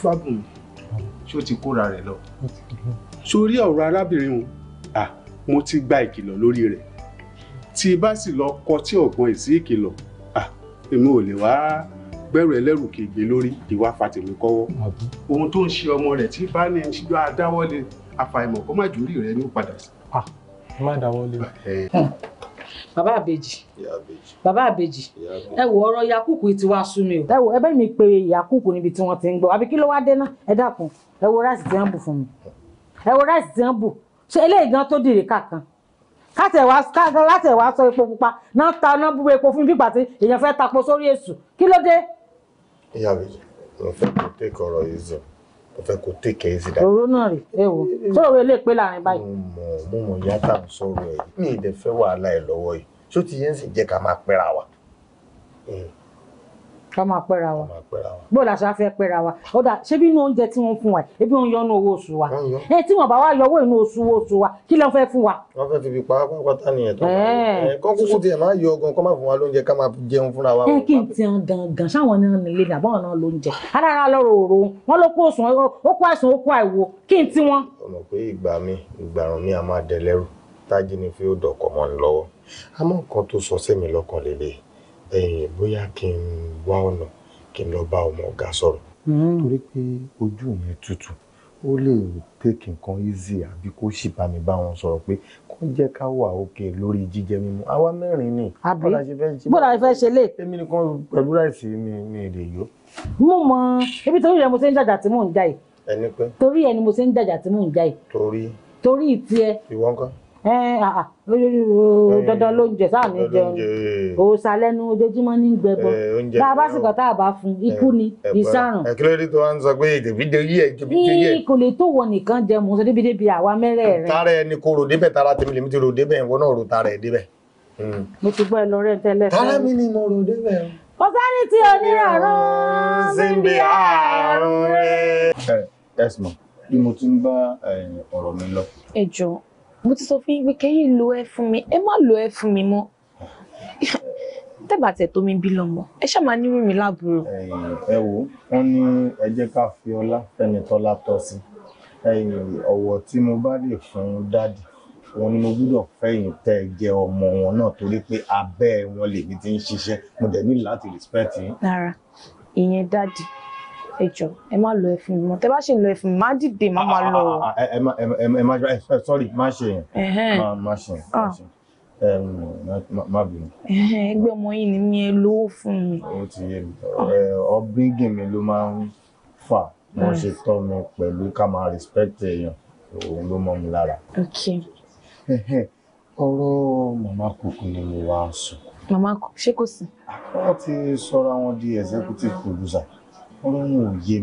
Fábùn ṣé o ti kóra rẹ̀ lọ. sórí ọ̀rọ̀ arábìnrin wọn à mo ti gba ìkìlọ̀ lórí rẹ̀ tí bá sì lọ kọ tí ọ̀gbọ́n ìsí ìkìlọ̀ à èmi ò lè wá gbẹ̀rù ẹlẹ́rù kègbé lórí ìwà fàtẹ̀mí kọ́wọ́ ohun tó ń ṣe ọmọ rẹ̀ tí bá ní ṣíjọ́ adáwọ́lé àfàìmọ̀ kó má jòrí rẹ̀ ní padà sí. má dáwọ́lé. Hmm. bàbá àbèjì bàbá àbèjì ẹ wo ọ̀rọ̀ yakuku ti wá sú mi o. ẹ wo ẹ̀bẹ̀ mi pé yakuku níbi tí wọ́n ti ń gbọ́ àbí kí ló wá dé náà ẹ dákun ẹ wo ráìsì tí wọ́n bù fún mi ẹ wo ráìsì tí wọ́n bù ṣe eléyìí gan tó dìrì kákan láti ẹ̀wá sọ epo pupa náà ta náà búbu epo fún bígbà tí èèyàn fẹ́ tapo sórí èṣù kí ló dé. ìyá mi mo fẹ́ kó tèkì ọ̀rọ̀ yìí zọ mo fẹ́ kó tèkì ẹ̀ sí dáadáa. òru náà rè é wò sọ̀rọ̀ wo lè pé láàrin báyìí. mo mọ mo mọ ìyá tá à ń sọ̀rọ̀ ẹ̀ mi ì dẹ̀ fẹ́ wàhálà ẹ̀ lọ́wọ́ yìí ṣó ti yẹn sì jẹ́ ká máa pẹ́ra wa. Hmm ká máa pẹ́ra wa bó la ṣe á fẹ́ pẹ́ra wa ó dà ṣé bí inú oúnjẹ tí wọ́n fún wa ebi ń yọnu owó oṣù wa ẹ tí wọ́n bá wá yọwọ́ inú oṣù oṣù wa kí ló ń fẹ́ fún wa. wọ́n fẹ́ fi fi pa pátá nìyẹn tó kọ́ kúkú tiẹ̀ máa yọ ọgàn kọ́ máa fún wa lóúnjẹ ká máa jẹun fúnra wa. ẹ kí n ti hàn gangan sáwọn náà nílé ní àbáwọn náà lóúnjẹ alára lọ́rọ̀ òru wọn ló kó òsùn ó kó àìsàn ó kó àìwo kí n ti wọn. ọmọ pé ìgbà a máa dẹlẹ́rù tájí ni fi Eh, bóyá kí n wá ọ̀nà kí n lọ bá ọmọ ọ̀gá sọ̀rọ̀. torí hmm, pé ojú yẹn tutù ó lè take nǹkan easy àbí kó sì bá mi bá wọn sọ̀rọ̀ pé kó jẹ́ ká wà òkè lórí jíjẹ mímu àwa mẹ́rin ni. àbí bọ́dà ṣe fẹ́ ṣe lè. èmi nìkan pẹ̀lú ráìsì mi mi èdè yó. mo mọ ibi torí rẹ mo ṣe ń jàjà tí mò ń jà yìí. ẹni pé. torí ẹni mo ṣe ń jàjà tí mò ń jà yìí. torí. torí tiẹ̀. ìwọ nǹkan dandan ló ń jẹ sáà ní jẹun òòsà lẹ́nu ojoojúmọ́ ní gbẹbọ bá a bá sì kọ tá a bá fún ikú ni ìsàrùn. ẹkẹlẹ rí tó wá ń sọ pé ìdèbídè yí ẹ ìdèbídè yí ẹ. kò lè tó wọ nìkan jẹ mọ sọdí bídébi àwa mẹrẹ rẹ. tààrà ẹni kò rò débẹ̀ tààrà tèmi lèmi ti rò débẹ̀ ìwọ náà rò tààrà ẹ débẹ̀. Hmm. mo ti gbọ́ ẹ lọ rẹ tẹ́lẹ̀ fẹ́. tààrà mi ni mo rò débẹ̀ o. kò sáré tí oníràrún síbi àrùn rẹ. ẹ ẹ sùn bí mo ti ń bá ọ̀rọ̀ mi lọ. ẹ jọ̀ọ́ mo ti sọ fún yín pé kẹ́yìn lo ẹ fún mi ẹ má lo ẹ fún mi mọ́ tẹ́bàtẹ̀ tó mi bí lọ́mọ ẹ ṣáà máa nírú mi láàbúrò. ẹ wo wọn ní ẹ jẹ́ ká fi ọlá fẹ́ni tọ́lá tọ́ sí ọ̀wọ̀ tí mo bá lè fún dádì òun ni mo gbúdọ̀ fẹ̀yìn tẹ́ ẹ jẹ ọmọ wọn náà torí pé abẹ́ wọn lèmi ti ń ṣiṣẹ́ mo dẹ̀ ní láti respect yín. rárá ìyẹn dádì ẹ jọ ẹ má lọ ẹfun mi mọ́ tẹ bá ṣe lọ ẹfun mi má dìde má má lọ. ẹ má ẹ má ẹ sọrí má ṣe yẹn má ṣe yẹn má ah. bínú. ẹgbẹ́ ọmọ yìí ni mi ẹ lówó fún mi. ó ti yé mi ọ̀bíngìn eh, mi ló máa ń fà wọ́n ah. ṣe tọ́ mi pẹ̀lú ká máa respect èèyàn òun ló mọ́ mi lára. ọ̀rọ̀ màmá kùkù ni mo wá ń sọ. màmá ṣé kò sí. Ah, wọ́n ti sọra wọn di executive producer ọ̀rọ̀ wọn ò yé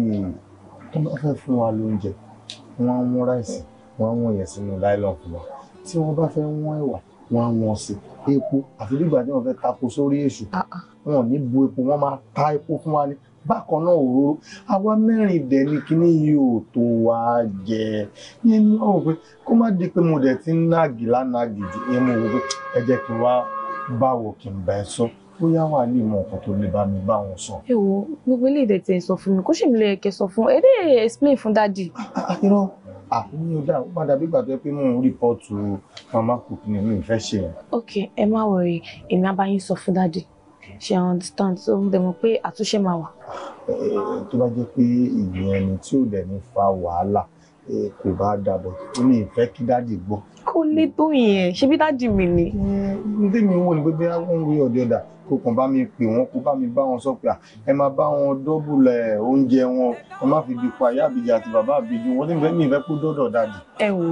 mi tó bá fẹ́ fún wa lóúnjẹ wọ́n á wọ́n ráìsì wọ́n á wọ́n yẹn sínú láìlọ́n fún wa tí wọ́n bá fẹ́ wọ́n ẹ̀wà wọ́n á wọ́n sí epo àfi bí ìgbà tí wọ́n fẹ́ tako sórí èṣù ah, ah. wọn ò ní bu epo wọ́n máa ta epo fún wa ni bákan náà òróró àwa mẹ́rin dẹ̀ ni kíní yóò tó wá jẹ nínú ọ̀rọ̀ pé kó má di pé mo dẹ̀ ti ń náàgì lánàá gidi ìyẹn mo wò pé ẹ jẹ́ kí wá báwo kí n bẹ̀ sọ bóyá wàá lè mọ nǹkan tó lè bá mi bá wọn sọ. ẹ wo gbogbo ilé ìdẹ tẹ sọ fún mi kó ṣèmi lè kẹ sọ fún eré explain fún dádì. irọ́ àkúnyẹ ọ̀dà ó padà bí gbàgbé pé mò ń rìpọ́ọ̀tù mama cook ni mi fẹ́ ṣe. ok ẹ má wọrí èmi á bá yín sọ fún dádì ṣe understand so mo dẹ̀ mọ̀ pé àtúnṣe máa wà. tó bá jẹ́ pé ìyẹn ẹni tí ò dẹ̀ ní fa wàhálà kò bá dàbọ̀ ó ní ìfẹ́ kí dáàdì gbọ́. kó lé tó yẹn ṣe bí dáàdì mi ni. ní tèmi wọ́n ní pé bí wọ́n ń wí ọ̀dẹ̀ ọ̀dà kó kàn bá mi pè wọ́n kó bá mi bá wọn sọ pé ẹ máa bá wọn dọ́bùlẹ̀ oúnjẹ wọn ẹ má fi bípa ìyá àbíjà àti bàbá àbíjú wọn nífẹ̀ẹ́ mi ìfẹ́ kó dọ́dọ̀ dáàdì. ẹ wo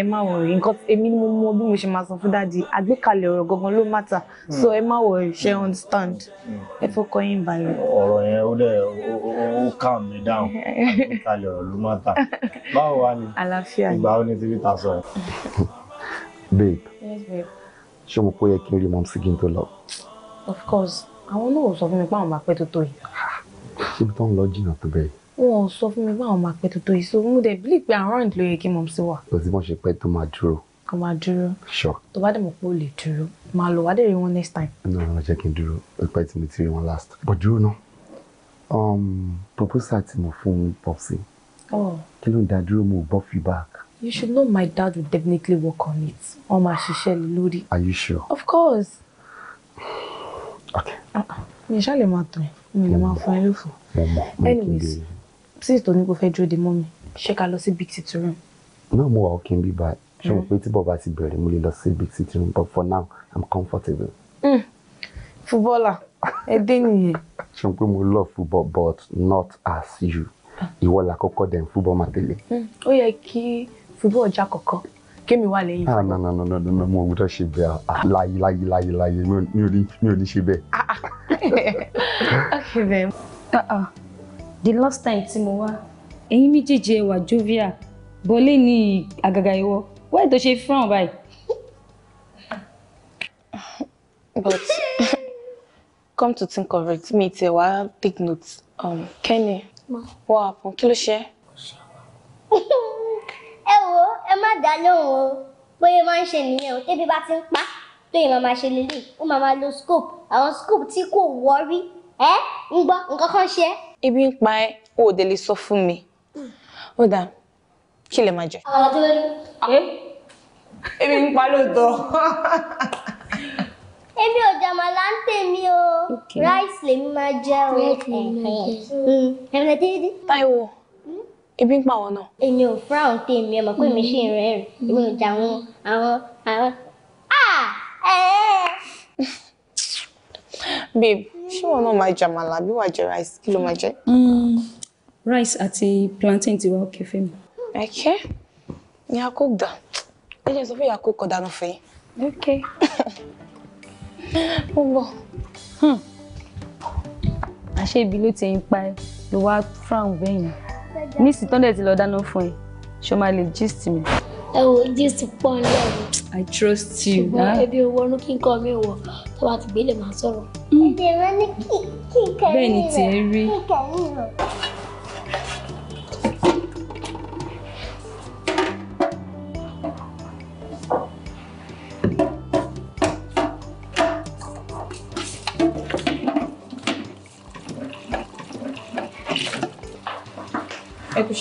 ẹ má wọrí nǹkan èmi ni mo mọ bí mo ṣe máa sọ fún dáàdì àgbékalẹ̀ ọ̀rọ̀ gangan ló mátà hmm. so ẹ má wọrí ṣe understand hmm. ẹ fọkàn yín balẹ̀. ọ̀rọ̀ yẹn ó dẹ̀ ó calm me down àgbékalẹ̀ ọ̀rọ̀ ló mátà báwo wá ni ìgbà ó ní tíbi ta sọ yẹn. babe ṣé mo kó yẹ kí n rí mọ́mísí kí n tó lọ of course àwọn náà ò sọ fún mi pé àwọn máa pẹ́ tó tó yìí. síbi tó ń lọ jìnnà tó bẹ́ẹ̀. wọn ò sọ fún mi pé àwọn máa pẹ́ tó tó yìí so mo dẹ̀ bílí pé around ló yẹ kí mọ̀ sí wa. kò sí bọ́n ṣe pẹ́ tó máa dúró. kò máa dúró. sure. tó bá dẹ̀ mọ̀ pé o lè dúró máa lọ wá dé wọn next time. no no jẹ́ kí n dúró pẹ́ tí mo ti rí wọn last. but dúró náà um, proposal ti mo fún Popsi. Oh. kí ló ń dá dúró mo gbọ́ feedback. you should know my dad will definitely work on it. wọ́n máa ṣiṣẹ́ lórí. are you sure? of course. Ah, mi ṣáà lè máa tàn ẹ́ mi lè máa fún ẹ lófo anyways sí ìtò ní kò fẹ́ dúró de mọ́ mi ṣé ká lọ sí big city room. náà mo wà ó kí n bí báyìí ṣé mo mm. pé tí bọ́ọ̀bá ti bẹ̀rẹ̀ mo lè lọ sí big city room but for now i'm comfortable. Mm. fúbọ́ọ̀là ẹdẹ nìyẹn. ṣé mo pé mo love football but not as you ah. ìwọ làkọ́kọ́ dẹ̀ ń fúbọ́ọ̀ máa tẹ̀lé. Mm. ó yẹ kí fúbọ́ọ̀ já kọ̀kọ́ kémi wà lẹ́yìn. ah no no no mo gbọ́dọ̀ ṣe bẹ́ẹ̀ ah, láyé láyé láyé láyé mi ò ní mi ò ní ṣe bẹ́ẹ̀. Ah, ah. [LAUGHS] okay then. Uh -uh. the last time tí mo wá ẹ̀yin méjèèjì ẹwà jovial bọ́lé ní àgàgà ìwọ wáyé tó ṣe fún ọ báyìí. but [LAUGHS] come to think of it me ti wá take note um, Kenny what happen kí ló ṣe. [LAUGHS] ẹ wo ẹ má dá lóhùn o bóyá máa ń ṣe nìyẹn o tẹ́bí bá ti ń pa tó yẹ máa máa ṣe lélẹ̀ ó máa máa lo scope àwọn scope tí kò wọ́rí ẹ ń gbọ́ nǹkan kan ṣe. ibi ń pa ẹ o ò dé lè sọ fún mi ó dáa kí lè máa jẹ. àwọn ọ̀dọ́ lórí. ebi ń pa lóòótọ́. Èmi ò jàmàlà ń tèmi o. Rice lèmi máa jẹ o. Rice lèmi máa jẹ. Ẹ̀rẹ̀ dídí. Táíwò. Ibi ń pa wọn náà. èmi ò fúra òun tè mí ọmọ pé mi ṣì ń rẹ́rìn mm-hmm. èmi ò jà àwọn àwọn àwọn. Ah! babe ṣé wọn náà máa jẹ àmàlà wàá jẹ rice kí ló máa jẹ. Mm, rice àti plantain ti wá òkè fún mi. ẹ̀kẹ́ ni a kò dà ẹ jẹ́ sọ fún ìyá kò kọ̀ dànù fún yín. ok mo [LAUGHS] bọ̀. Hmm. àṣé ibi ló ti ń pa ẹ ló wá fúra òun bẹ́yìn ní ìsìtọ́ndẹ̀ ti lọ dáná fún ẹ ṣé o máa lè gist mi. ẹ wo gist pọ̀ ń lọ. I trust you. ṣùgbọ́n ẹbí owó ọdún kí n kọ́ mi wọ̀ tó bá ti gbé lè máa sọ̀rọ̀. ìdè rẹ ní kíkẹ́ rí rẹ̀ kíkẹ́ rí rẹ̀.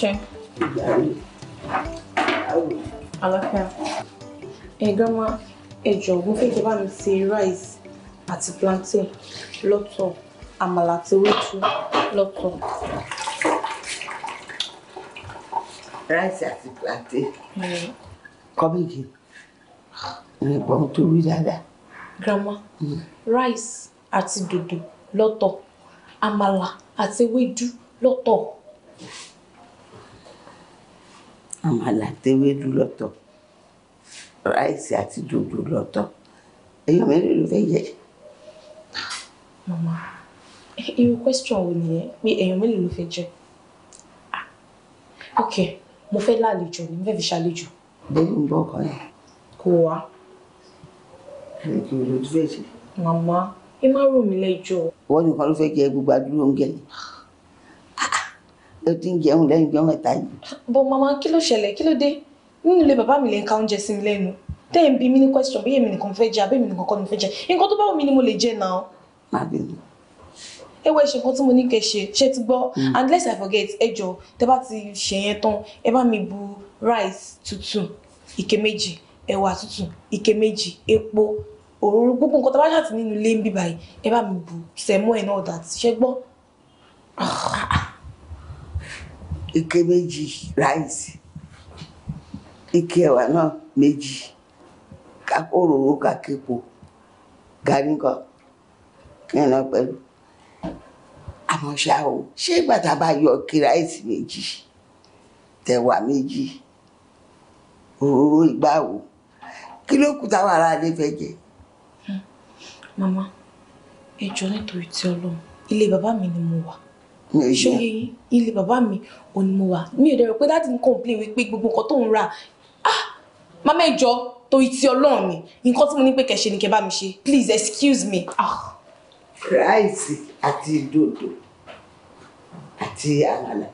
ṣe. àlàáfíà ẹ gánmá ẹ jọ̀wọ́ fẹ́ kí bá mi ṣe rice àti plantain lọ́tọ̀ àmàlà àti wíṣọ lọ́tọ̀. rice àti plantain kọ́míkì We want to rí that. grandma mm. rice at àti dòdò lọ́tọ̀ àmàlà àti ewédú lọ́tọ̀ àmàlà àtẹwédú lọ́tọ̀ ráìsì àti dòdò lọ́tọ̀ èèyàn mélòó ló fẹ́ jẹ. mama irú question wo nìyẹn pé èèyàn mélòó ló fẹ́ jẹ ah, ok mo fẹ́ lálejò ni mo fẹ́ fi ṣàlejò. bẹ́ẹ̀ ń bọ̀ ọkọ yẹn. kò wá. àlejò ló fẹ́ jẹ. màmá ẹ má rò mí lẹ́jọ́. wọ́n nìkan ló fẹ́ jẹ gbogbo àdúrà oúnjẹ ó ti ń jẹun lẹ́yìn ọjọ́ mẹ́ta yìí. bọ mama kí ló ṣẹlẹ̀ kí ló dé nínú ilé bàbá mi lè ń ka oúnjẹ sí mi lẹ́nu tẹ́ ẹ̀ ń bi mí ní question bí èmi nìkan fẹ́ jẹ àbí èmi nìkan kọ́ ni mo fẹ́ jẹ nǹkan tó bá wù mí ni mo lè jẹ náà. má bínú. ẹ wọ ẹṣẹ kan tí mo ní kẹ ṣe ṣe ti gbọ́ mm. and lest I forget ẹ jọ tẹ́ bá ti ṣe yẹn tán ẹ bá mi bu rice tútù ike méjì ẹwà tútù ike méjì epo òróró gbogbo nǹkan tó bá ṣàtì nínú ilé ń bíbáyìí ẹ bá mi bu sẹmọ ẹ náà dàtí ṣẹgbọn. [LAUGHS] ike méjì ráìsì ike ẹ̀wà náà méjì kákòròrò kàképo ganíkan nínú pẹ̀lú àmọ́ ṣá o ṣé ìgbà tá a bá yọ ike ráìsì méjì tẹ̀wà méjì òróró ìgbà wo kí ló kù táwọn aráalé fẹ́ jẹ. màmá ẹ jọ nítorí tí Ọlọ́run ilé bàbá mi ni mo wà ṣòye ilé bàbá mi ò ní mo wà mi ò dẹ̀rọ pé dáàdì ń complain wípé gbogbo nǹkan tó ń ra ah mama ẹ jọ̀ọ́ torí ti Ọlọ́run ni nǹkan tí mo ní pé kẹ́ ṣe ni kẹ́ bá mi ṣe please excuse me. Ah. ráìsì àti dòdò àti àmàlà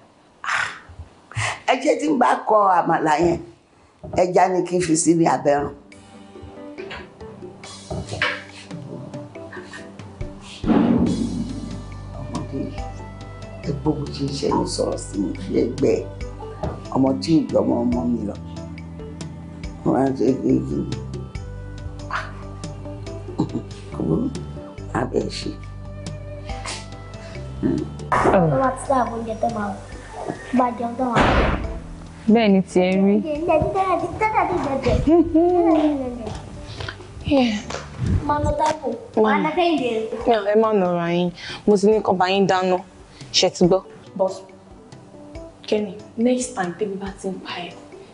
ah. ẹ jẹ́ tí n bá kọ àmàlà yẹn ẹja ni kí n fi sí ní abẹ́rùn. bó ṣe ṣe ń sọ̀rọ̀ sí mi lẹ́gbẹ̀ẹ́ ọmọ tí ìjọmọ ọmọ mi lọ wọn á ṣe kéèké kúrú abẹ́ ṣe. wọ́n máa ti dá àwọn oúnjẹ tó máa bá jẹun tó máa bá bẹ́ẹ̀ ni tiẹ̀ rí. máa lọ dáàbò wà á dákẹ́ ìdè rẹ̀. ẹ má nọ̀ra yín mo ti ní kọ́ bá yín dáná ṣe ti gbọ́. but Kenny next time tèmi bá ti ń pa ẹ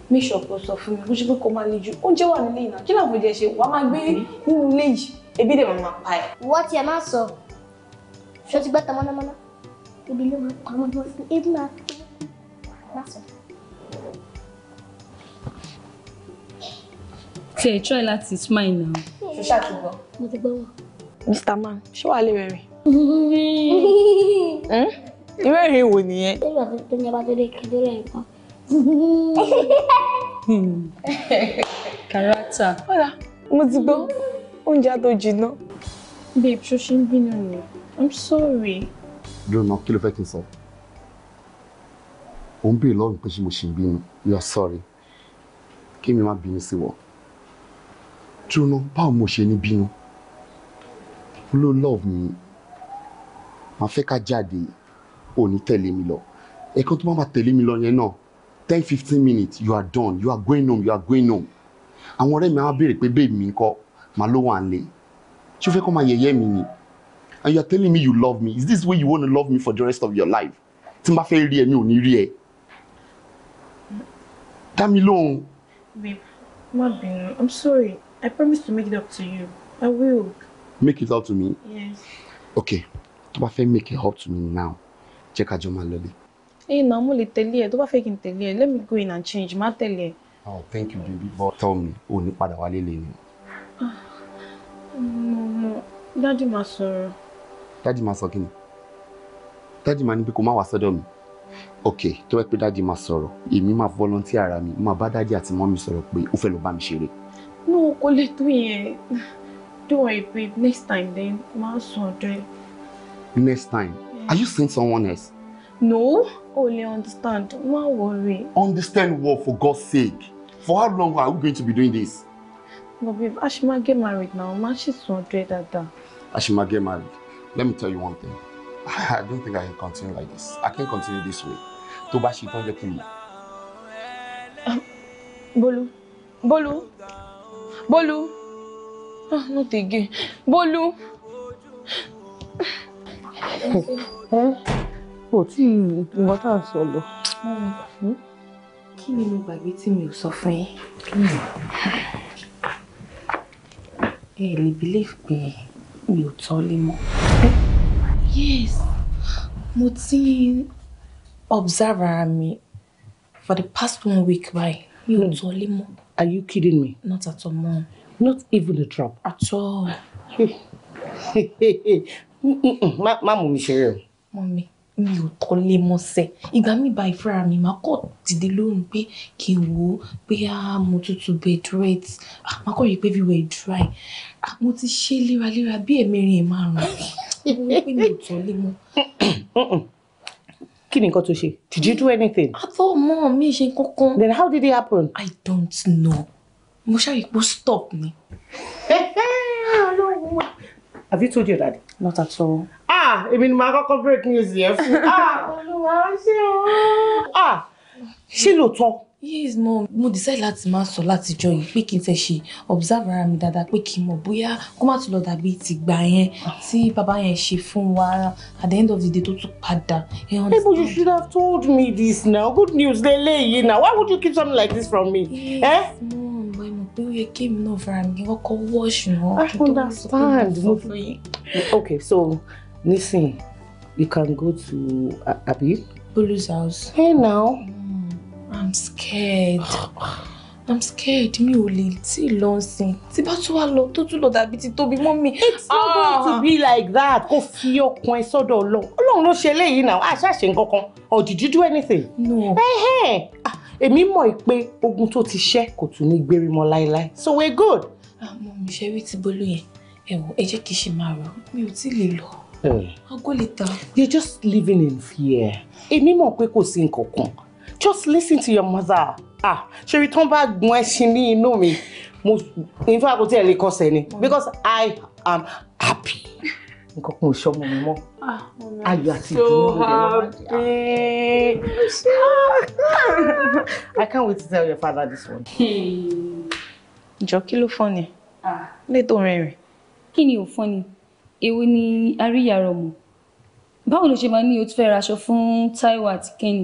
make sure kó sọ fún mi kó ṣe pé kó máa le ju oúnjẹ wà nílé ìná kí làwọn oúnjẹ ṣe wàá máa gbé nínú ilé yìí ebi dẹ̀ máa pa ẹ. wọ́n ti ẹ̀ máa sọ ṣé o ti gbọ́ tán mọ́nàmọ́ná ebi ló máa pa ọmọdé wọn fún ebi máa má sọ. tiẹ̀ try láti smile now. Hmm. ṣe ṣàtúgbọ́. mo ti gbọ́ wọn. Mr. Man ṣé wàá lè rẹ̀ rìn? Hm? irú ẹ̀rín wo nìyẹn. ṣé ìgbà tó ní abájọ́ lè kéde lẹ́yìn kan. kàràtà. ọ̀la mo ti gbọ́ oúnjẹ tó jiná. babe ṣo ṣe ń bínú mi i'm sorry. lónà kí ló fẹ́ kí n sọ ò ń béèrè lọ́rùn pé ṣé mo ṣe bínú you are sorry kí mi má bínú sí wọ jóná báwo mo ṣe ní bínú ló love me máa fẹ́ ká jáde ò ní tẹ̀lé mi lọ ẹ̀kan tó máa máa tẹ̀lé mi lọ yẹn náà ten fifteen minutes you are done you are going home you are going home àwọn ọ̀rẹ́ mi á béèrè pé bẹ́ẹ̀ mi kọ́ màá ló wà nílé ṣé o fẹ́ kó máa yẹ̀yẹ́ mi ni and you are telling me you love me is this way you wanna love me for the rest of your life tí n bá fẹ́ rí ẹ mi ò ní rí ẹ dá mi lóhùn. babe má i'm sorry i promise to make it up to you i will. make it up to me. yes. okay tó bá fẹ́ make it hot to me now jẹ́ ká jọ máa lọlé. ẹyin náà mo lè tẹ̀lé ẹ tó bá fẹ́ kí n tẹ̀lé ẹ let me go in and change má tẹ̀lé ẹ. oh thank you baby but tell me o ní padà wálé lè ní. Ah, mo mo dádì máa sọ̀rọ̀. dádì máa sọ kí ni dádì máa ní pé kó má wá sọ́dọ̀ mi ok tó bá pé dádì máa sọ̀rọ̀ èmi máa volunteer ara mi máa bá dádì àti mọ́mí sọ̀rọ̀ pé ó fẹ́ lọ bá mi ṣeré. no kò lè tó yẹn don't worry babe next time then máa sọ ọ̀dọ̀ ẹ next time. Mm. Are you seeing someone else? No, only understand. No worry. Understand what, for God's sake? For how long are we going to be doing this? But babe, Ashima get married now. Man, she's so dread at that. Ashima get married. Let me tell you one thing. I don't think I can continue like this. I can't continue this way. Tó bá ṣe tán jẹ́ me. mi. Ah, Bolu. Bolu. Bolu. Oh, not again. Bolu ẹ eh, kò tí nǹkan tá à ń sọ lọ. Hmm? kí ni mo gbàgbé tí mi ò sọ fún yín. ẹ lè believe pé mi ò tọ́ lé mọ́. yes mo ti observe ara mi for the past one week báyìí mi ò hmm. tọ́ lé mọ́. Are you kidding me? Not at all, mom. Not even a drop. At all. [LAUGHS] má mú mi ṣeré o. mọ̀mí mi ò tọ́ lé mọ́sẹ̀ ìgbà mi bá ìfúra mi máa kọ́ dìde lóhùn pé kí n wò ó pé mo tútù bed rest máa kọ́ rí i pé wíwẹ̀ dry mo ti ṣe lira. bí ẹ̀mẹrin ẹ̀ márùn-ún mo pé mi ò tọ́ lé mọ́. kí ni nǹkan tó did you do anything. I thought, mom, mi ṣe kankan. then how did it happen. I don't know mo ṣàyẹ̀pọ̀ stop ni. [LAUGHS] have you told your daddy. Not at all. Ah, èmi ni màá kọ́kọ́ break news yẹn fún. [LAUGHS] Ah, Olúwa ṣé o. Ah, ṣé lóòótọ́? Yes, mom. Mo decide láti máa sọ láti jọ joy. pé kí say she ṣe observe ara mi dáadáa pé kí n Come out to má tún lọ dàbí tìgbà yẹn tí bàbá yẹn ṣe fún wa at the end of the day to tún padà. Hey, but you should have told me this now. Good news lélẹ́yìí now. Why would you keep something like this from me? Yes, eh? mom pé ó yẹ kí èmi náà fara mi kọ́kọ́ wash I understand. Okay, so listen, you can go to uh, Abi. Bulu's house. Hey now. Mm, I'm scared. [SIGHS] I'm scared mi ò lè tí lọ sin tí bá tún wá lọ tó tún lọ dàbí ti tóbi mọ́ mi. it's not ah. going to be like that kò fi ọkàn ẹ sọ́dọ̀ Ọlọ́run Ọlọ́run ló ṣe eléyìí náà àṣà ṣe nǹkan kan or did you do anything. no. Hey, hey. Ah èmi mọ̀ pé ogun tó ti ṣẹ́ kò tún ní gbérí mọ́ láéláé so we're good. àmọ́ mi ṣe rí ti bolú yẹn ẹ̀wọ̀ ẹ jẹ́ kí n ṣe máa mi ò tí ì lè lọ. aago hmm. ta. you're just living in fear èmi mọ̀ pé kò sí nǹkan just listen to your mother ah ṣe rí tán bá gun ẹṣin ní inú mi mo in fact kò tí ẹ lè ni because I am happy nǹkan kan ò ṣọmọ mi mọ́ ah, ayọ̀ àti ìdùnnú [LAUGHS] I can't wait to tell your father this one. ìjọ kí ló fọ́ ni ah. ilé tó rẹ̀rìn. kí ni ò fọ́ ni èwo ni àríyàrá ọmọ báwo ló ṣe máa ní o tún fẹ́ raṣọ fún Táíwò àti Kẹ́ni.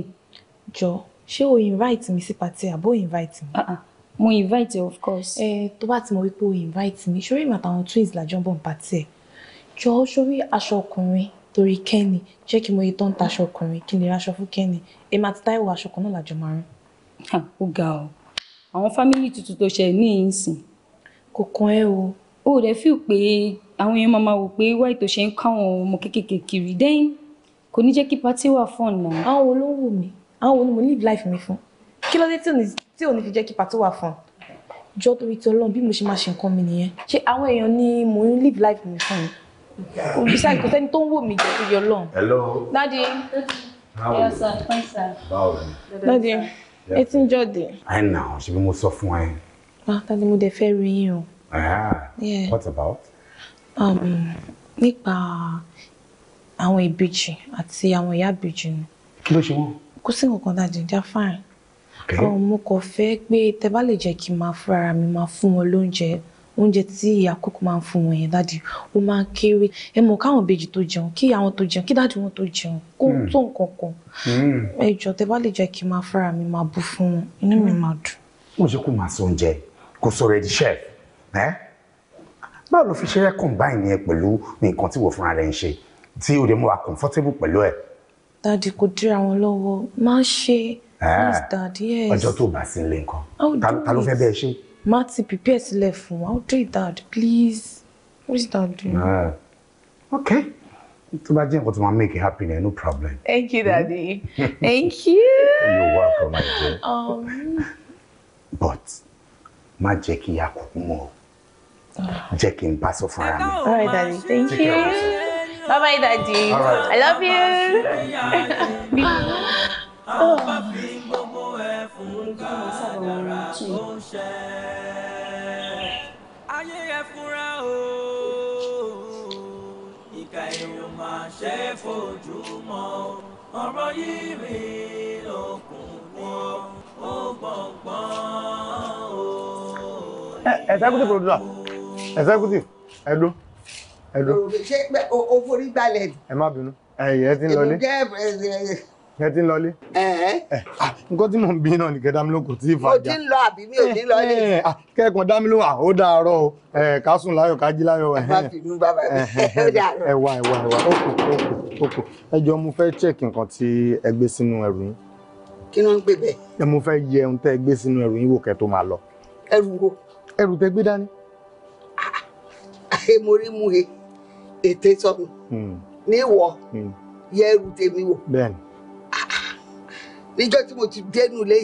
jọ ṣé o invite mi sí pàtí àbó invite mi. Ah, mo invite you of course. ẹ eh, tó bá ti mọ wípé o invite mi ṣorí ìmọ̀ àtàwọn twins làjọ ń bọ̀ ń pàtí ẹ̀ jọ sórí aṣọ ọkùnrin torí kẹ́ni jẹ́ kí mo yẹ tó ń taṣọ ọkùnrin kí n lè raṣọ fún kẹ́ni èmi àti táìwò aṣọ kan náà làjọ máa rán. ó ga ọ àwọn fámìlì tuntun tó ṣe ní ìsìn. kò kan ẹ o. o rẹ fi pé àwọn èèyàn máa wò pé wáyé tó ṣe ń káwọn ọmọ kéékèèké kiri dẹ́yìn kò ní jẹ́ kí pátí wà fún ọ̀nà. àwọn wo ló ń wù mí àwọn wo ni mo live life mi fún kí ló dé tí ò ní fi jẹ́ kí pátí wà fún ọ jọ torí ti Ọlọ́run bí mo ṣe máa ṣe nǹkan mi nìyẹn ṣé àwọn èèyàn ni mo live life mi fún mi kò bí sáà kò sẹ́ni tó ń wò mí jẹ́ ìyọ̀ lọ́n. hello. how are you. yes sir fine sir. báwo ni. dadi ẹ ti ń jọ̀dẹ̀. ẹ nà ọ ṣe bí mo sọ fún ẹ. ah dadi mo dẹ̀ fẹ́ rí yín o. Ah, what about. Um, nípa àwọn ìbejì àti àwọn ìyá ìbejì ni. kí ló ṣe wọ́n. kò sí nǹkan kan dadi já fine. Um, mo kàn fẹ́ pé tẹ bá lè jẹ́ kí n máa fúnra mi máa fún wọn lóúnjẹ oúnjẹ tí ìyá kúkú máa ń fún wọn yẹn dáàdì ó máa ń kéré ẹ mọ̀ káwọn ìbejì tó jẹun kí àwọn tó jẹun kí dáàdì wọn tó jẹun kó hmm. tó nǹkan kan hmm. tẹ bá lè jẹ́ kí n máa fara mi máa bu fún wọn inú mi hmm. máa dùn. ó ṣe kó máa sọ oúnjẹ kó sọ rẹ di chef ẹ báwo ló fi ṣe é combine yẹn pẹ̀lú nǹkan tí wò fúnra rẹ̀ ń ṣe tí ó dẹ̀ mú wa comfortable pẹ̀lú ẹ̀. dáàdì kò dira wọn lọ́wọ́ má ṣe. ọjọ́ tó bá sí ilé nǹkan ta ló fẹ́ bẹ́ẹ̀ ṣe má ti prepare sílẹ̀ fún wa ó dé dad please what is that doing. okay tó bá jẹ́ nǹkan tó máa make it happen eh, no problem. thank you daddy hmm? [LAUGHS] [LAUGHS] thank you. you're welcome my dear. Um. but má jẹ́ kí ìyá kúkú mọ̀ ọ́ ah. jẹ́ kí n bá sọ fún ara mi. all right daddy thank you. Bye bye, Daddy. I love you. [LAUGHS] àbá ah. ọ̀rọ̀ yìí rí okùn wọn ó gbọ̀ngbọ̀n eh, executive producer executive ẹ̀dùn ẹ̀dùn. ṣé o forí gbalẹ̀. ẹ má bínú ẹ̀yẹ́ ti ń lọlé. èmi jẹ́ eh, eh, ẹ ti ń lọlé. Eh, ah, nǹkan tí mò ń bí náà nìkẹ́ dámilóhùn kò tí ì fàjà. o ti ń lọ àbí mi ò ní lọlé. Eh, ah, kẹ́ẹ̀kan dámilóhùn à ah, ó dàárọ̀ o eh, ká sùn láyọ̀ ká jí láyọ̀. ẹ má bínú bàbá mi ó dàárọ̀. ẹ wá ẹ wá ẹ wá ó kù ó kù ó kù ẹ jọ mo fẹ́ check nǹkan tí ẹ gbé sínú ẹrù yín. kí ló ń gbé bẹ́ẹ̀. ẹ mo fẹ́ yẹ ohun tẹ́ ẹ gbé sínú ẹrù yín wò kẹ́ tó máa lọ. ẹrù wo. ẹrù tẹ́ gbé dání. mo rí mu he ètè sọnù hmm. ní ìwọ hmm. yẹ ẹrù tèmi wò. bẹ́ẹ̀ni níjọ́ tí mo ti dẹnu lé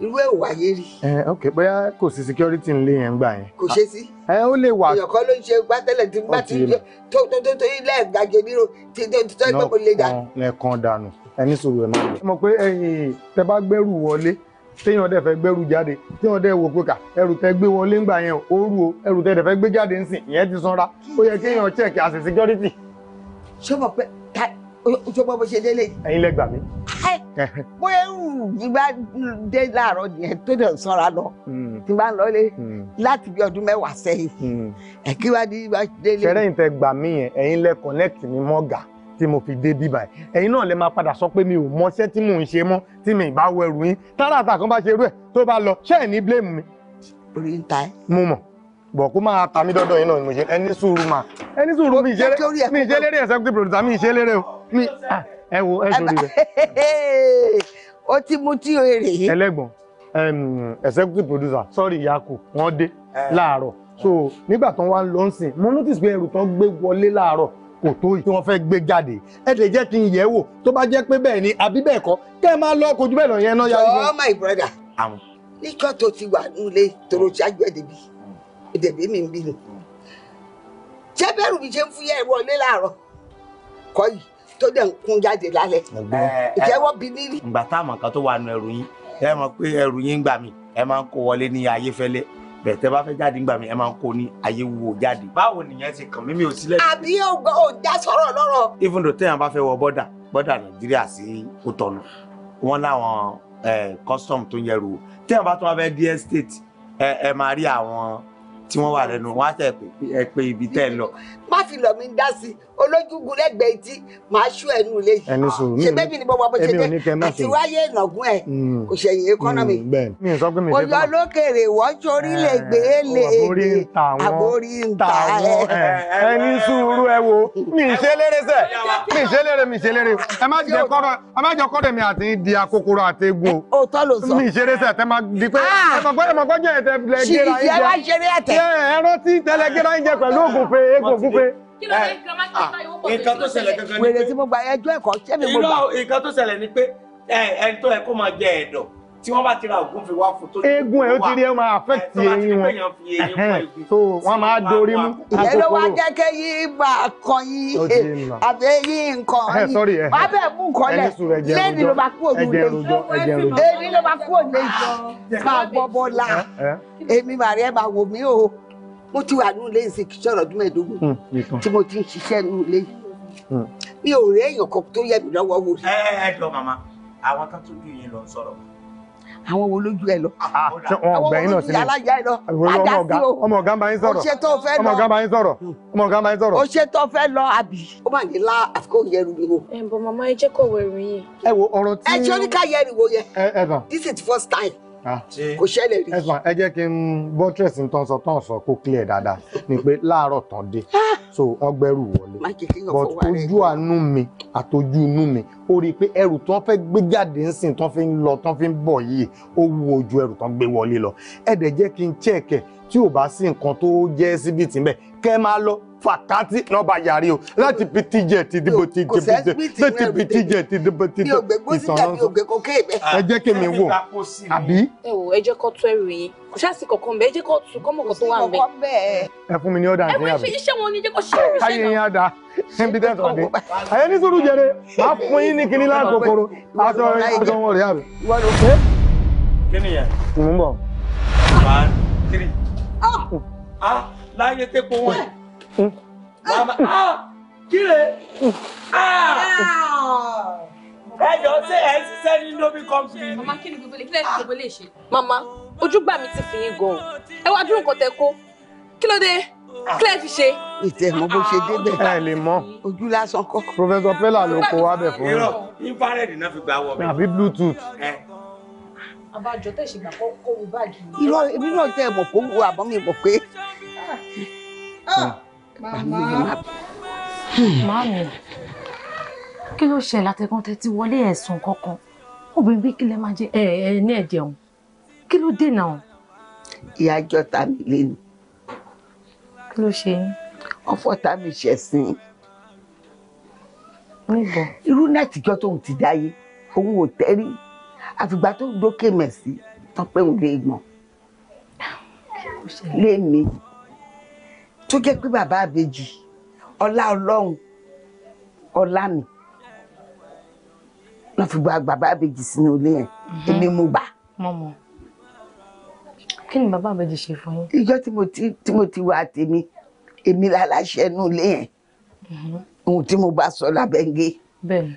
irú ẹ̀ wáyé rí. ẹ ok bóyá kò sí security nílé yẹn gbà yẹn. kò ṣe sí. ẹ ó lè wà. èèyàn ló ń ṣe gbátẹ́lẹ̀ tí bá ti tó tó tó tó ilé ẹ̀gbàjọ nírò tí tó tó tó tó lè dànù. lẹ́ẹ̀kan dànù ẹni sòrò ẹ̀ máa mo pé ẹ̀yin tẹ bá gbẹ́rù wọlé téèyàn dẹ̀ fẹ́ gbẹ́rù jáde téèyàn dẹ̀ wò pé kà ẹrù tẹ gbé wọlé ńgbà yẹn ó rú o ẹrù tẹ dẹ̀ fẹ́ gbé jáde ńsìn ìyẹn ti sanra ó yẹ kéèyàn check as security. ṣé pẹ́ ojú ọgbọ́n bó ṣe délé. ẹ̀yin lẹ gbà mí. bóyá ẹrù yìí bá dé láàárọ̀ yẹn tó dẹ̀ ń sanra lọ hmm. tí bá ń lọlé hmm. láti bí ọdún mẹ́wàá sẹ́yìn hmm. ẹ̀kí wá dé bá délé. ṣẹlẹ yìí tẹ gbà mí yẹn ẹ̀yin lẹ connect mi mọ́ gà tí mo fi dé bíbá ẹ ẹ̀yin náà lẹ máa padà sọ pé mi ò mọṣẹ́ tí mò ń ṣe mọ́ tí mi ìbá wẹrù yín táràtà kan bá ṣe irú ẹ tó bá lọ ṣẹ́ẹ̀ ní blame mi. orí ń ta ẹ. mo mọ̀ bọ̀ kó máa ta mí dọ́dọ̀ yín náà ẹni sùúrù mà ẹni sùúrù mi ìṣe mi ìṣe lérè mi ìṣe lérè o mi ẹ wo ẹ [LAUGHS] o ti mu tí o rè é. ẹlẹ́gbọ̀n executive producer sorry yaku wọ́n dé eh. láàárọ̀ so nígbà tó ń wá lọ sìn mo notice pé ẹrù tán gbé wọlé láàárọ̀ kò tó yìí tí wọ́n fẹ́ gbé jáde ẹ tẹ̀ jẹ́ kí n yẹ̀ wò tó bá jẹ́ pé bẹ́ẹ̀ ni àbí bẹ́ẹ̀ kọ́ kẹ́ ẹ máa lọ kojú bẹ́ẹ̀ lọ yẹn náà yára. sọ oh, my brother nígbà tó ti wà nílé tòrò ṣáájú ìdẹ̀bí mi ń bí ni ṣé bẹ́ẹ̀rù mi ṣe ń fúyẹ́ ẹ̀rọ ilé láàárọ̀ kọ́ yìí tó dẹ̀ ń kún jáde lálẹ́ ìjẹ́wọ́ bí nílì. ìgbà táwọn kan tó wà nù ẹrù yín ẹ mọ̀ pé ẹrù yín gbà mí ẹ máa ń kó wọlé ní ayéfẹ́lẹ́ bẹ́ẹ̀ tẹ́ bá fẹ́ jáde ńgbà mí ẹ máa ń kó ní ayéwò jáde. báwo nìyẹn ti kàn mí mi ò sílẹ̀. àbí ò já sọ̀rọ̀ lọ́rọ̀. even though téèyàn bá fẹ́ wọ bọ́dà bọ́dà nàìjíríà sí kòtọ́nù wọ́n láwọn custom tó ń yẹrù téèyàn bá tún wá fẹ́ dé estate ẹ máa rí àwọn tí wọ́n wà lẹ́nu wọ́n á tẹ̀ ẹ pé ibi tẹ́ ń lọ. má fi lọ mi dá sí i olójúgun lẹ́gbẹ̀ẹ́ etí màá ṣú ẹnu ilé yìí. ẹnu sùn mí ṣe bẹ́ẹ̀ ni bọ́bọ́ bó ṣe dé àti wáyé ìnàgún ẹ̀ mm. kò ṣẹ̀yìn mm, economy. mi ò sọ pé mi ò ṣe bá olókèrè wọ́n sórí lè eh, lè gbé àbórí oh, ń ta eh, ẹni sùúrù ẹ wo mi ṣe lérè sẹ mi ṣe lérè mi ṣe lérè ẹ má jẹ kọ́rọ̀ mi àti di akókòrò àti egun o. Eh, o tọ́ ló sọ mi ṣeré sẹ tẹ ma di ah! pé ẹ mọ̀ gbọ́dọ̀ ẹ̀ tẹ ẹ rántí tẹlẹgẹrẹ oúnjẹ pẹ̀lú ògùnfe egbò gúnfe. kí ló dé grandma ti ta ìwọ́pọ̀ nǹkan tó ṣẹlẹ̀ gangan ni pé wèrè tí mo gba ẹjọ́ ẹ̀kọ́ ṣé mi mo gbà. nǹkan tó ṣẹlẹ̀ ni pé ẹ̀ ẹ̀ tó ẹ̀ kó máa jẹ ẹ̀dọ̀ tí wọ́n bá ti ra ògùn fi wá fún tó. eégún ẹ̀ ó ti rí ẹ máa affect eyín wọn so wọ́n máa dorí mú. ìyẹn ló wá jẹ́ kí eyín máa kan yín àti eyín nǹkan yín wọ́n bẹ̀ mú kọ́lẹ̀ lẹ́ni ló bá kú òun lé èmi ló bá kú òun lé máa gbọ́ bọ́lá èmi màrí ẹ̀ máa wò mí o mo ti wà nínú ilé ìsìn kìí ṣọ̀rọ̀ ọdún mẹ́ẹ̀ẹ́dógún hmm, tí mo ti ń ṣiṣẹ́ nínú ilé hmm. mi ò rí èèyàn kan tó yẹ mi lọ́wọ́ wò. ẹ ẹ jọ màmá àwọn kan tún bí yín lọ sọ̀rọ̀ àwọn wo lójú ẹ lọ. Ah, ah, àwọn wo lójú alájà ẹ lọ. ọmọ ọgá ọmọ ọgá máa ń sọ̀rọ̀ ọmọ ọgá máa ń sọ̀rọ̀ hmm. ọmọ ọgá máa ń sọ̀rọ̀. o ṣe tó fẹ́ lọ àbí. ó máa ní la àsìkò yẹrù mi wò. ẹ bọ màmá ẹ jẹ́ kó wẹrù yín. ẹ wo ọ̀rọ̀ tí. ẹ ṣe oníkà yẹrù wo yẹ. ẹ ẹ bá. this is the first time. Ah. kò ṣẹlẹ̀ rí. ẹ̀sùn ẹ jẹ́ kí n buttress n tán sọ tán sọ kó clear dáadáa ni pé láàárọ̀ tán dé ah. so ọgbẹ́rù wọlé but ojú àánú mi àtọjú inú mi ó rí i pé ẹrù tán fẹ́ gbé jáde ńsìn tán fi ń lọ tán fi ń bọ̀ yìí ó wu ojú ẹrù tán gbé wọlé lọ ẹ̀dẹ̀ jẹ́ kí n check ẹ̀ tí ò bá sí nǹkan tó jẹ́ síbìtì mbẹ́ kẹ́ máa lọ fàkátì nọba yàrí o láti bi tíjẹ ti dìbò ti dìbò ti láti bi tíjẹ ti dìbò ti dìbò ìsànlọ́sọ ẹ jẹ́ kí mi wò àbí. ẹ wò ẹ jẹ́ kó tó ẹrù yín kò ṣáàsì kankan bẹ́ẹ̀ ẹ jẹ́ kó tu kọ́mọ̀ kan tó wà nbẹ. ẹ fún mi ní ọ̀dà àti àbí. ẹ wọ iṣẹ́ wọn ni jẹ́ kó ṣe é. káyé yín á da níbi tẹ́ sọ dé. ní sùúrù jẹrẹ láyé tẹ́kọ̀ wọn yìí. kíre mm. ẹjọ ṣe ẹ ń ṣiṣẹ́ ní nobi company. mama kí ni gbogbo lè kí lẹ́yìn gbogbo lè ṣe. mama ojúgbà mi ti fi yín gan ẹ wá dúró nǹkan tẹ kó kí ló dé kí lẹ fi ṣe. ìtẹ̀mọ́ bó ṣe débẹ̀. ẹ lè mọ ojú lásán kọ́. professor pella ló kó wá bẹ̀ fún mi. irọ́ infrared náà fi gbà wọ mi. àbí bluetooth abájọ tẹ̀sí gbà kọ́ kó wo báàgì. irọ́ èmi náà tẹ mọ̀ kó wo àbọ̀ mi mọ̀ pé Ah. Máàmì, kí ló ṣe látẹ̀kùn tẹ́tí wọlé ẹ̀sùn kankan? Obìnrin bí kí lẹ máa jẹ ẹ ẹ ní ẹ̀jẹ̀ òun. Kí ló dènà òun? Ìyá jọta mi lẹ́nu. Kí ló ṣe yín? Ọfọ̀tá mi ṣẹ̀sìn. Níbo? Irú náà tìjọ́ tóun ti dáyé, òun ò tẹ́rí. Àfìgbà tó dókè mẹ̀ sí, tọ́pẹ́ òun lè gbọ̀n. Lémi tó jẹ́ pé bàbá àbèjì ọlá ọlọ́run ọlá mi náà fi gba bàbá àbèjì sínú ilé yẹn mhm. èmi mo gbà. kí ni bàbá àbèjì ṣe fún yín. ìjọ tí mo ti wà tèmi èmi láláṣẹ inú ilé yẹn mhm. ohun tí mo bá sọ lábẹ́ngé. bẹ́ẹ̀ni.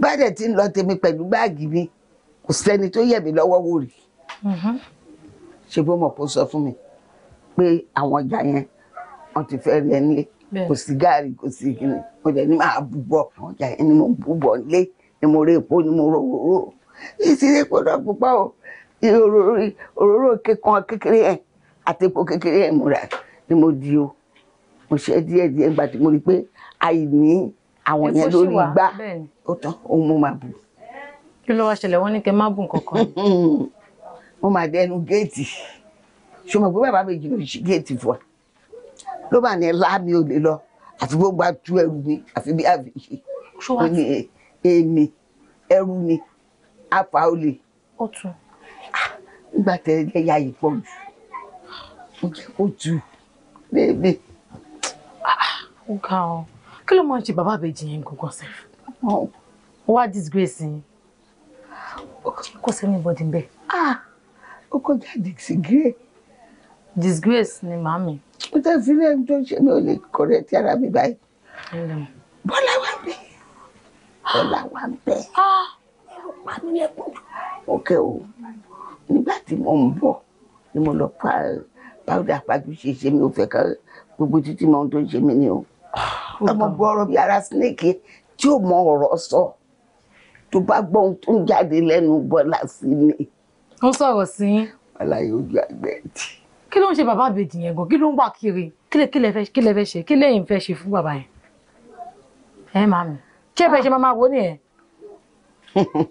bàdẹ̀ tí ń lọ tèmi pẹ̀lú báàgì mi kò sẹ́ni tó yẹ̀ mí lọ́wọ́ wò rí. Mhm. ṣé bó mọ̀ kó sọ fún mi pé àwọn ọjà yẹn wọ́n ti fẹ́ rẹ̀ nílé kò sí gaari kò sí kíni mo dẹ̀ ní máa bú bọ̀ àwọn ọjà yẹn ni mo bú bọ̀ nílé ni mo rí epo ni mo rò òróró ìṣeré pọ̀dọ̀ púpọ̀ o òróró kíkan kékeré yẹn àti epo kékeré yẹn mo rà ni mo di o mo ṣe díẹ̀ díẹ̀ gbà tí mo rí pé àìní àwọn yẹn lórí gbá ó tán òun mo máa bù. kí ló wá ṣẹlẹ̀ wọ́n ní kẹ́ má bù nǹkan kan. [LAUGHS] mo máa dẹnu géètì ṣùgbọ́n pé bàbá méjì ló ṣí géètì fún wa ló bá ní ẹ láàmì ò lè lọ àfi bó gba tú ẹrù mi àfi bí àfi ṣe ó ní èmi ẹrù mi àfà ó lè. ó tún. nígbà tẹ ẹ ya yìí pọ̀ jù ó tù bébè. Ah, ó ga o kí ló máa ń ṣe bàbá àbèjì yẹn gbogbo o wá disgrace yín kò sẹ́ni bọ́dí bẹ́ẹ̀. ó kọjá dìgbì sí gírè disgrace ni màmí. o tẹ́ fi lẹ́yìn tó ṣe mi ò lè kórè tí ara mi báyìí. bọ́lá wà ń bẹ̀ bọ́lá wà ń bẹ̀ ó ah! pa mí lẹ́kùn o nígbà tí mo ń bọ̀ ni mo lọ pa pàwùdà pàjù ṣe ṣe mi ò fẹ́ ká gbogbo títí mọ ohun tó ń ṣe mí ni o ah, ọmọ gbọ́rọ̀ bí ara snake tí ò mọ ọ̀rọ̀ sọ tó bá gbọ́ ohun tó ń jáde lẹ́nu bọ́lá sí ni. ó sọ̀rọ̀ sí. aláyé ojú àgbẹ̀ tí kí ló ń ṣe bàbá àbèjì yẹn gan kí ló ń wà kiri kí lè fẹ́ ṣe kí lẹ́yìn fẹ́ ṣe fún bàbá yẹn ẹ máa mi ṣé ẹ fẹ́ ṣe máa wo ni ẹ. [LAUGHS]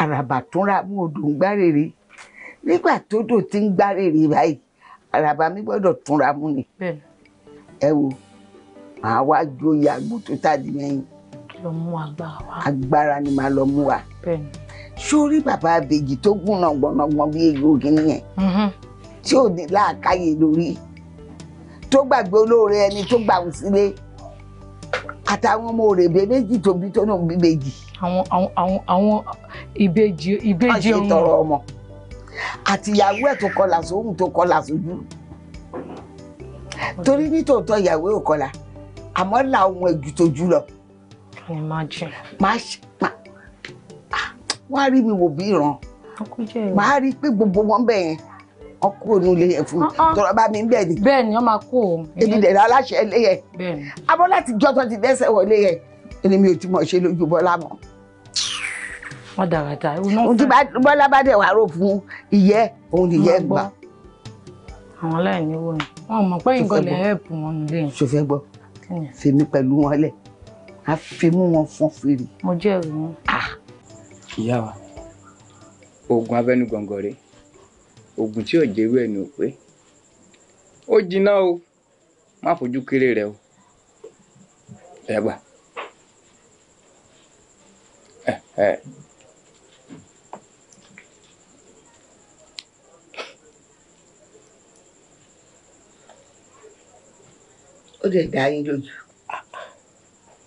àràbà tó ra mú odò ń gbárèrè nígbà tó dò ti ń gbárèrè báyìí àràbà mi gbọ́dọ̀ túnra mú ni ẹ wo màá wá jóye àgbo tó tàdí mẹ́yìn agbára ni màá lọ mú wa sórí bàbá àbèjì tó gùn náà bí egbò kìnìyẹn. Mm-hmm tí ò ní láàkáyè lórí tó gbàgbé olóore ẹni tó gbà ń sílé àtàwọn ọmọ òrèbè méjì tó bí tó náà bí méjì. àwọn àwọn àwọn ìbejì ìbejì ọmọ. ọ̀sẹ̀ tọrọ ọmọ àtìyàwó ẹ̀ tó kọlà sóhun tó kọlà sójú torí nítòótọ́ ìyàwó ò kọlà àmọ́ là ohun ẹ̀jù tó jù lọ. wọ́n á ah, rí mi wò bí ìran wọ́n á rí pé gbogbo wọn bẹ̀ yẹn wọn kúrò ní ilé yẹn fún mi ah, ah. tọrọ bá mi ń bẹ̀ ni. bẹ́ẹ̀ ni wọ́n máa kú o. èmi dẹ̀ la aláṣẹ ilé yẹn. bẹ́ẹ̀ ni. abọ́ láti jọ́tọ̀ ti dẹ́sẹ̀ wọlé yẹn ẹni mi ò ti mọ̀ ṣe lójú bọ́lá mọ́ wọn dàgàdà inú fún. ntí bọ́lá bá dẹ̀ wá rò fún ìyẹ́ òun ni ìyẹ́ gbà. àwọn aláìní wò ni wọn mọ̀ pé nǹkan lè help wọn nílé yẹn. ṣòfẹ́ gbọ́ fèmi pẹ̀lú wọn lẹ̀ a fi mú wọn fún fèrè. mo jẹ́rìí wọn. Ah! ìyá wa oògùn abẹ́nugọ̀ngọ̀ rèé oògùn tí ò jẹ́rú ni ò pé ó jiná o má fojú kéré rẹ o ẹ gbà ẹ ẹ. ó lè dá yín lójú.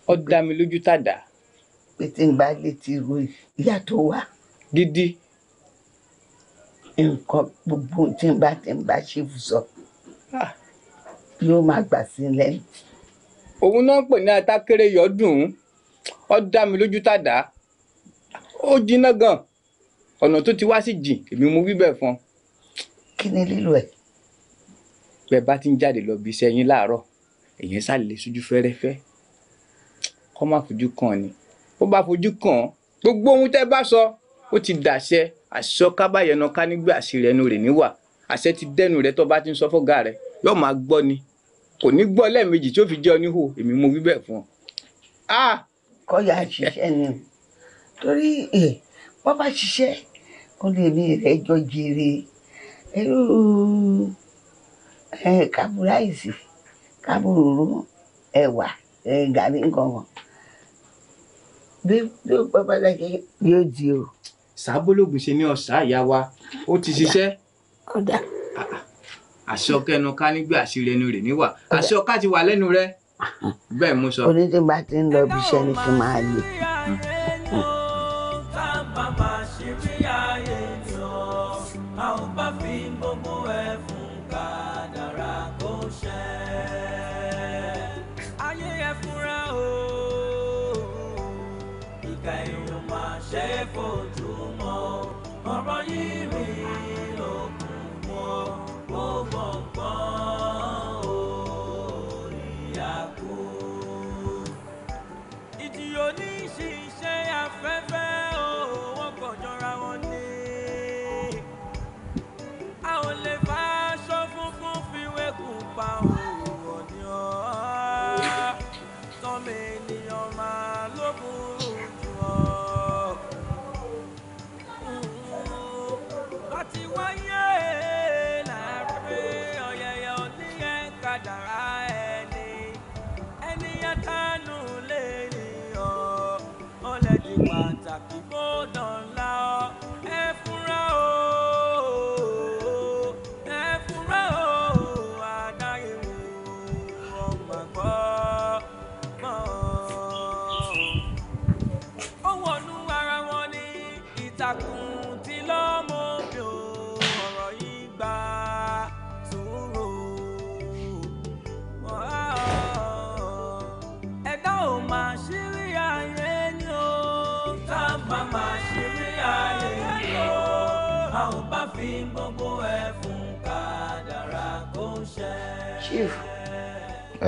ó dá mi lójú tàdá. pé tí n bá létí irú ìyá tó wà. gidi nǹkan gbogbo tí n bá ti ń bá ṣe sọ ah. yóò máa gbà sí lẹ́yìn. òun náà pè ní atákéré yọdún ó dá mi lójú tàdá ó jiná gan ọ̀nà tó ti wá sí jìn èmi mo wí bẹ́ẹ̀ fún un. kí ni lílo ẹ̀. bẹ́ẹ̀ bá ti ń jáde lọ bí iṣẹ́ yín láàárọ̀ èyàn sálẹ̀ sójú fẹ́rẹ́fẹ́ kó má fojú kàn ni bó bá fojú kàn gbogbo ohun tẹ́ bá sọ ó ti dàṣẹ àṣọ kábàyẹnà ká nígbà àṣírí ẹnu rẹ̀ níwà àṣẹ ti dẹnu rẹ̀ tó bá ti ń sọ fọ́gà rẹ̀ yóò máa gbọ́ ni kò ní gbọ́ lẹ́ẹ̀mejì tí ó fi jẹ́ oníhò èmi mo wí bẹ́ẹ̀ fún ọ. kọ́yà ṣiṣẹ́ ni torí wọ́n bá ó lè mi rẹ̀ jọ jèrè irú kábúráìsì kábúrúrú ẹ̀wà gàrí nǹkan wọn bí ó bá bá yóò di o sábólógùn ṣe ní ọ̀sá ìyá wa ó ti ṣiṣẹ́. àṣẹ ọkọ ẹnu ká nígbà àṣírí ẹnu rẹ̀ níwà àṣẹ ọkọ ti wà lẹ́nu rẹ̀ bẹ́ẹ̀ mú sọ. onídìgbà tí ń lọ ibi iṣẹ́ ni kí máa lè. kánú lè ní ọ ọlẹ́dì pàtàkì gbọ́dọ̀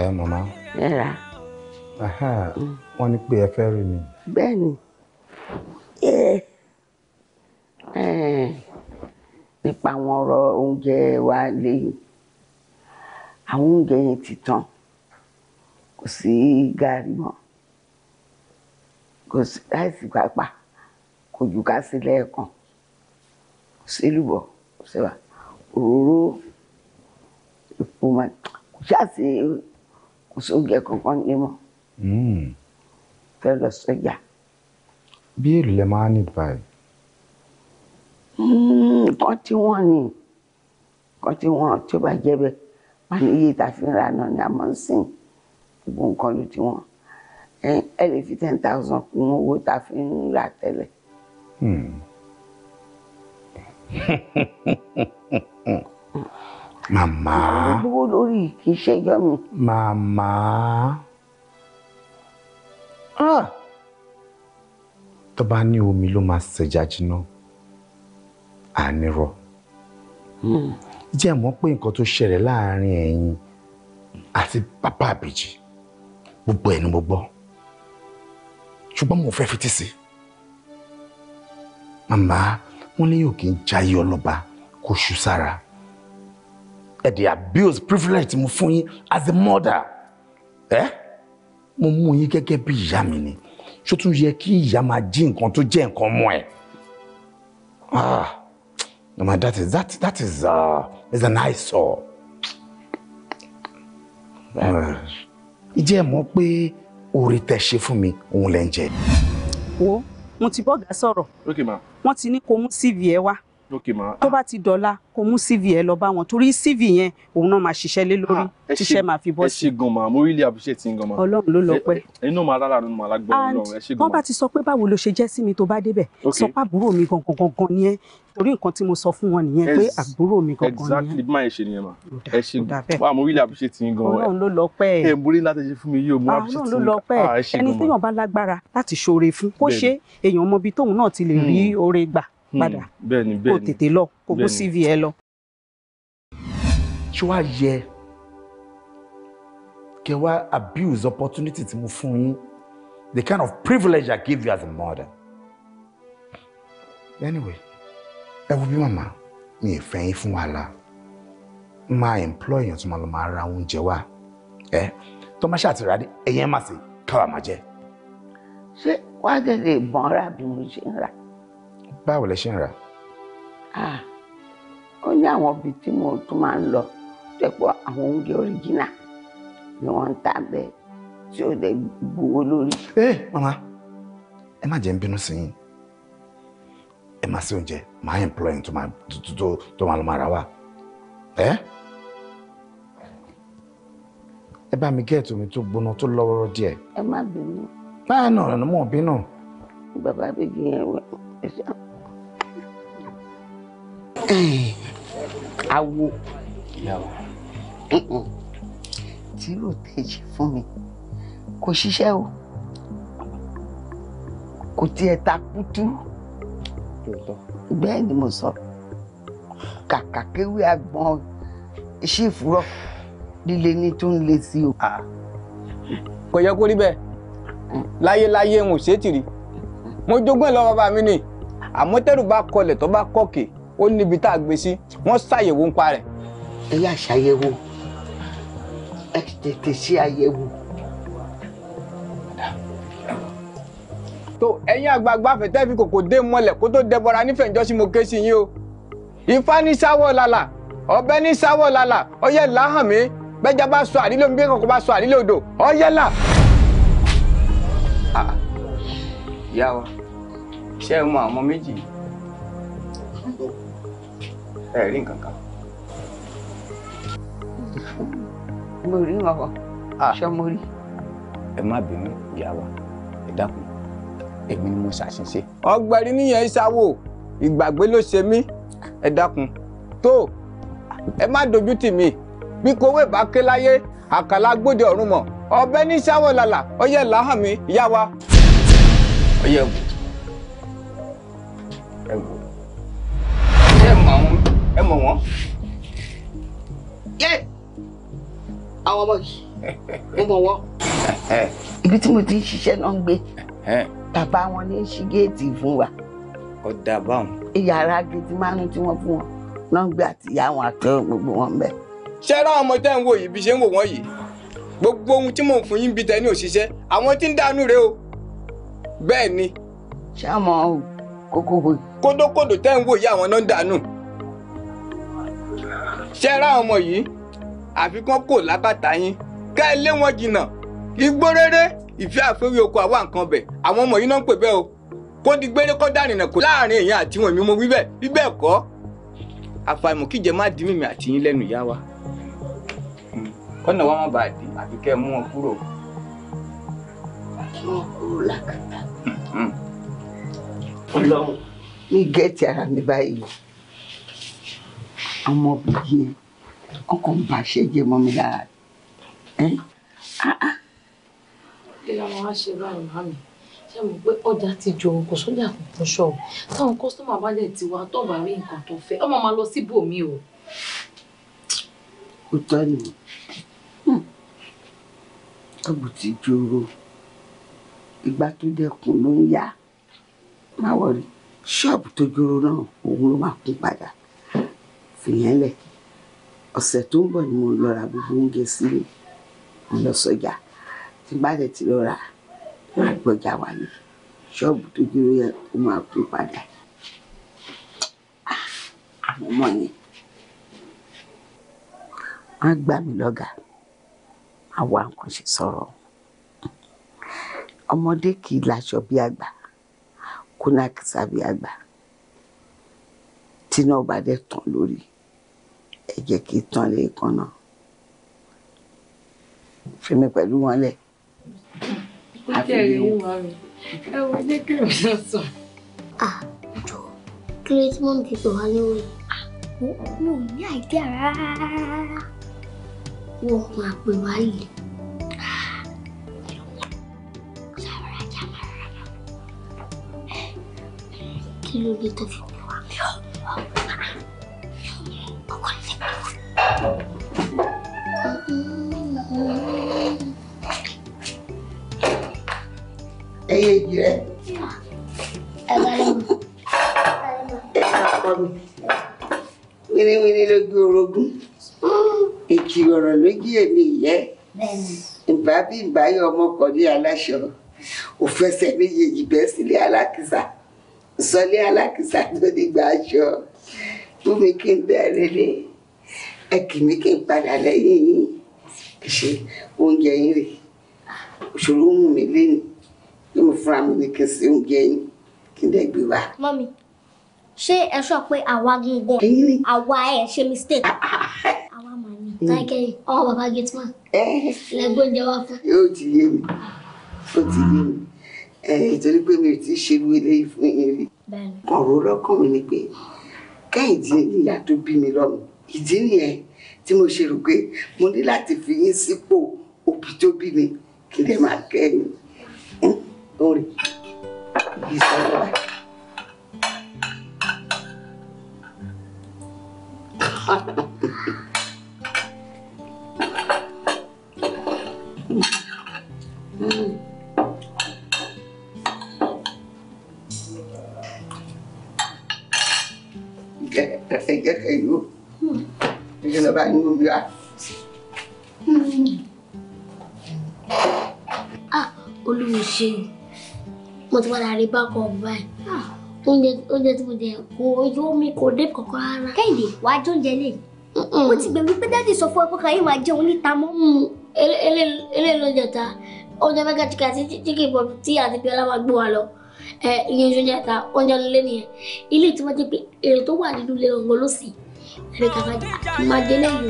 ẹ màmá. ẹ rà. wọ́n ní pé ẹ fẹ́ rí mi. bẹ́ẹ̀ni nípa àwọn ọ̀rọ̀ oúnjẹ wa lẹ́yìn àwọn oúnjẹ yẹn ti tán kò sí gààrí mọ́ kò sí láìsí pápá kò jù ká sí lẹ́ẹ̀kan kò sí lùbọ̀ kò sí wa òróró kò ṣáà sí kò sóúnjẹ kankan ní mọ́ fẹ́ lọ sọ́jà. bí èlò lẹ máa ní báyìí. nǹkan tí wọ́n ní nǹkan tí wọ́n tí ó bá jẹ́ bẹ́ẹ̀ wọ́n ní iye tá a fi ń ra náà ni a máa ń sìn gbogbo nǹkan ló ti wọ́n ẹ lè fi ten thousand kún owó tá a fi ń rà tẹ́lẹ̀. Hmm. hmm. Màmá. Olówó lórí kì í ṣe ìjọ mi. Màmá. Ah! Tó bá ní omi ló máa ṣẹ̀já jiná, ànírọ̀. Hmm. Jẹ́ mọ̀ pé nǹkan tó ṣẹlẹ̀ láàárín ẹ̀yin àti bàbá àbèjì gbogbo ẹ̀ ni mo gbọ́. Ṣùgbọ́n mo fẹ́ fetí sí. Màmá, wọ́n léyìn òkè ń jayé ọlọ́ba kó ṣú sára ẹ eh, dey abuse privilege tí mo fún yín as a mother ẹ eh? mo mú yín gẹ́gẹ́ bí ìyá mi ni ṣó tún yẹ kí ìyá máa jí nǹkan tó jẹ́ nǹkan mọ́ ẹ ah no ma that is that that is uh, is an eyesore. ìjẹ́ eh, mọ̀ pé oore tẹ́ ṣe fún mi òun lẹ́ ń jẹ. wo mo ti bọ́gà sọ̀rọ̀ wọ́n ti ní kó mú cv ẹ wá tó bá ti dọ̀la kó mú cv ẹ lọ bá wọn torí cv yẹn òun náà máa ṣiṣẹ́ lé lórí ah, tíṣẹ́ máa fi bọ́ sí. ẹ ṣe gan ma mo really appreciate yín gan ma. ọlọ́run ló lọ pẹ. inú ma rárá ló ma lágbọ́ ọlọ́run ẹ ṣe gan ma. wọ́n bá ti sọ pé báwo ló ṣe jẹ́ sí mi tó bá débẹ̀ sọ pé àbúrò mi gangan gangan ni ẹ torí nǹkan tí mo sọ fún wọn nìyẹn pé àbúrò mi gangan ni ẹ. exactly bí máa ṣe ma ẹ ṣe wa mo really appreciate yín gan. ọlọ́run ló lọ pẹ. ẹ mo rí láti ṣe fún mi yìí o mo appreciate yín. ọlọ́run ló lọ pẹ ah, ẹni bá lágbára láti ṣoore fún kó ṣe èèyàn mọbi tóun náà ti lè rí hmm. oore gbà. Hmm. padà kó tètè lọ kó kó CV ẹ lọ. ṣé wàá yẹ kẹ wá abuse opportunity tí mo fún yín the kind of privilege I give you as a mother. anyway ẹ wo bí màmá mi ì fẹ́ yín fún wàhálà máa employ èèyàn tó máa lọ máa ra oúnjẹ wá ẹ tó máa ṣàtìrà dé ẹ̀yẹ́ má ṣe káwa máa jẹ. ṣé wàá dẹ̀ lè bọ́n ra bí mo ṣe ń rà báwo lẹ ṣe ń rà. ó ní àwọn ibi tí mo tún máa ń lọ tẹ̀pọ̀ àwọn oúnjẹ ọ̀ríjìnà ni wọ́n ń ta bẹ́ẹ̀ tí ò dẹ̀ gbowó lórí. ẹ mama ẹ má jẹ́ ń bínú sí yín ẹ má sí oúnjẹ máa employing tó máa tó máa lọ máa rà wá ẹ ẹ bá mi gẹ́ẹ̀tì omi tó gbóná tó lọ́wọ́rọ́ díẹ̀. ẹ má bínú. báyìí náà ọ̀nà mọ̀ bínú. bàbá bèjì yẹn wẹ̀ [COUGHS] awo tí yóò tẹ̀jẹ̀ fún mi kò ṣiṣẹ́ o kò tiẹ̀ ta kútú bẹ́ẹ̀ ni mo sọ kàkà kéwì àgbọn iṣẹ́ ìfúrọ̀ líle ní tó ń le sí o. kò yẹ kó rí bẹ́ẹ̀ mm. láyéláyé ń ò ṣètìrí mo jogún ẹ̀ lọ bàbá mi ni àmọ́ tẹ́rù bá kọlẹ̀ tó bá kọ̀kẹ́ ó níbi tá a gbé sí wọ́n ṣàyẹ̀wò ń pa rẹ̀. ẹ yá ṣàyẹ̀wò ẹ tètè ṣe àyẹ̀wò. tó ẹ̀yin àgbààgbà fẹtẹ fi kòkò dé mọ́lẹ̀ kó tó dẹbọra nífẹ̀ẹ́jọ́ sí mo ké sí yín o ifá ní sáwọ́ lálà ọ̀bẹ ní sáwọ́ lálà ọyẹ làhàn mi bẹ́jà bá sọ àdílé omi bí kankan bá sọ àdílé odò ọyẹ là. Ah, ìyá wa ṣé ẹ mọ àwọn méjì yìí ẹ rí nǹkan kan. mo rí nǹkan kan ṣé mo rí. ẹ má bínú ìyá wa ẹ dákun èmi ni mo ṣàṣìṣe. ọ̀gbẹ́ni nìyẹn ìṣàwò ìgbàgbé ló ṣe mí ẹ dákun tó ẹ má dojú tì mí bí kòwé bá ké láyé àkàlà gbòde ọ̀run mọ̀ ọbẹ̀ ní ṣáwọ̀ lálà ọyẹ làhàn mi ìyá wa. ọyẹ ẹ wò ẹ mọ̀ wọ́n. yé àwọn ọmọ yìí mo mọ̀ wọ́n. ibi tí mo ti ń ṣiṣẹ́ náà ń gbé bàbá wọn ní ṣí géètì fún wa. ọ̀dà báwọn. ìyàrá gidi márùn-ún tí wọ́n fún wọn náà ń gbé àti ìyá wọn àti gbogbo wọn bẹ́ẹ̀. ṣé ra ọmọ tẹ́ ń wò yìí bí ṣe ń wò wọ́n yìí gbogbo ohun tí mò ń fún yín bí tẹ́ni òṣìṣẹ́ àwọn tí ń dànù rèé o bẹ́ẹ̀ ni. ṣé àwọn kókó wo. kódókòdó tẹ́ ń wò yìí àwọn náà ń dànù ṣe ra ọmọ yìí àfi kán kò lábàtà yín ká ẹ lé wọn jìnnà igbó rere ìfẹ́ àfẹ́wé oko àwa nǹkan bẹ̀ àwọn ọmọ yìí náà ń pè bẹ́ẹ̀ o kó di gbére kó dárìnà kó láàrin èèyàn àti wọn mi mo wí bẹ́ẹ̀ bí bẹ́ẹ̀ kọ́ àfàìmọ̀ kíjẹ má di mímì àti yín lẹ́nu ìyá wa. Hmm. kọ́nà wa má bàa di àfi kẹ́ ẹ mú wọn kúrò. kí wọ́n kúrò lákàtà. Hmm. Hmm. ọlọ́run mi gẹ̀ẹ́tì ara mi báyìí ọmọ bìbí ẹ ọkọ ń bà ṣe jẹ mọ́ mi lára ẹ. Ah, ah. kí ló máa ṣe báyìí máa mi ṣé mo pé ọjà ti jọ kò sójà kankan ṣọ táwọn kọ́sítọ́mà bá dẹ̀ ti wá tó bá rí nǹkan tó fẹ́ ọmọ máa lọ síbòmí o. ó tọ́ ni hmm. ọ̀gbù ti jòrò ìgbà tó dẹkùn ló ń yá má wọrí ṣọ́ọ̀bù tó jòrò náà òun ló máa kún padà fìyẹn lẹ̀ ọ̀sẹ̀ tó ń bọ̀ ni mo lọ ra gbogbo oúnjẹ sílé mo lọ sọjà tí bá dẹ̀ ti lọ ra máa gbọ́jà wálé ṣọ́ọ̀bù tó dúró yẹ kó máa pín padà àwọn ọmọ yẹn wọ́n gbà mí lọ́gàá àwa nǹkan ṣe ọmọdé kì í láṣọ bí àgbà kó náà kìsà bí àgbà tí náà bá dẹ̀ tán lórí ẹ jẹ́ kí tán lè kan náà fi mi pẹ̀lú wọn lẹ̀. ó kẹrin ń wá mi ẹ wo jẹ́ kí mi lọ sọ. àjọ ah, kí ló tí mọ́mí ti pè wá léwé ah, mi ò ní àìdíà rárá wọ́n máa pè wá yìí. Ah, eh, kí ló dé tó fi ẹyẹ ìjìrẹ ẹ̀ka mi wíníwíní lójú orogún èkì ọ̀rọ̀ lójú èmi ìyẹ́ ìbá bí ìbáyọ̀ ọmọkọ ní aláṣọ òfẹsẹ̀ méjèèjì bẹ́ sílé alákìsà sọlé alákìsà tó nígbà aṣọ tó fi kí n bẹ́ẹ̀ rere ẹ kì mí kí n padà lẹ́yìn yín kì í ṣe oúnjẹ yín rè òṣòro ń mú mi léni bí mo fúnra mi ní kí n ṣe oúnjẹ yín kí n dẹ̀ gbé wá. mọ́mi ṣé ẹ sọ pé àwa gangan àwa ẹ ṣe mistake ah, ah, ah, eh. àwa mà ní hmm. láìkẹyìn ọwọ́ bàbá gateman eh. lẹ́gbọ́n jẹ wá fún. yóò ti yé mi ó ti yé mi eh, nítorí pé mi ò tí ì ṣerú eléyìí fún yín rí ọ̀rọ̀ ọlọ́kàn mi ni pé kẹ́hìndé níyà tó bí mi lọ́rùn ìdí nìyẹn tí mo ṣe rò pé mo ní láti fi yín sípò òbí tó bí mi kí lè máa kẹ́yìn. bákan ọ̀hún báyìí oúnjẹ oúnjẹ tí mo jẹ kò yóò mi kò dé kankan rárá. kẹ́hìndé wà á jóúnjẹ lè. ó ti gbẹ̀mí pé dáàdì sọ fún ẹ pé kàyé máa jẹun níta mọ́. eléyìí ló jẹta oúnjẹ mẹ́ka chicken àti chicken pop tí àti bíọ́lá máa gbé wa lọ ìyẹn oúnjẹ ta oúnjẹ lílé nìyẹn ilé tí wọ́n jẹ pé èrè tó wà nínú ilé ọ̀gbọ́n ló sì ẹ̀rẹ́ kàkà máa jẹ lẹ́yìn.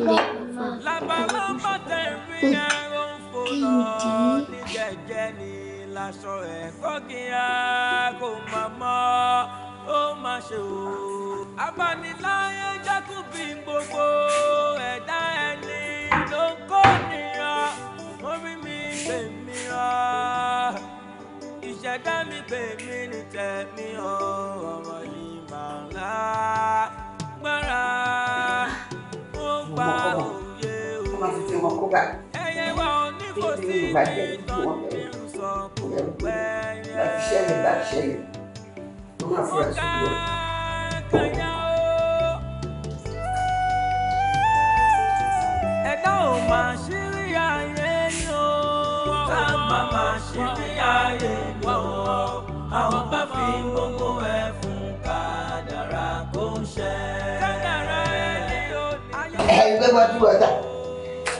Mm kejì. abániláyé jákùbí gbogbo ẹ̀dá ẹni ló kọ́ nìyàn orí mi tèmi ọ́ ìṣẹ̀dá mi tèmi ni tèmi ọ̀rọ̀ yìí máa ń lá gbára ó gba òye òye ẹ̀yẹ wa ọ̀nà ele vai ter fome. Vai cheio, vai cheio. Uma frase. Ẹ̀dá ò máa ṣírí ayé ni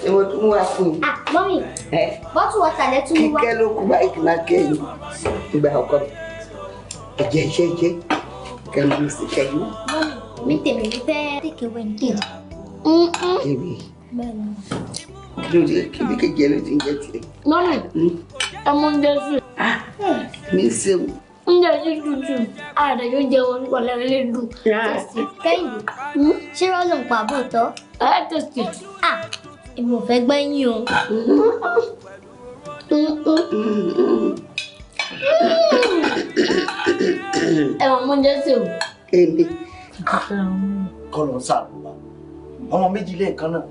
Èwo tún wá fún yìí? Ah, mọ́mí. Bọ́tù wọ́tà lẹ tún wá. Kíkẹ́ ló kú báyìí kì máa kẹ́yìn. Ìgbà ọkọ mi. Ẹ̀jẹ̀ ẹ̀jẹ̀ ẹ̀jẹ̀. Kẹ́mi ló sì kẹ́yìn. Mi tèmi ló fẹ́ tèké wẹ́ndéèd. Kébì. Kí ló dé? Kébì kékeré ló ti ń jẹ tiẹ̀. Mọ́mí, mm. ọmọ ń jẹ sí. Ah, mi ń ṣe oúnjẹ yìí dúdú ààrẹ yóò jẹ wọn wọlé ilé dùn ah. kẹ́yìn hmm? ṣé rọlùpàá bò tọ ẹ ah, tẹsí èmi ò fẹ́ gbẹ́yìn o. ẹ̀wọ̀n mo jẹ́ sí o. èmi kọ́ ló ń sàbùwà ọmọ méjì lé nǹkan náà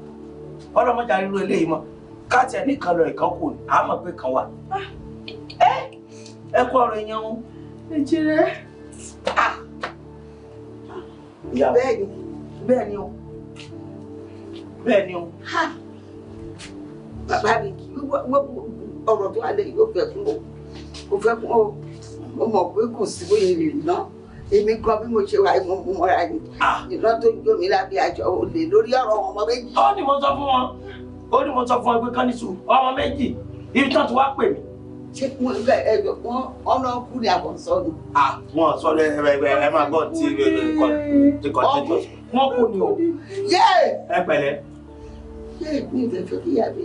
ọlọ́mọdé arírú eléyìí mọ́ káàtì ẹ̀ nìkan lọ ìkan kù á mọ̀ pé kan wà. ẹ kú ọ̀rọ̀ èèyàn o. ìjìnlẹ̀. bẹ́ẹ̀ ni bẹ́ẹ̀ o bẹ́ẹ̀ o bàbá ọ̀rọ̀ tó wà lẹ́yìn ló fẹ́ fún o kò fẹ́ fún o mo mọ̀ pé kò sí bóyá lè ná èmi gan bí mo ṣe wà mo mú mọ́ra ni iná tó jó mi lábẹ́ àjọ olè lórí ọ̀rọ̀ ọmọ méjì. ó ní mo sọ fún wọn ó ní mo sọ fún wọn pé kán ọmọ méjì ibi tán ti wá pè mí ṣé wọn ẹ ẹ wọn ọ̀nà kú ni àbọ̀ sọnù. wọn sọnù ẹ ẹ ẹ máa gbọ́ tí kò tí kò tí kò wọn kú ni o. ẹ pẹ̀lẹ́ jẹ́ ìpín ìtẹ̀tọ́ kí ìyá mi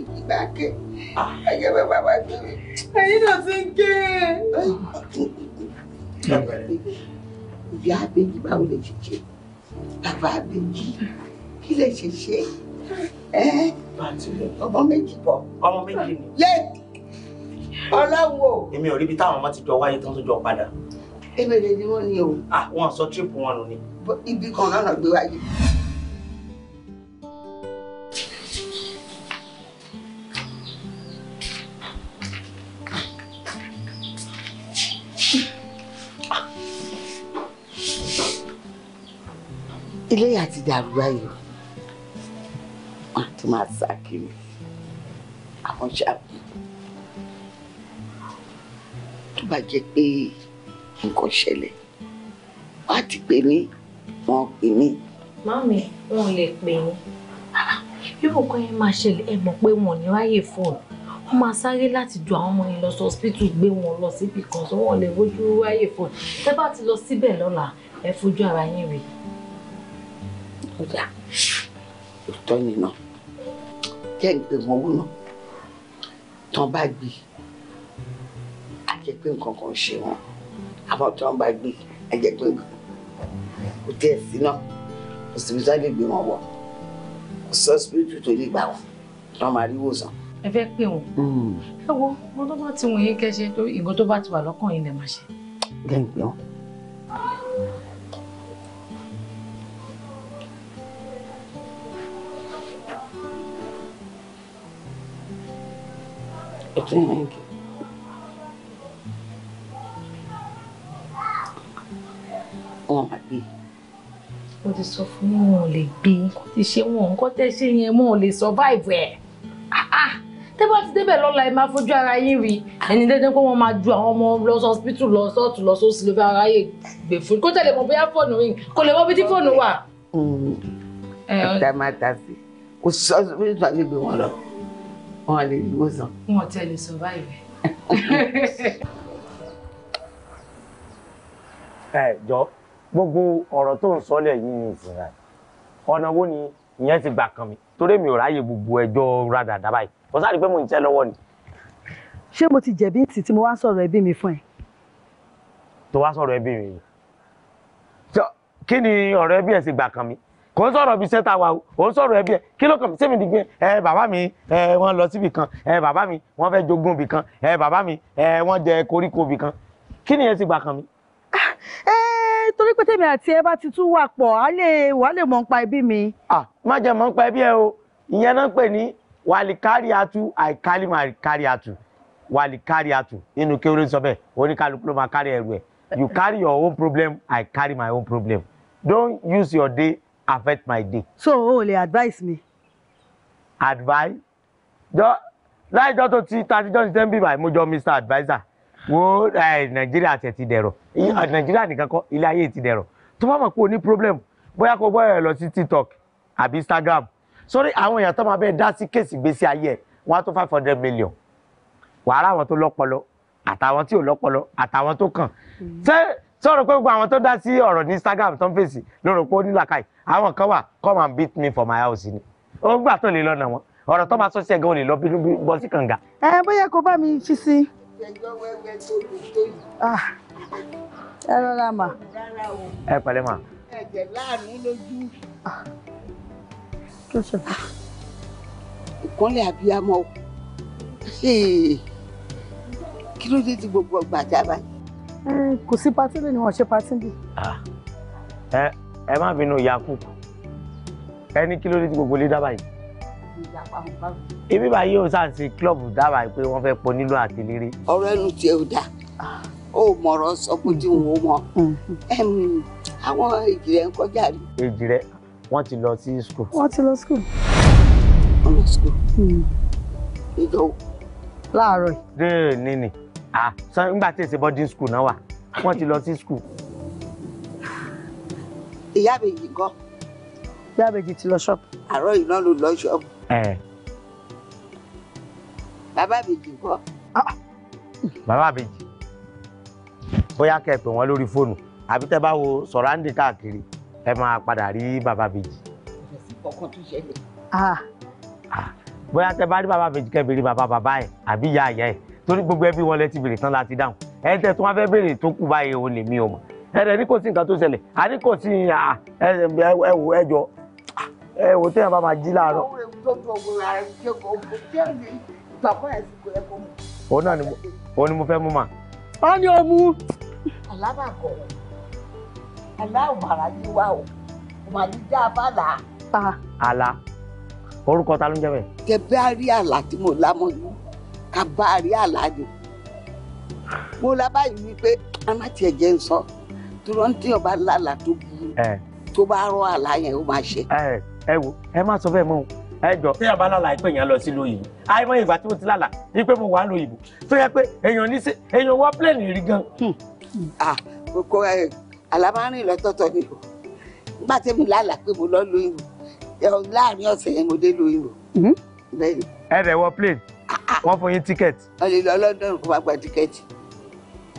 ah. báwo lè ṣe ṣe? Bàbá àbèjì kí lè ṣe ṣe? Ọmọ méjì bọ̀. Ọmọ méjì ni. Ọlọ́run o. Èmi ò rí ibi táwọn ọmọ ti jọ wáyé tó jọ padà. Ebèrè ni wọ́n ní o. Àwọn ah, sọ tírípù wọn nù ni. Ibi kan náà gbé wáyé. eléyà ti dàrú báyìí wọn tún máa sá kiri àwọn ṣáàbù tó bá jẹ́ pé nǹkan ṣẹlẹ̀ wọ́n á ti pè mí wọ́n pè mí. mami wọn ò lè pè mí bíbù kan yẹn máa ṣẹlẹ̀ ẹ mọ̀ pé wọn ò ní ráyè fóònù wọ́n máa sáré láti ju àwọn ọmọ yẹn lọ sí hospital gbé wọn lọ síbi kan tó wọ́n lè rójú ráyè fóònù tẹ́ bá ti lọ síbẹ̀ lọ́la ẹ fojú ara yín rèé ọjà òótọ́ nìna jẹ́ ìpè wọn wúná tán bá gbé a jẹ́ pé nǹkan kan ṣe wọn àmọ́ tán bá gbé a jẹ́ pé kò tí ẹ̀ sí náà kò síbi tó lè gbé wọn wọ kò sọ síbítù tó lè gbà wọn tán máa rí wòsàn. ẹ fẹ́ pè wọ́n hmm. ẹ wo mo tó bá ti wọ̀nyí kẹ́ ṣe torí ìgbọ́n tó bá ti wà lọ́kàn yìí lè máa ṣe. jẹ́ ìpè wọn. ẹtún yàn yín kí. wọn máa gbé. mo ti sọ fún yín wọn ò lè gbé nǹkan tí ṣe wọn nǹkan tẹ́ ṣe yẹn wọn ò lè survive ẹ̀ ah, ah. tẹ́ bá ti débẹ̀ lọ́la ẹ máa fojú ara yín rí ẹni dédé pé wọ́n máa ju àwọn ọmọ lọ sí hospital lọ sọ́ọ̀tù lọ sósì ló fi ara yè gbè fún kó tẹ̀lé mọ̀ bóyá fóònù yìí kò lè mọ bí tí fóònù wà. Mm. ẹ̀ẹ́dá máa ta sí kò sọ́ọ́ bí wọ́n lọ wọn lè gbósàn. wọn tẹ lè sọ báyìí. ẹ jọ gbogbo ọ̀rọ̀ tó ń sọ lẹ́yìn ní ìsìnrà ọ̀nà wo ni ìyẹn ti gbà kan mi torí mi ò ráyè gbogbo ẹjọ́ rádàdà báyìí mo sáré pé mo ń tẹ́ lọ́wọ́ ni. ṣé mo ti bi ntì tí mo wá sọ̀rọ̀ ẹbí mi fún ẹ. tó wá sọ̀rọ̀ ẹbí mi kí kini ọ̀rọ̀ ẹbí ẹ̀ sì gbà kan mi kò ń sọ̀rọ̀ bí sẹ́ta wa ò ń sọ̀rọ̀ ẹbí ẹ kí ló kàn mí sẹ́mi dìgbẹ́ ẹ bàbá mi ẹ wọ́n lọ síbì kan ẹ bàbá mi wọ́n fẹ́ jogún bì kan ẹ bàbá mi ẹ wọ́n jẹ koríko bì kan kí nìyẹn ti gbà kàn mí. Ah, ẹ torí pé tèmi àti ẹ bá ti tún wà pọ̀ á lè wà lè mọ̀ nípa ẹbí mi. à ah, má jẹ́ mọ̀ nípa ẹbí ẹ o ìyẹn náà pè ní wàlíkárí atu àìkárí máa kárí atu wàlíkárí atu nínú kéwòn sọ bẹ́ẹ̀ oníkálukú ló you carry your own problem I carry my own problem don't use your day affect my day. so o lè advice Advise? advice jọ láìjọ tó ti tajújọ ti tẹ́ ń bí báyìí mo mr adviser wo nàìjíríà tẹ̀ ti dẹ̀rọ̀ Nigeria ni kọ́ ilé ayé ti dẹ̀rọ̀ tó bá mọ̀ pé problem Boya kó boya lo sí tiktok àbí instagram Sorry, I want tó máa bẹ́ẹ̀ dá case kéèsì gbèsè ayé ẹ̀ wọ́n five hundred million wàhálà àwọn tó lọ́pọlọ àtàwọn lokolo. Ata lọ́pọlọ àtàwọn tó kàn. Hmm. ṣé So sọ̀rọ̀ pé gbogbo àwọn to dá sí ọ̀rọ̀ ní Instagram tó face. fèsì lórí pé ó ní làkàì àwọn kan wà come and beat me for my house ni ó gbà tó lè lọ́nà wọn ọ̀rọ̀ tó máa sọ sí ẹ̀gán ò lè lọ bínú bọ́ sí kànga. ẹ bóyá kó bá mi fi sí. Ah, ẹ rọra mà. ẹ pẹ̀lẹ́ mà. ẹ̀jẹ̀ láàánú lójú. kí ló ṣe fà. ìkọ́lẹ̀ àbíyamọ kí ló dé tí gbogbo ọgbà jábàá kò sí patí lè ní wọn ṣe patí lè. Ah. ẹ ẹ má bínú yakub ẹ ní kí ló dé tí gbogbo lè dábàá yìí. ibi báyìí ò sáà sí kílọ̀bù dábàá pé wọ́n fẹ́ pọ̀ nílò àti lérí. ọ̀rọ̀ ẹnu tiẹ̀ ò dáa ah. ó mọ̀rọ̀ sọ pé tí n ò mọ̀ mm-hmm. àwọn èjì rẹ̀ ń kọjá rí. èjì rẹ̀ ti lọ sí school. wọ́n ti lọ school. wọ́n lọ school. Mm. ìjọ. láàárọ̀. dé nínì ah sọ nígbà tí èsè boarding school náà wà wọ́n ti lọ sí school. ìyá àbèjì gan. ìyá àbèjì ti lọ ṣọ́ọ̀bù. àárọ̀ yìí náà ló lọ ṣọ́ọ̀bù. bàbá àbèjì gan. Ah. bàbá àbèjì bóyá kẹ́ ẹ pè wọ́n lórí fóònù àbí tẹ́ bá wo sọ̀ráǹdì káàkiri ẹ máa padà rí bàbá àbèjì. ọkàn tún ṣẹlẹ̀. Ah. Ah. bóyá tẹ́ bá rí bàbá àbèjì kẹ́ bèrè bàbá bàbá ẹ̀ àbí ìyá ìyá ẹ̀ torí gbogbo ẹbí wọn lẹ ti béèrè tán láti dáhùn ẹ tẹ tí wọn fẹ́ béèrè tó kù báyìí o lè mí o mọ ẹrẹ ní kò sí nǹkan tó ṣẹlẹ̀ àní kò sí ẹwò ẹjọ ẹwò téèyàn bá máa jí láàárọ̀. òun náà ni òun ni mo fẹ́ mú mà. wọ́n ní o mú. alábàkọ̀ aláwòbàrà yìí wà o màlí dá a bá là á. àlà orúkọ ta ló ń jẹ bẹ́ẹ̀. tẹ bá rí àlà tí mo lámọ yìí abáàrí àlàdé mo la báyìí wípé amáti ẹ̀jẹ̀ ń sọ dúró tí ọba lálà tó burú tó bá rọ àlá yẹn ó máa ṣe. ẹ wo ẹ má sọ bẹ́ẹ̀ mọ́ o ẹ jọ tí ọba lálà ìpè yẹn lọ sí lóyìnbó àìmọ̀ ìgbà tí mo ti lálà ni pé mo wà lóyìnbó tó yẹ pé èèyàn ní sí èèyàn wọ plẹ̀nì rí gan. kókó hmm. ẹ alábárìn lọ́tọ̀ọ̀tọ̀ ni o nígbà tí mi lálà pé mo lọ lóyìnbó láàrin ọ̀sẹ̀ yẹn mo dé lóyìnbó. Hmm. ẹ rẹ̀ wọ plẹ̀nì. Ah. wọ́n fún yín tíkẹ́ẹ̀tì. wọ́n lè lọ london kó máa gba tíkẹ́ẹ̀tì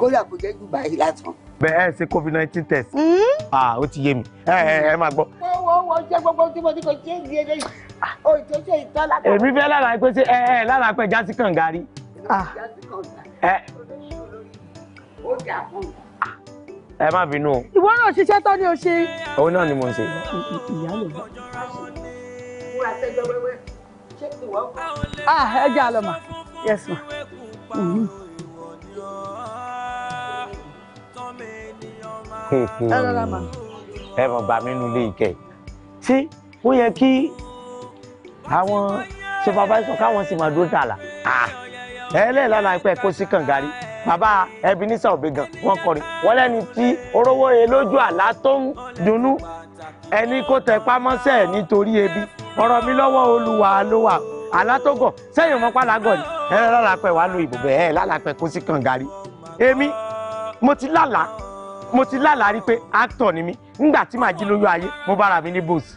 kódà kò jẹ́ jù báyìí látàn. bẹ́ẹ̀ ẹ ṣe covid nineteen test. Hmm? ah ó ti yé mi ẹ ẹ ẹ máa gbọ́. wọ́n wọ́n wọ́n jẹ́ gbogbo tí mo ti kò ah, ṣe é di eléyìí o ìtọ́jú ìtọ́ lápá. èmi fẹ́ lára pé ṣe ẹ ẹ lára pé jásí kàngarí. Ah. ẹ má bínú o. ìwọ náà ṣiṣẹ́ tán ni o ṣe. òun náà ni mo ń ṣe. ìyá lè bá a ṣe. wúra tẹ́jọ́ wẹ́wẹ́ ah ẹ jẹ́ àlọ́ yes ma. ẹ rọra mà. ẹ mọ̀ bá mi nulẹ̀ ìkẹ́ tí ó yẹ kí àwọn supervisor káwọn sì máa dúró dàlà ah, ẹ lẹ́ẹ̀lá la pẹ́ kó sí kàngarí bàbá Ebenezer Obegan wọn kọrin wọn lẹ́ni tí orówó yẹn lójú àlá tó ń dunnú ẹni kó tẹpá mọ́ṣẹ́ nítorí ebi ọ̀rọ̀ mi lọ́wọ́ olùwà ló wà alátógàn sẹ́yìn ọmọ pálágàn ni ẹ lálàpẹ̀ wà ló ìbò bẹ́ẹ̀ lálàpẹ̀ kó sí kàngarí èmi mo ti lálàá mo ti lálàá rí pé actor ni mi nígbà tí màá jí lóyún ayé mo bára mi ní bòsì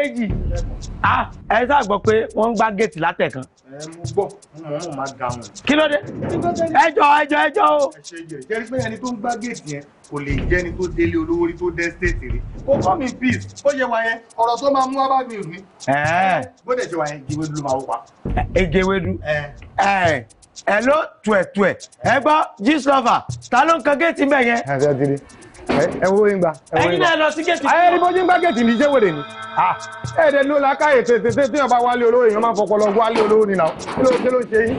méjì ah, ẹ sáà gbọ́ pé wọ́n ń gbá géètì látẹ̀kan. kí ló dé ẹjọ́ ẹjọ́ ẹjọ́ o. jẹ́rí pé ẹni tó ń gbá géètì yẹn kò lè jẹ́ ẹni tó délé olówó rí tó dé stéètì rí kó kọ́ mi peace ó yẹ wa yẹn ọ̀rọ̀ tó máa mú wá bá mi rù mí. bó dẹ̀ ṣe wa yẹn ìgèwédú ló máa wó pa. ìgèwédú ẹ ló tuẹ̀tuẹ̀ ẹ gbọ́ gist ta ló ń kan géètì bẹ́ẹ̀ yẹn ẹ wo yín gba. ẹyin náà lọ sí gẹ̀ẹ́tì. ayé ni bójú ń gbá gẹ̀ẹ́tì ní ìjẹ́wèrè ni. ẹ̀ẹ́dẹ̀ ló la káyè tètè tètè ọba wálé olówó èèyàn máa fọpọlọ wálé olówó nìyà kí ló ṣe ló ṣe yín.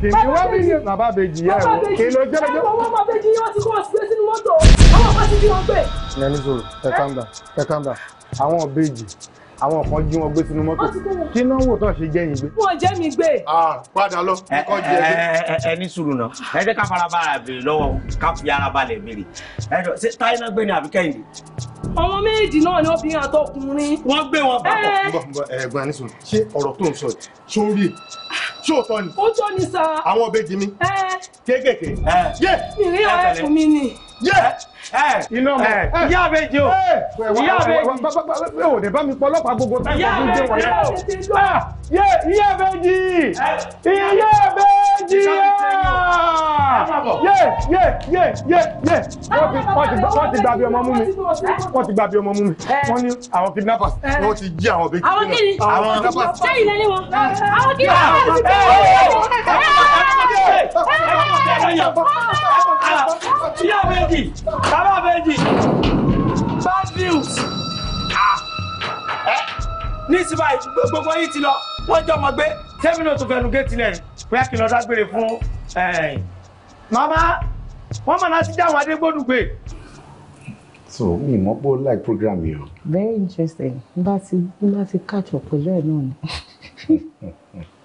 kìnìún wá bí yẹn bàbá bèjì yẹ ẹ wò kí ló jẹ́ lọ́jọ́. ọmọ bàbá bèjì yẹn wọ́n ti kọ́ ọ̀sìn sínú mọ́tò ọmọ bá ti di wọn gbé. ìyẹn ní sòrò ẹ calm down ẹ calm down àwọn bèjì àwọn kan jí wọn gbé sínú mọ́tò kí náà wò tán ṣe jẹ́yìn gbé. wọ́n jẹ́ mi gbé. padà lọ kọ́ jẹ́ mi. ẹ ní sùúrù náà ẹ jẹ́ ká fara balẹ̀ béèrè lọ́wọ́ ká fi ara balẹ̀ béèrè ẹ jọ ṣé táyé náà gbé ni àbí kẹ́hìndé. ọmọ méjì náà ni obìnrin àtọkùnrin. wọ́n gbé wọn papọ̀. ẹ̀gbọ́n anísùn ṣé ọ̀rọ̀ tó ń sọ yìí sórí ṣóòtọ́ ni. ó tọ́ ni sá. àwọn ìbejì mi. kéékèèké. yé. mi rí ọ̀rẹ́ fún mi ni. yé iná mọ ìyá àbẹjì o ìyá àbẹjì o lè bá mi pọ ọlọ́pàá gbogbo táyà tó ń gbé wọlé ìyá àbẹjì ìyá àbẹjì yé yé yé yé yé wọ́n ti gbàbí ọmọ mú mi wọ́n ti gbàbí ọmọ mú mi wọ́n ní àwọn kidnappers wọ́n ti jí àwọn bèjì àwọn kìnnì àwọn kidnappers ṣé ìlẹ̀ ni wọn àwọn kidnappers. ìyá àbẹjì bàbá méjì bad news Ah, eh? ní ìsìnbà gbogbo yìí ti lọ wọ́n jọ mọ̀ gbé tẹ́mínà tó fẹnu géètì lẹ̀ pé kí n lọ dágbére fún eh, màmá wọ́n mọ̀ láti dáhùn adégbòdùgbé. so mi mọ pé ó like program yìí o. very interesting bá ti bá ti catch up pẹ̀lú ẹ̀ náà ni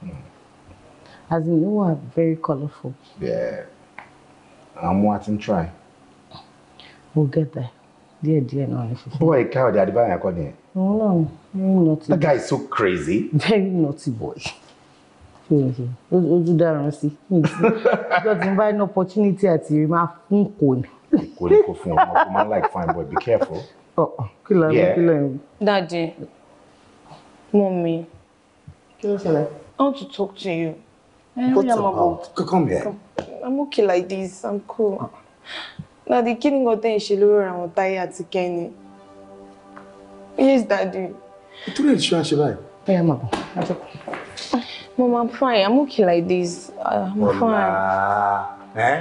[LAUGHS] as in you are very colourful. yeah I'm watching, try. We'll get there. díẹ̀ náà no. Boy, bọ́ọ̀ ìka ọ̀dà àdìbá yẹn kọ́ nìyẹn. òun náà very naughty. that guy is so crazy. very naughty boy. ojú do that ìjọ Just invite an opportunity at rí máa fún kò call. kò ní phone. fún ọmọ like fine boy be careful. Oh, kill him, kill him. Daddy, mommy, kill kí I want to talk to you. Eh, What's about? Come here. I'm okay like this. I'm cool. Ah. Daddy, kí ni nǹkan tẹ́ ń ṣe lórí àwọn Táyé àti Kẹ́ni? Yes, Daddy. Ìtúrẹ̀ ìṣú àṣẹ báyìí. Ẹ yà máa bọ̀, ẹ jẹ́ kọ́. Mom, I'm fine. I'm okay like this. Ah, I'm fine. fine. Eh?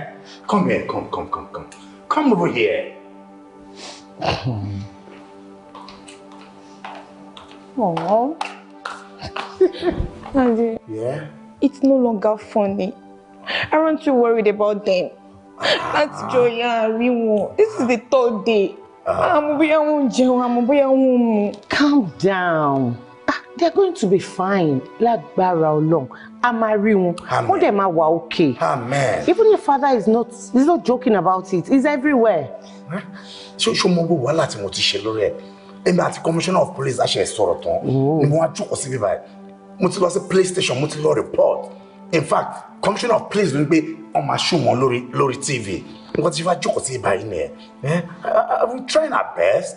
Come here, come, come, come, come. Come over here. Aww. [LAUGHS] Daddy. Yeah? It's no longer funny. Aren't you worried about them? láti jọ ya àríwọ̀n this is the third day ah. àmọ́ bóyá wọ́n jẹun àmọ́ bóyá wọ́n mu. calm down ah, they are going to be fine lágbára ọlọ́run a máa rí wọn wọ́n dẹ̀ máa wà okay amen even your father is not is not joking about it he's everywhere. ṣé o ṣe mọ gbogbo wàhálà tí mo ti ṣe lórí ẹ èmi àti commissioner of police àṣẹ sọ̀rọ̀ tán ni mm. mo wá jókòó sí bíbá ẹ mo ti lọ sí police station mo ti lọ report in fact commissioner of police ló ń gbé ọmọ aṣọ wọn lórí lórí tv nǹkan tí ifá jókòó sí ibà yìí nìyẹn we trying our best.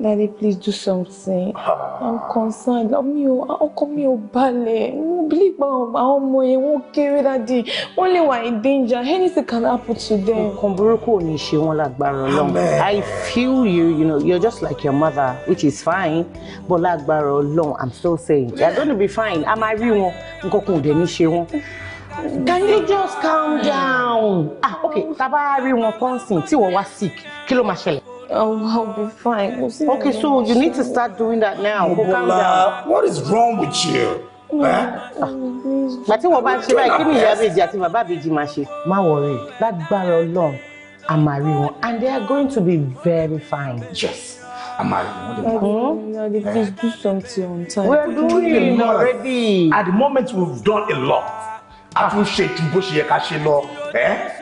Daddy, please do something. Ah. I'm concerned. Mi ò, I'm mi ò balẹ̀. Mo believe pé àwọn ọmọ yẹn wọ́n kéré daddy. only one in danger. Anything can happen to them. Nǹkan I feel you, you know, you're just like your mother, which is fine. But lágbára Ọlọ́run, I'm still saying, they're to be fine. Am I rí wọn, nǹkan kan ò dẹ̀ Can you just calm down? Ah, okay, tá a bá rí wọn kọ́ńsìn sick, kí Michelle. Um, I'll be fine. We'll okay, so you need to start doing that now. Oh, What is wrong with you? Bàtí wọ́n bá ń ṣe báyìí kí ni ìyá bèjì àti bàbá bèjì máa ṣe? Má wọrí, lágbára Ọlọ́run, àmàrí wọn and they are going to be very fine. Yes, àmàrí wọn dey fine. Adi do something on time. We are doing already. At the moment we've done a lot. A tún ṣe ju bó ṣe yẹ ká ṣe lọ. Eh?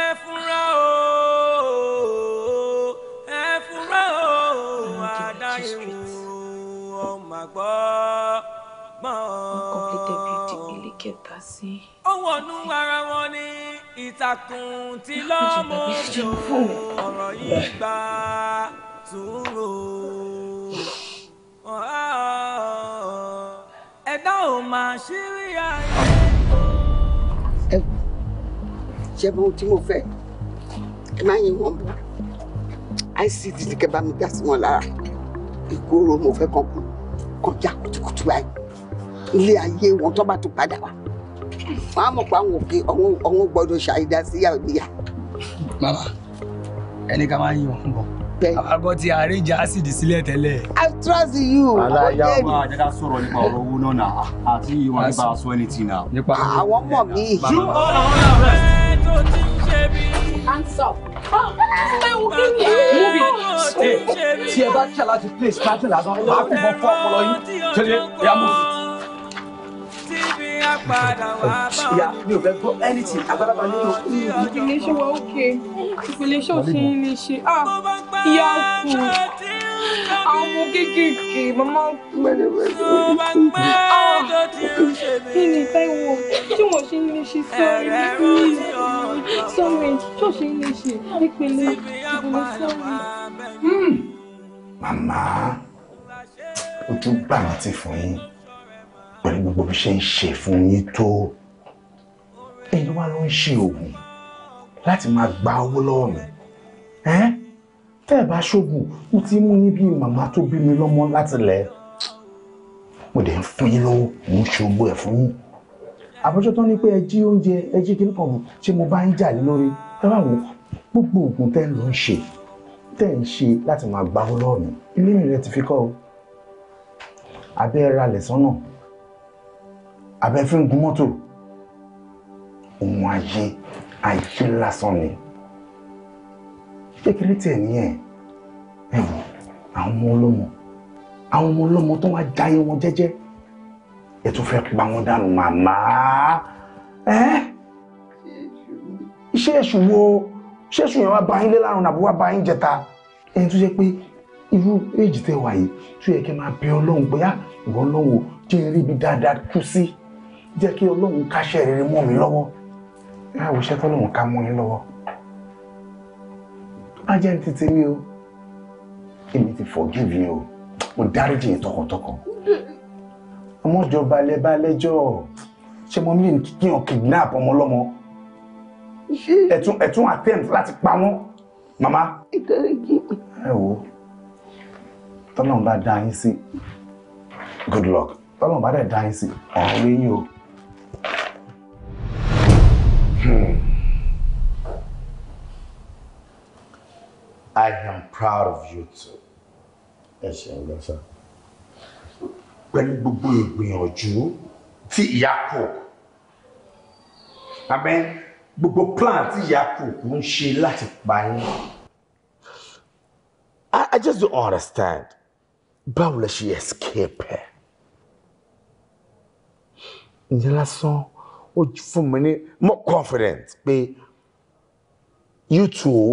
ẹ fúnra o ẹ fúnra o àdáyé o ọmọ àgbọ̀ gbọ́n. ó wọnú ara wọn ní ìtàkùn tí lọ́mọ jò ọ̀rọ̀ yìí gbà sùúrù. ẹ̀dá ò máa ṣírí ayé jẹ́ ohun tí mo fẹ́ ẹ má yín wọn bọ̀ icd ni kẹ́ bá mi dá sí wọn lára ìgboro mo fẹ́ kàn kún kọjá kutukutu báyìí ilé ayé wọn tó bá tún padà wá wọn á mọ̀ pé àwọn òkè ọ̀hún gbọ́dọ̀ ṣàìdá síyà òdìyà. bàbá ẹni ká máa ń yọ̀ fún bọ̀ ti arrange acid sílẹ̀ tẹ́lẹ̀. I trust you. aláya ọmọ àjẹká sọ̀rọ̀ nípa ọ̀rọ̀ owó náà àti ìwà nípa aṣọ ẹni tì náà. àwọn ọmọ mi. you all are under tó ti ń ṣe mí. hands up. ewu kí ni. múbi tí ẹ bá ṣe láti place kájú lásán máa kú bọ́ fún ọpọlọ yín jẹlẹ ya mú. Ìyá mi ò fẹ́ gbọ́ anything agbára máa nílò. Ìpìlẹ̀ ṣe wà ókè. Ìpìlẹ̀ ṣe ò ṣe é ní ṣe. Ah, ìyá kù àwọn kéékèèké màmá pẹ̀lẹ́pẹ̀lẹ́ kí ni Táíwò tí wọ́n ṣe ń lè ṣe sọ́ọ̀rì sọ́ọ̀rì tó ṣe ń lè ṣe nípele ìpele sọ́ọ̀rì. Hmm. màmá ojú gbà wá fún yín pẹ̀lú gbogbo bí ṣe ń ṣe fún yín tó ẹ̀yin wá ló ń ṣe òògùn láti máa gba owó lọ́wọ́ mi tẹ́ ẹ̀ bá ṣògùn mo ti mú yín bí màmá tó bí mi lọ́mọ láti lẹ̀ mo dẹ̀ ń fún yín lọ́wọ́ mo ń ṣògbó ẹ̀ fún yín àbọ̀jọ́ tó ní pé ẹ jí oúnjẹ ẹ jí kí nìkan ṣé mo bá ń jà lé lórí ẹ bá wò gbogbo oògùn tẹ́ ló ń ṣe tẹ́ ń ṣe láti máa gbáwó lọ́ọ̀nù ilé mi rẹ ti fi kọ́ o abẹ́ ra lẹ̀ sọ́nà abẹ́ fi ń gun mọ́tò òun ayé ayé lásán ni kékeré tiẹ̀ nìyẹn ẹ wò àwọn ọmọ ọlọ́mọ àwọn ọmọ ọlọ́mọ tó wá jayé wọn jẹ́jẹ́ ẹ tún fẹ́ pa wọn dànù màmá ẹ iṣẹ́ èṣù wo iṣẹ́ èṣù yẹn wá bá yín lé lárùn àbúwá bá yín jẹta ẹni tó jẹ́ pé irú èjì tẹ wà yìí tó yẹ kí n máa bẹ ọlọ́run pé á ìwọ ọlọ́run jẹ́ eré ibi dáadáa kú sí jẹ́ kí ọlọ́run káṣẹ́ rere mọ́ mi lọ́wọ́ ẹ àwòṣẹ́ tọ́lọ́run ká mọ́ yín lọ́wọ́ ajẹ́ ní tètè mi o èmi ti forgive you o mo dáríjì yín tọkàntọkàn ọmọ jọ balẹ̀ balẹ̀ jọ ṣé mo mean kí n kidnap ọmọ ọlọ́mọ ẹ̀tún ẹ̀tún attempt láti pa wọ́n màmá ẹ wo tọ́lọ́n bá dá yín sí good luck tọ́lọ́n bá dẹ̀ dá yín sí ọ̀rọ̀ lẹ́yìn o. Hmm. I am proud of you too ẹ ṣeun pẹ̀lú gbogbo ìgbìyànjú tí ìyá kù àmẹ́ gbogbo plan tí ìyá kù kù ń ṣe láti pa yín. I just don't understand báwo lè ṣe escape ẹ ìyẹn lásán ó fún mi ní more confident. pé you two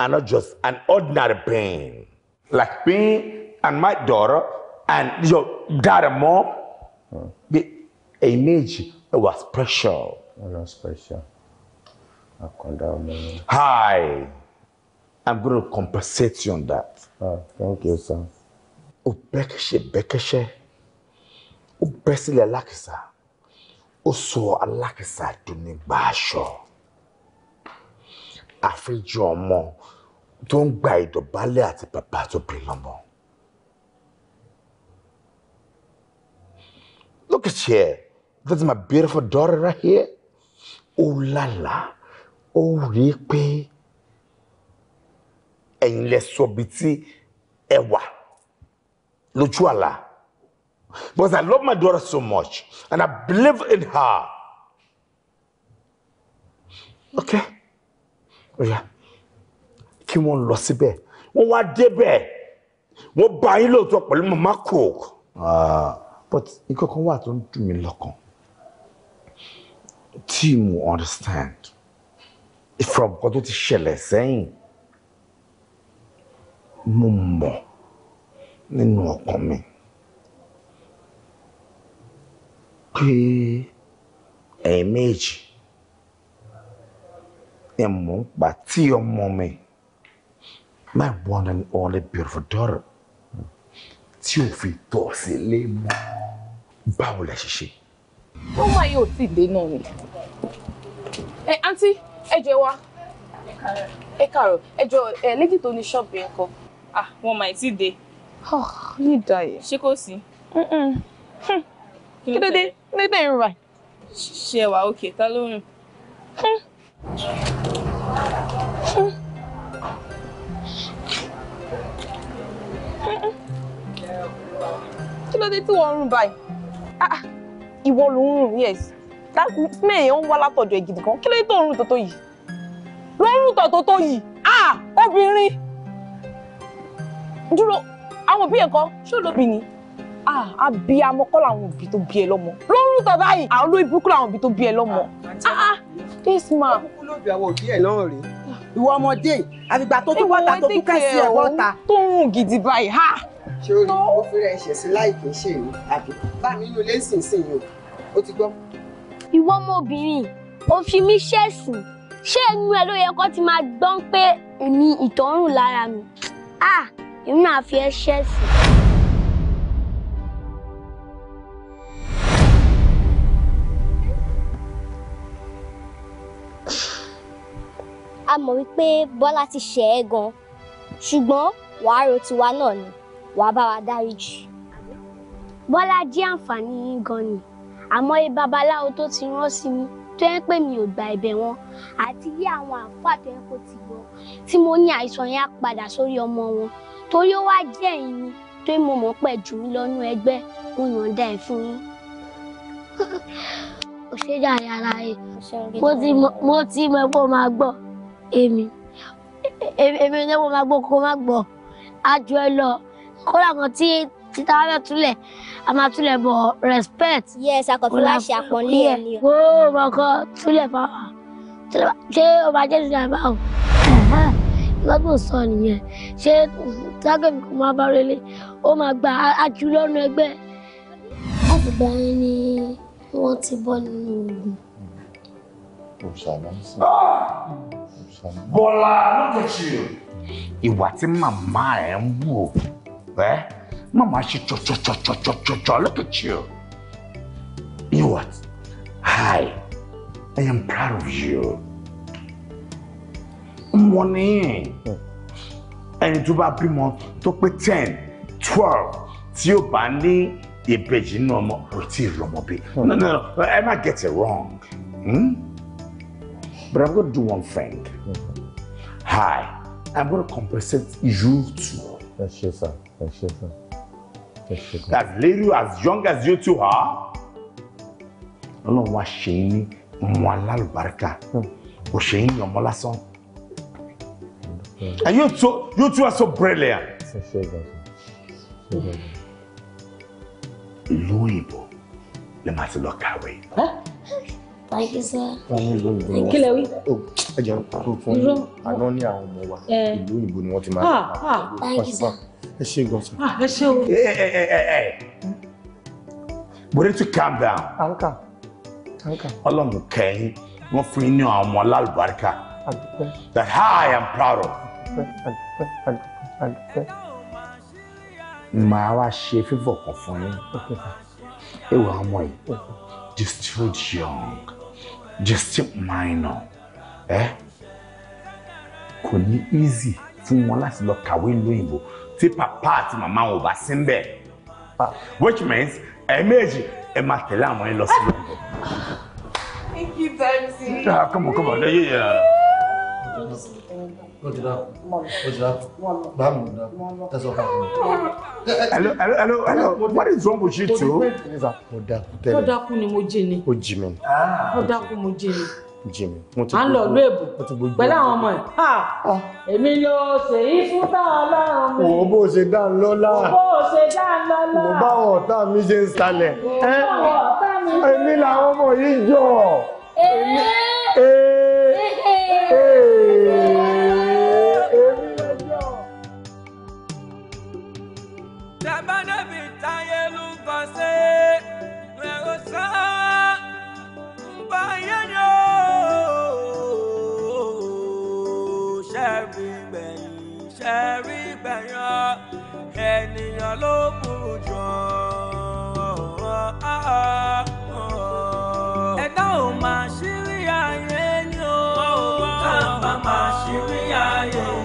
are not just an ordinary being like being and my daughter and your dad and mom, mm. the image it was special. It was special. I condemn you. Hi. I'm going to compensate you on that. Oh, thank you, sir. O bẹ́kẹ́ṣe bẹ́kẹ́ṣe, o bẹ́ sílẹ̀ alákìsà, o sọ alákìsà dùn ní gbàṣọ. Àfijọ́ ọmọ tó ń gba ìdọ̀bálẹ̀ àti bàbá tó bí lọ́mọ. Look at here. That's my beautiful daughter right here. Oh la la. oh rí And pé ẹ̀yin lẹ ewa. bíi tí ẹ Because I love my daughter so much and I believe in her. Okay. Ó yá. Kí wọ́n lọ síbẹ̀. Wọ́n wá débẹ̀. Wọ́n bá yín lóòótọ́ pẹ̀lú Mama Cook. Ah but nǹkan kan wà tó ń dùn mí lọ́kàn tí mo understand from nǹkan tó ti ṣẹlẹ̀ sẹ́yìn mo mọ̀ nínú ọkàn mi pé ẹ̀yin méjì ẹ̀ mọ̀ ń pa tí ọmọ mi my one and only beautiful daughter tí ò fi tọ̀ sílé mọ́ báwo lẹ ṣe ṣe. ó mà yóò tí ì dé náà ni. ẹ àǹtí ẹ jẹ wá ẹ kàárọ̀ ẹ jọ ẹ lédì tó ní ṣọ́ọ̀bù yẹn kọ. ah wọn mà tí ì dé. Ah, ní ìdáyẹ. ṣé kò sí. kí ló dé kí ló dé ń rà. ṣe wà òkè ta ló rìn. Hmm. ló dé tí wọ́n rún báyìí ah, ah ìwọ ló ń rún yes that smell yẹn ń wá látọ̀dọ̀ ẹ̀ gidi kan kí ló dé tó ń rún tòótọ́ yìí ló ń rún tòótọ́ yìí ah obìnrin dúró àwọn òbí ẹ̀ kan ṣó lóbi ni ah abiyamọ kọ́ làwọn òbí tó bí ẹ lọ́mọ ló ń rún tọ́ báyìí àwọn ah, olóyè burúkú làwọn òbí tó bí ẹ lọ́mọ ah ah this man. ọkùnkùn ló bí àwọn òbí ẹ náà rí ìwọ ọmọdé àfìgbà tó tún bọ́ta tó tún kẹ́sì ẹ̀ tó ń rùn gidi báyìí ṣé o rí o fi rẹ̀ ṣẹ̀ sí láì kì í ṣe èmi àbí bá mi inú ilé ìsinsìnyí o ó ti gbọ́. ìwọ ọmọbìnrin ò fi mí ṣẹ̀sìn ṣé inú ẹ ló yẹ kó ti máa gbọ́n pé èmi ìtọ́rùn lára mi ah èmi náà fi ẹ ṣẹ̀sìn. a mọ̀ wípé Bọ́lá ti ṣẹ̀ ẹ́ gan-an ṣùgbọ́n wàá ro tiwa náà ni wàá bá wa dáríjì bọ́lá jí àǹfààní yín gan ni àmọ́ iye babaláwo tó ti rán sí mi tó yẹn pé mi ò gba ẹ̀bẹ̀ wọn àti yé àwọn àáfàá tó yẹn kó ti gbọ́ tí mo ní àìsàn yẹn á padà sórí ọmọ wọn torí ó wá jẹ́ ẹ̀yin ni tó mo mọ̀ pẹ̀ jù mí lọ́nú ẹgbẹ́ mo yànda ẹ̀ fún yín. òṣèjà yàrá rẹ mo ti mọ pé ó máa èmi èmi ni mo máa kó má gbọ́ àjọ ẹ lọ kódà kan tí títa wá fẹ́ túlẹ̀ a máa túlẹ̀ bọ̀ respect. yes akọ̀tún wá ṣe àpọ́nlé ẹ̀ ni o. wo ọkọ túlẹ̀ fáwọn ṣé o máa jẹ́ ìdílé àbá o lọ́gbọ̀n sọ nìyẹn ṣé tágẹ̀mí kò máa bá relé ó máa gba ajú lọ́nà ẹgbẹ́. láti gba ni wọ́n ti bọ́ nínú ogun. Bọ́lá, look at you. Ìwà tí màmá ẹ̀ ń wù Eh? Mama, she cho cho cho cho cho cho cho. Look at you. You what? Hi. I am proud of you. Money. Ẹni tó bá bímọ tó pé ten, twelve tí ó bá ní ìbejì nínú ọmọ kò tí ì rọmọ bí. Hmm. No no no, I might get it wrong. Hmm? But I'm gonna do one thing. Hmm. Hi, I'm gonna compensate you too. Yes, sir that lady as young as you two are ọlọ́run wá ṣe yín ní ọmọ alálùbáríkà kò ṣe yín ní ọmọ lásán and you two you two are so brilliant. ìlú òyìnbó lè máa ti lọ kàwé. Thank you, sir. Kí lẹ wí? Ẹ jẹun tó fún mi. Àná ní àwọn ọmọ wa. Ìlú òyìnbó ni wọ́n ti máa ń bá. Thank you, sir ẹ ṣe gan sir. Ah, ẹ hey, hey, hey, hey. ẹ ẹ ẹ we need to calm down. anka anka. ọlọ́run kẹ́yìn wọ́n fún yín ní àwọn ọmọ alálùbáríkà. àdúpẹ́. that I am proud of. My wife, àdúpẹ́ àdúpẹ́. màá wá it was kan just too young just too minor. Eh? Could be easy fún wọn láti lọ kàwé lóyìnbó tí papa àti màmá wọn bá sí ń which means ẹ̀ẹ́mẹ́jì ẹ máa tẹ̀lé àwọn yín lọ sí london. thank you Dempsey. ṣáà kọ́mọ kọ́mọ ọ̀dọ́ yìí yà. Ojúdá, Ojúdá, bá mi dá, tẹ̀sán fún mi. Hello, hello, hello, hello, what is wrong with you two? Mo dákú ni mo jẹ ni. Ó jì mí. Ah. Mo dákú mo jẹ ni jimmy mo ti. à ń lọ ìlú èbò pẹ̀lú àwọn ọmọ ẹ̀. Ah. èmi ló ṣe yí fún táwọn ọlọ́run mi. wò ó bó ṣe dá ń lọ́lá. wò ó bó ṣe dá ń lọ́lá. wò ó báwọn ọ̀tá mi ṣe ń salẹ̀. wò èmi làwọn ọmọ yìí jọ. ee ee ee. ènìyàn ló kù jọ ẹ̀dá ò máa ṣírí ayé ni ó káàbà máa ṣírí ayé.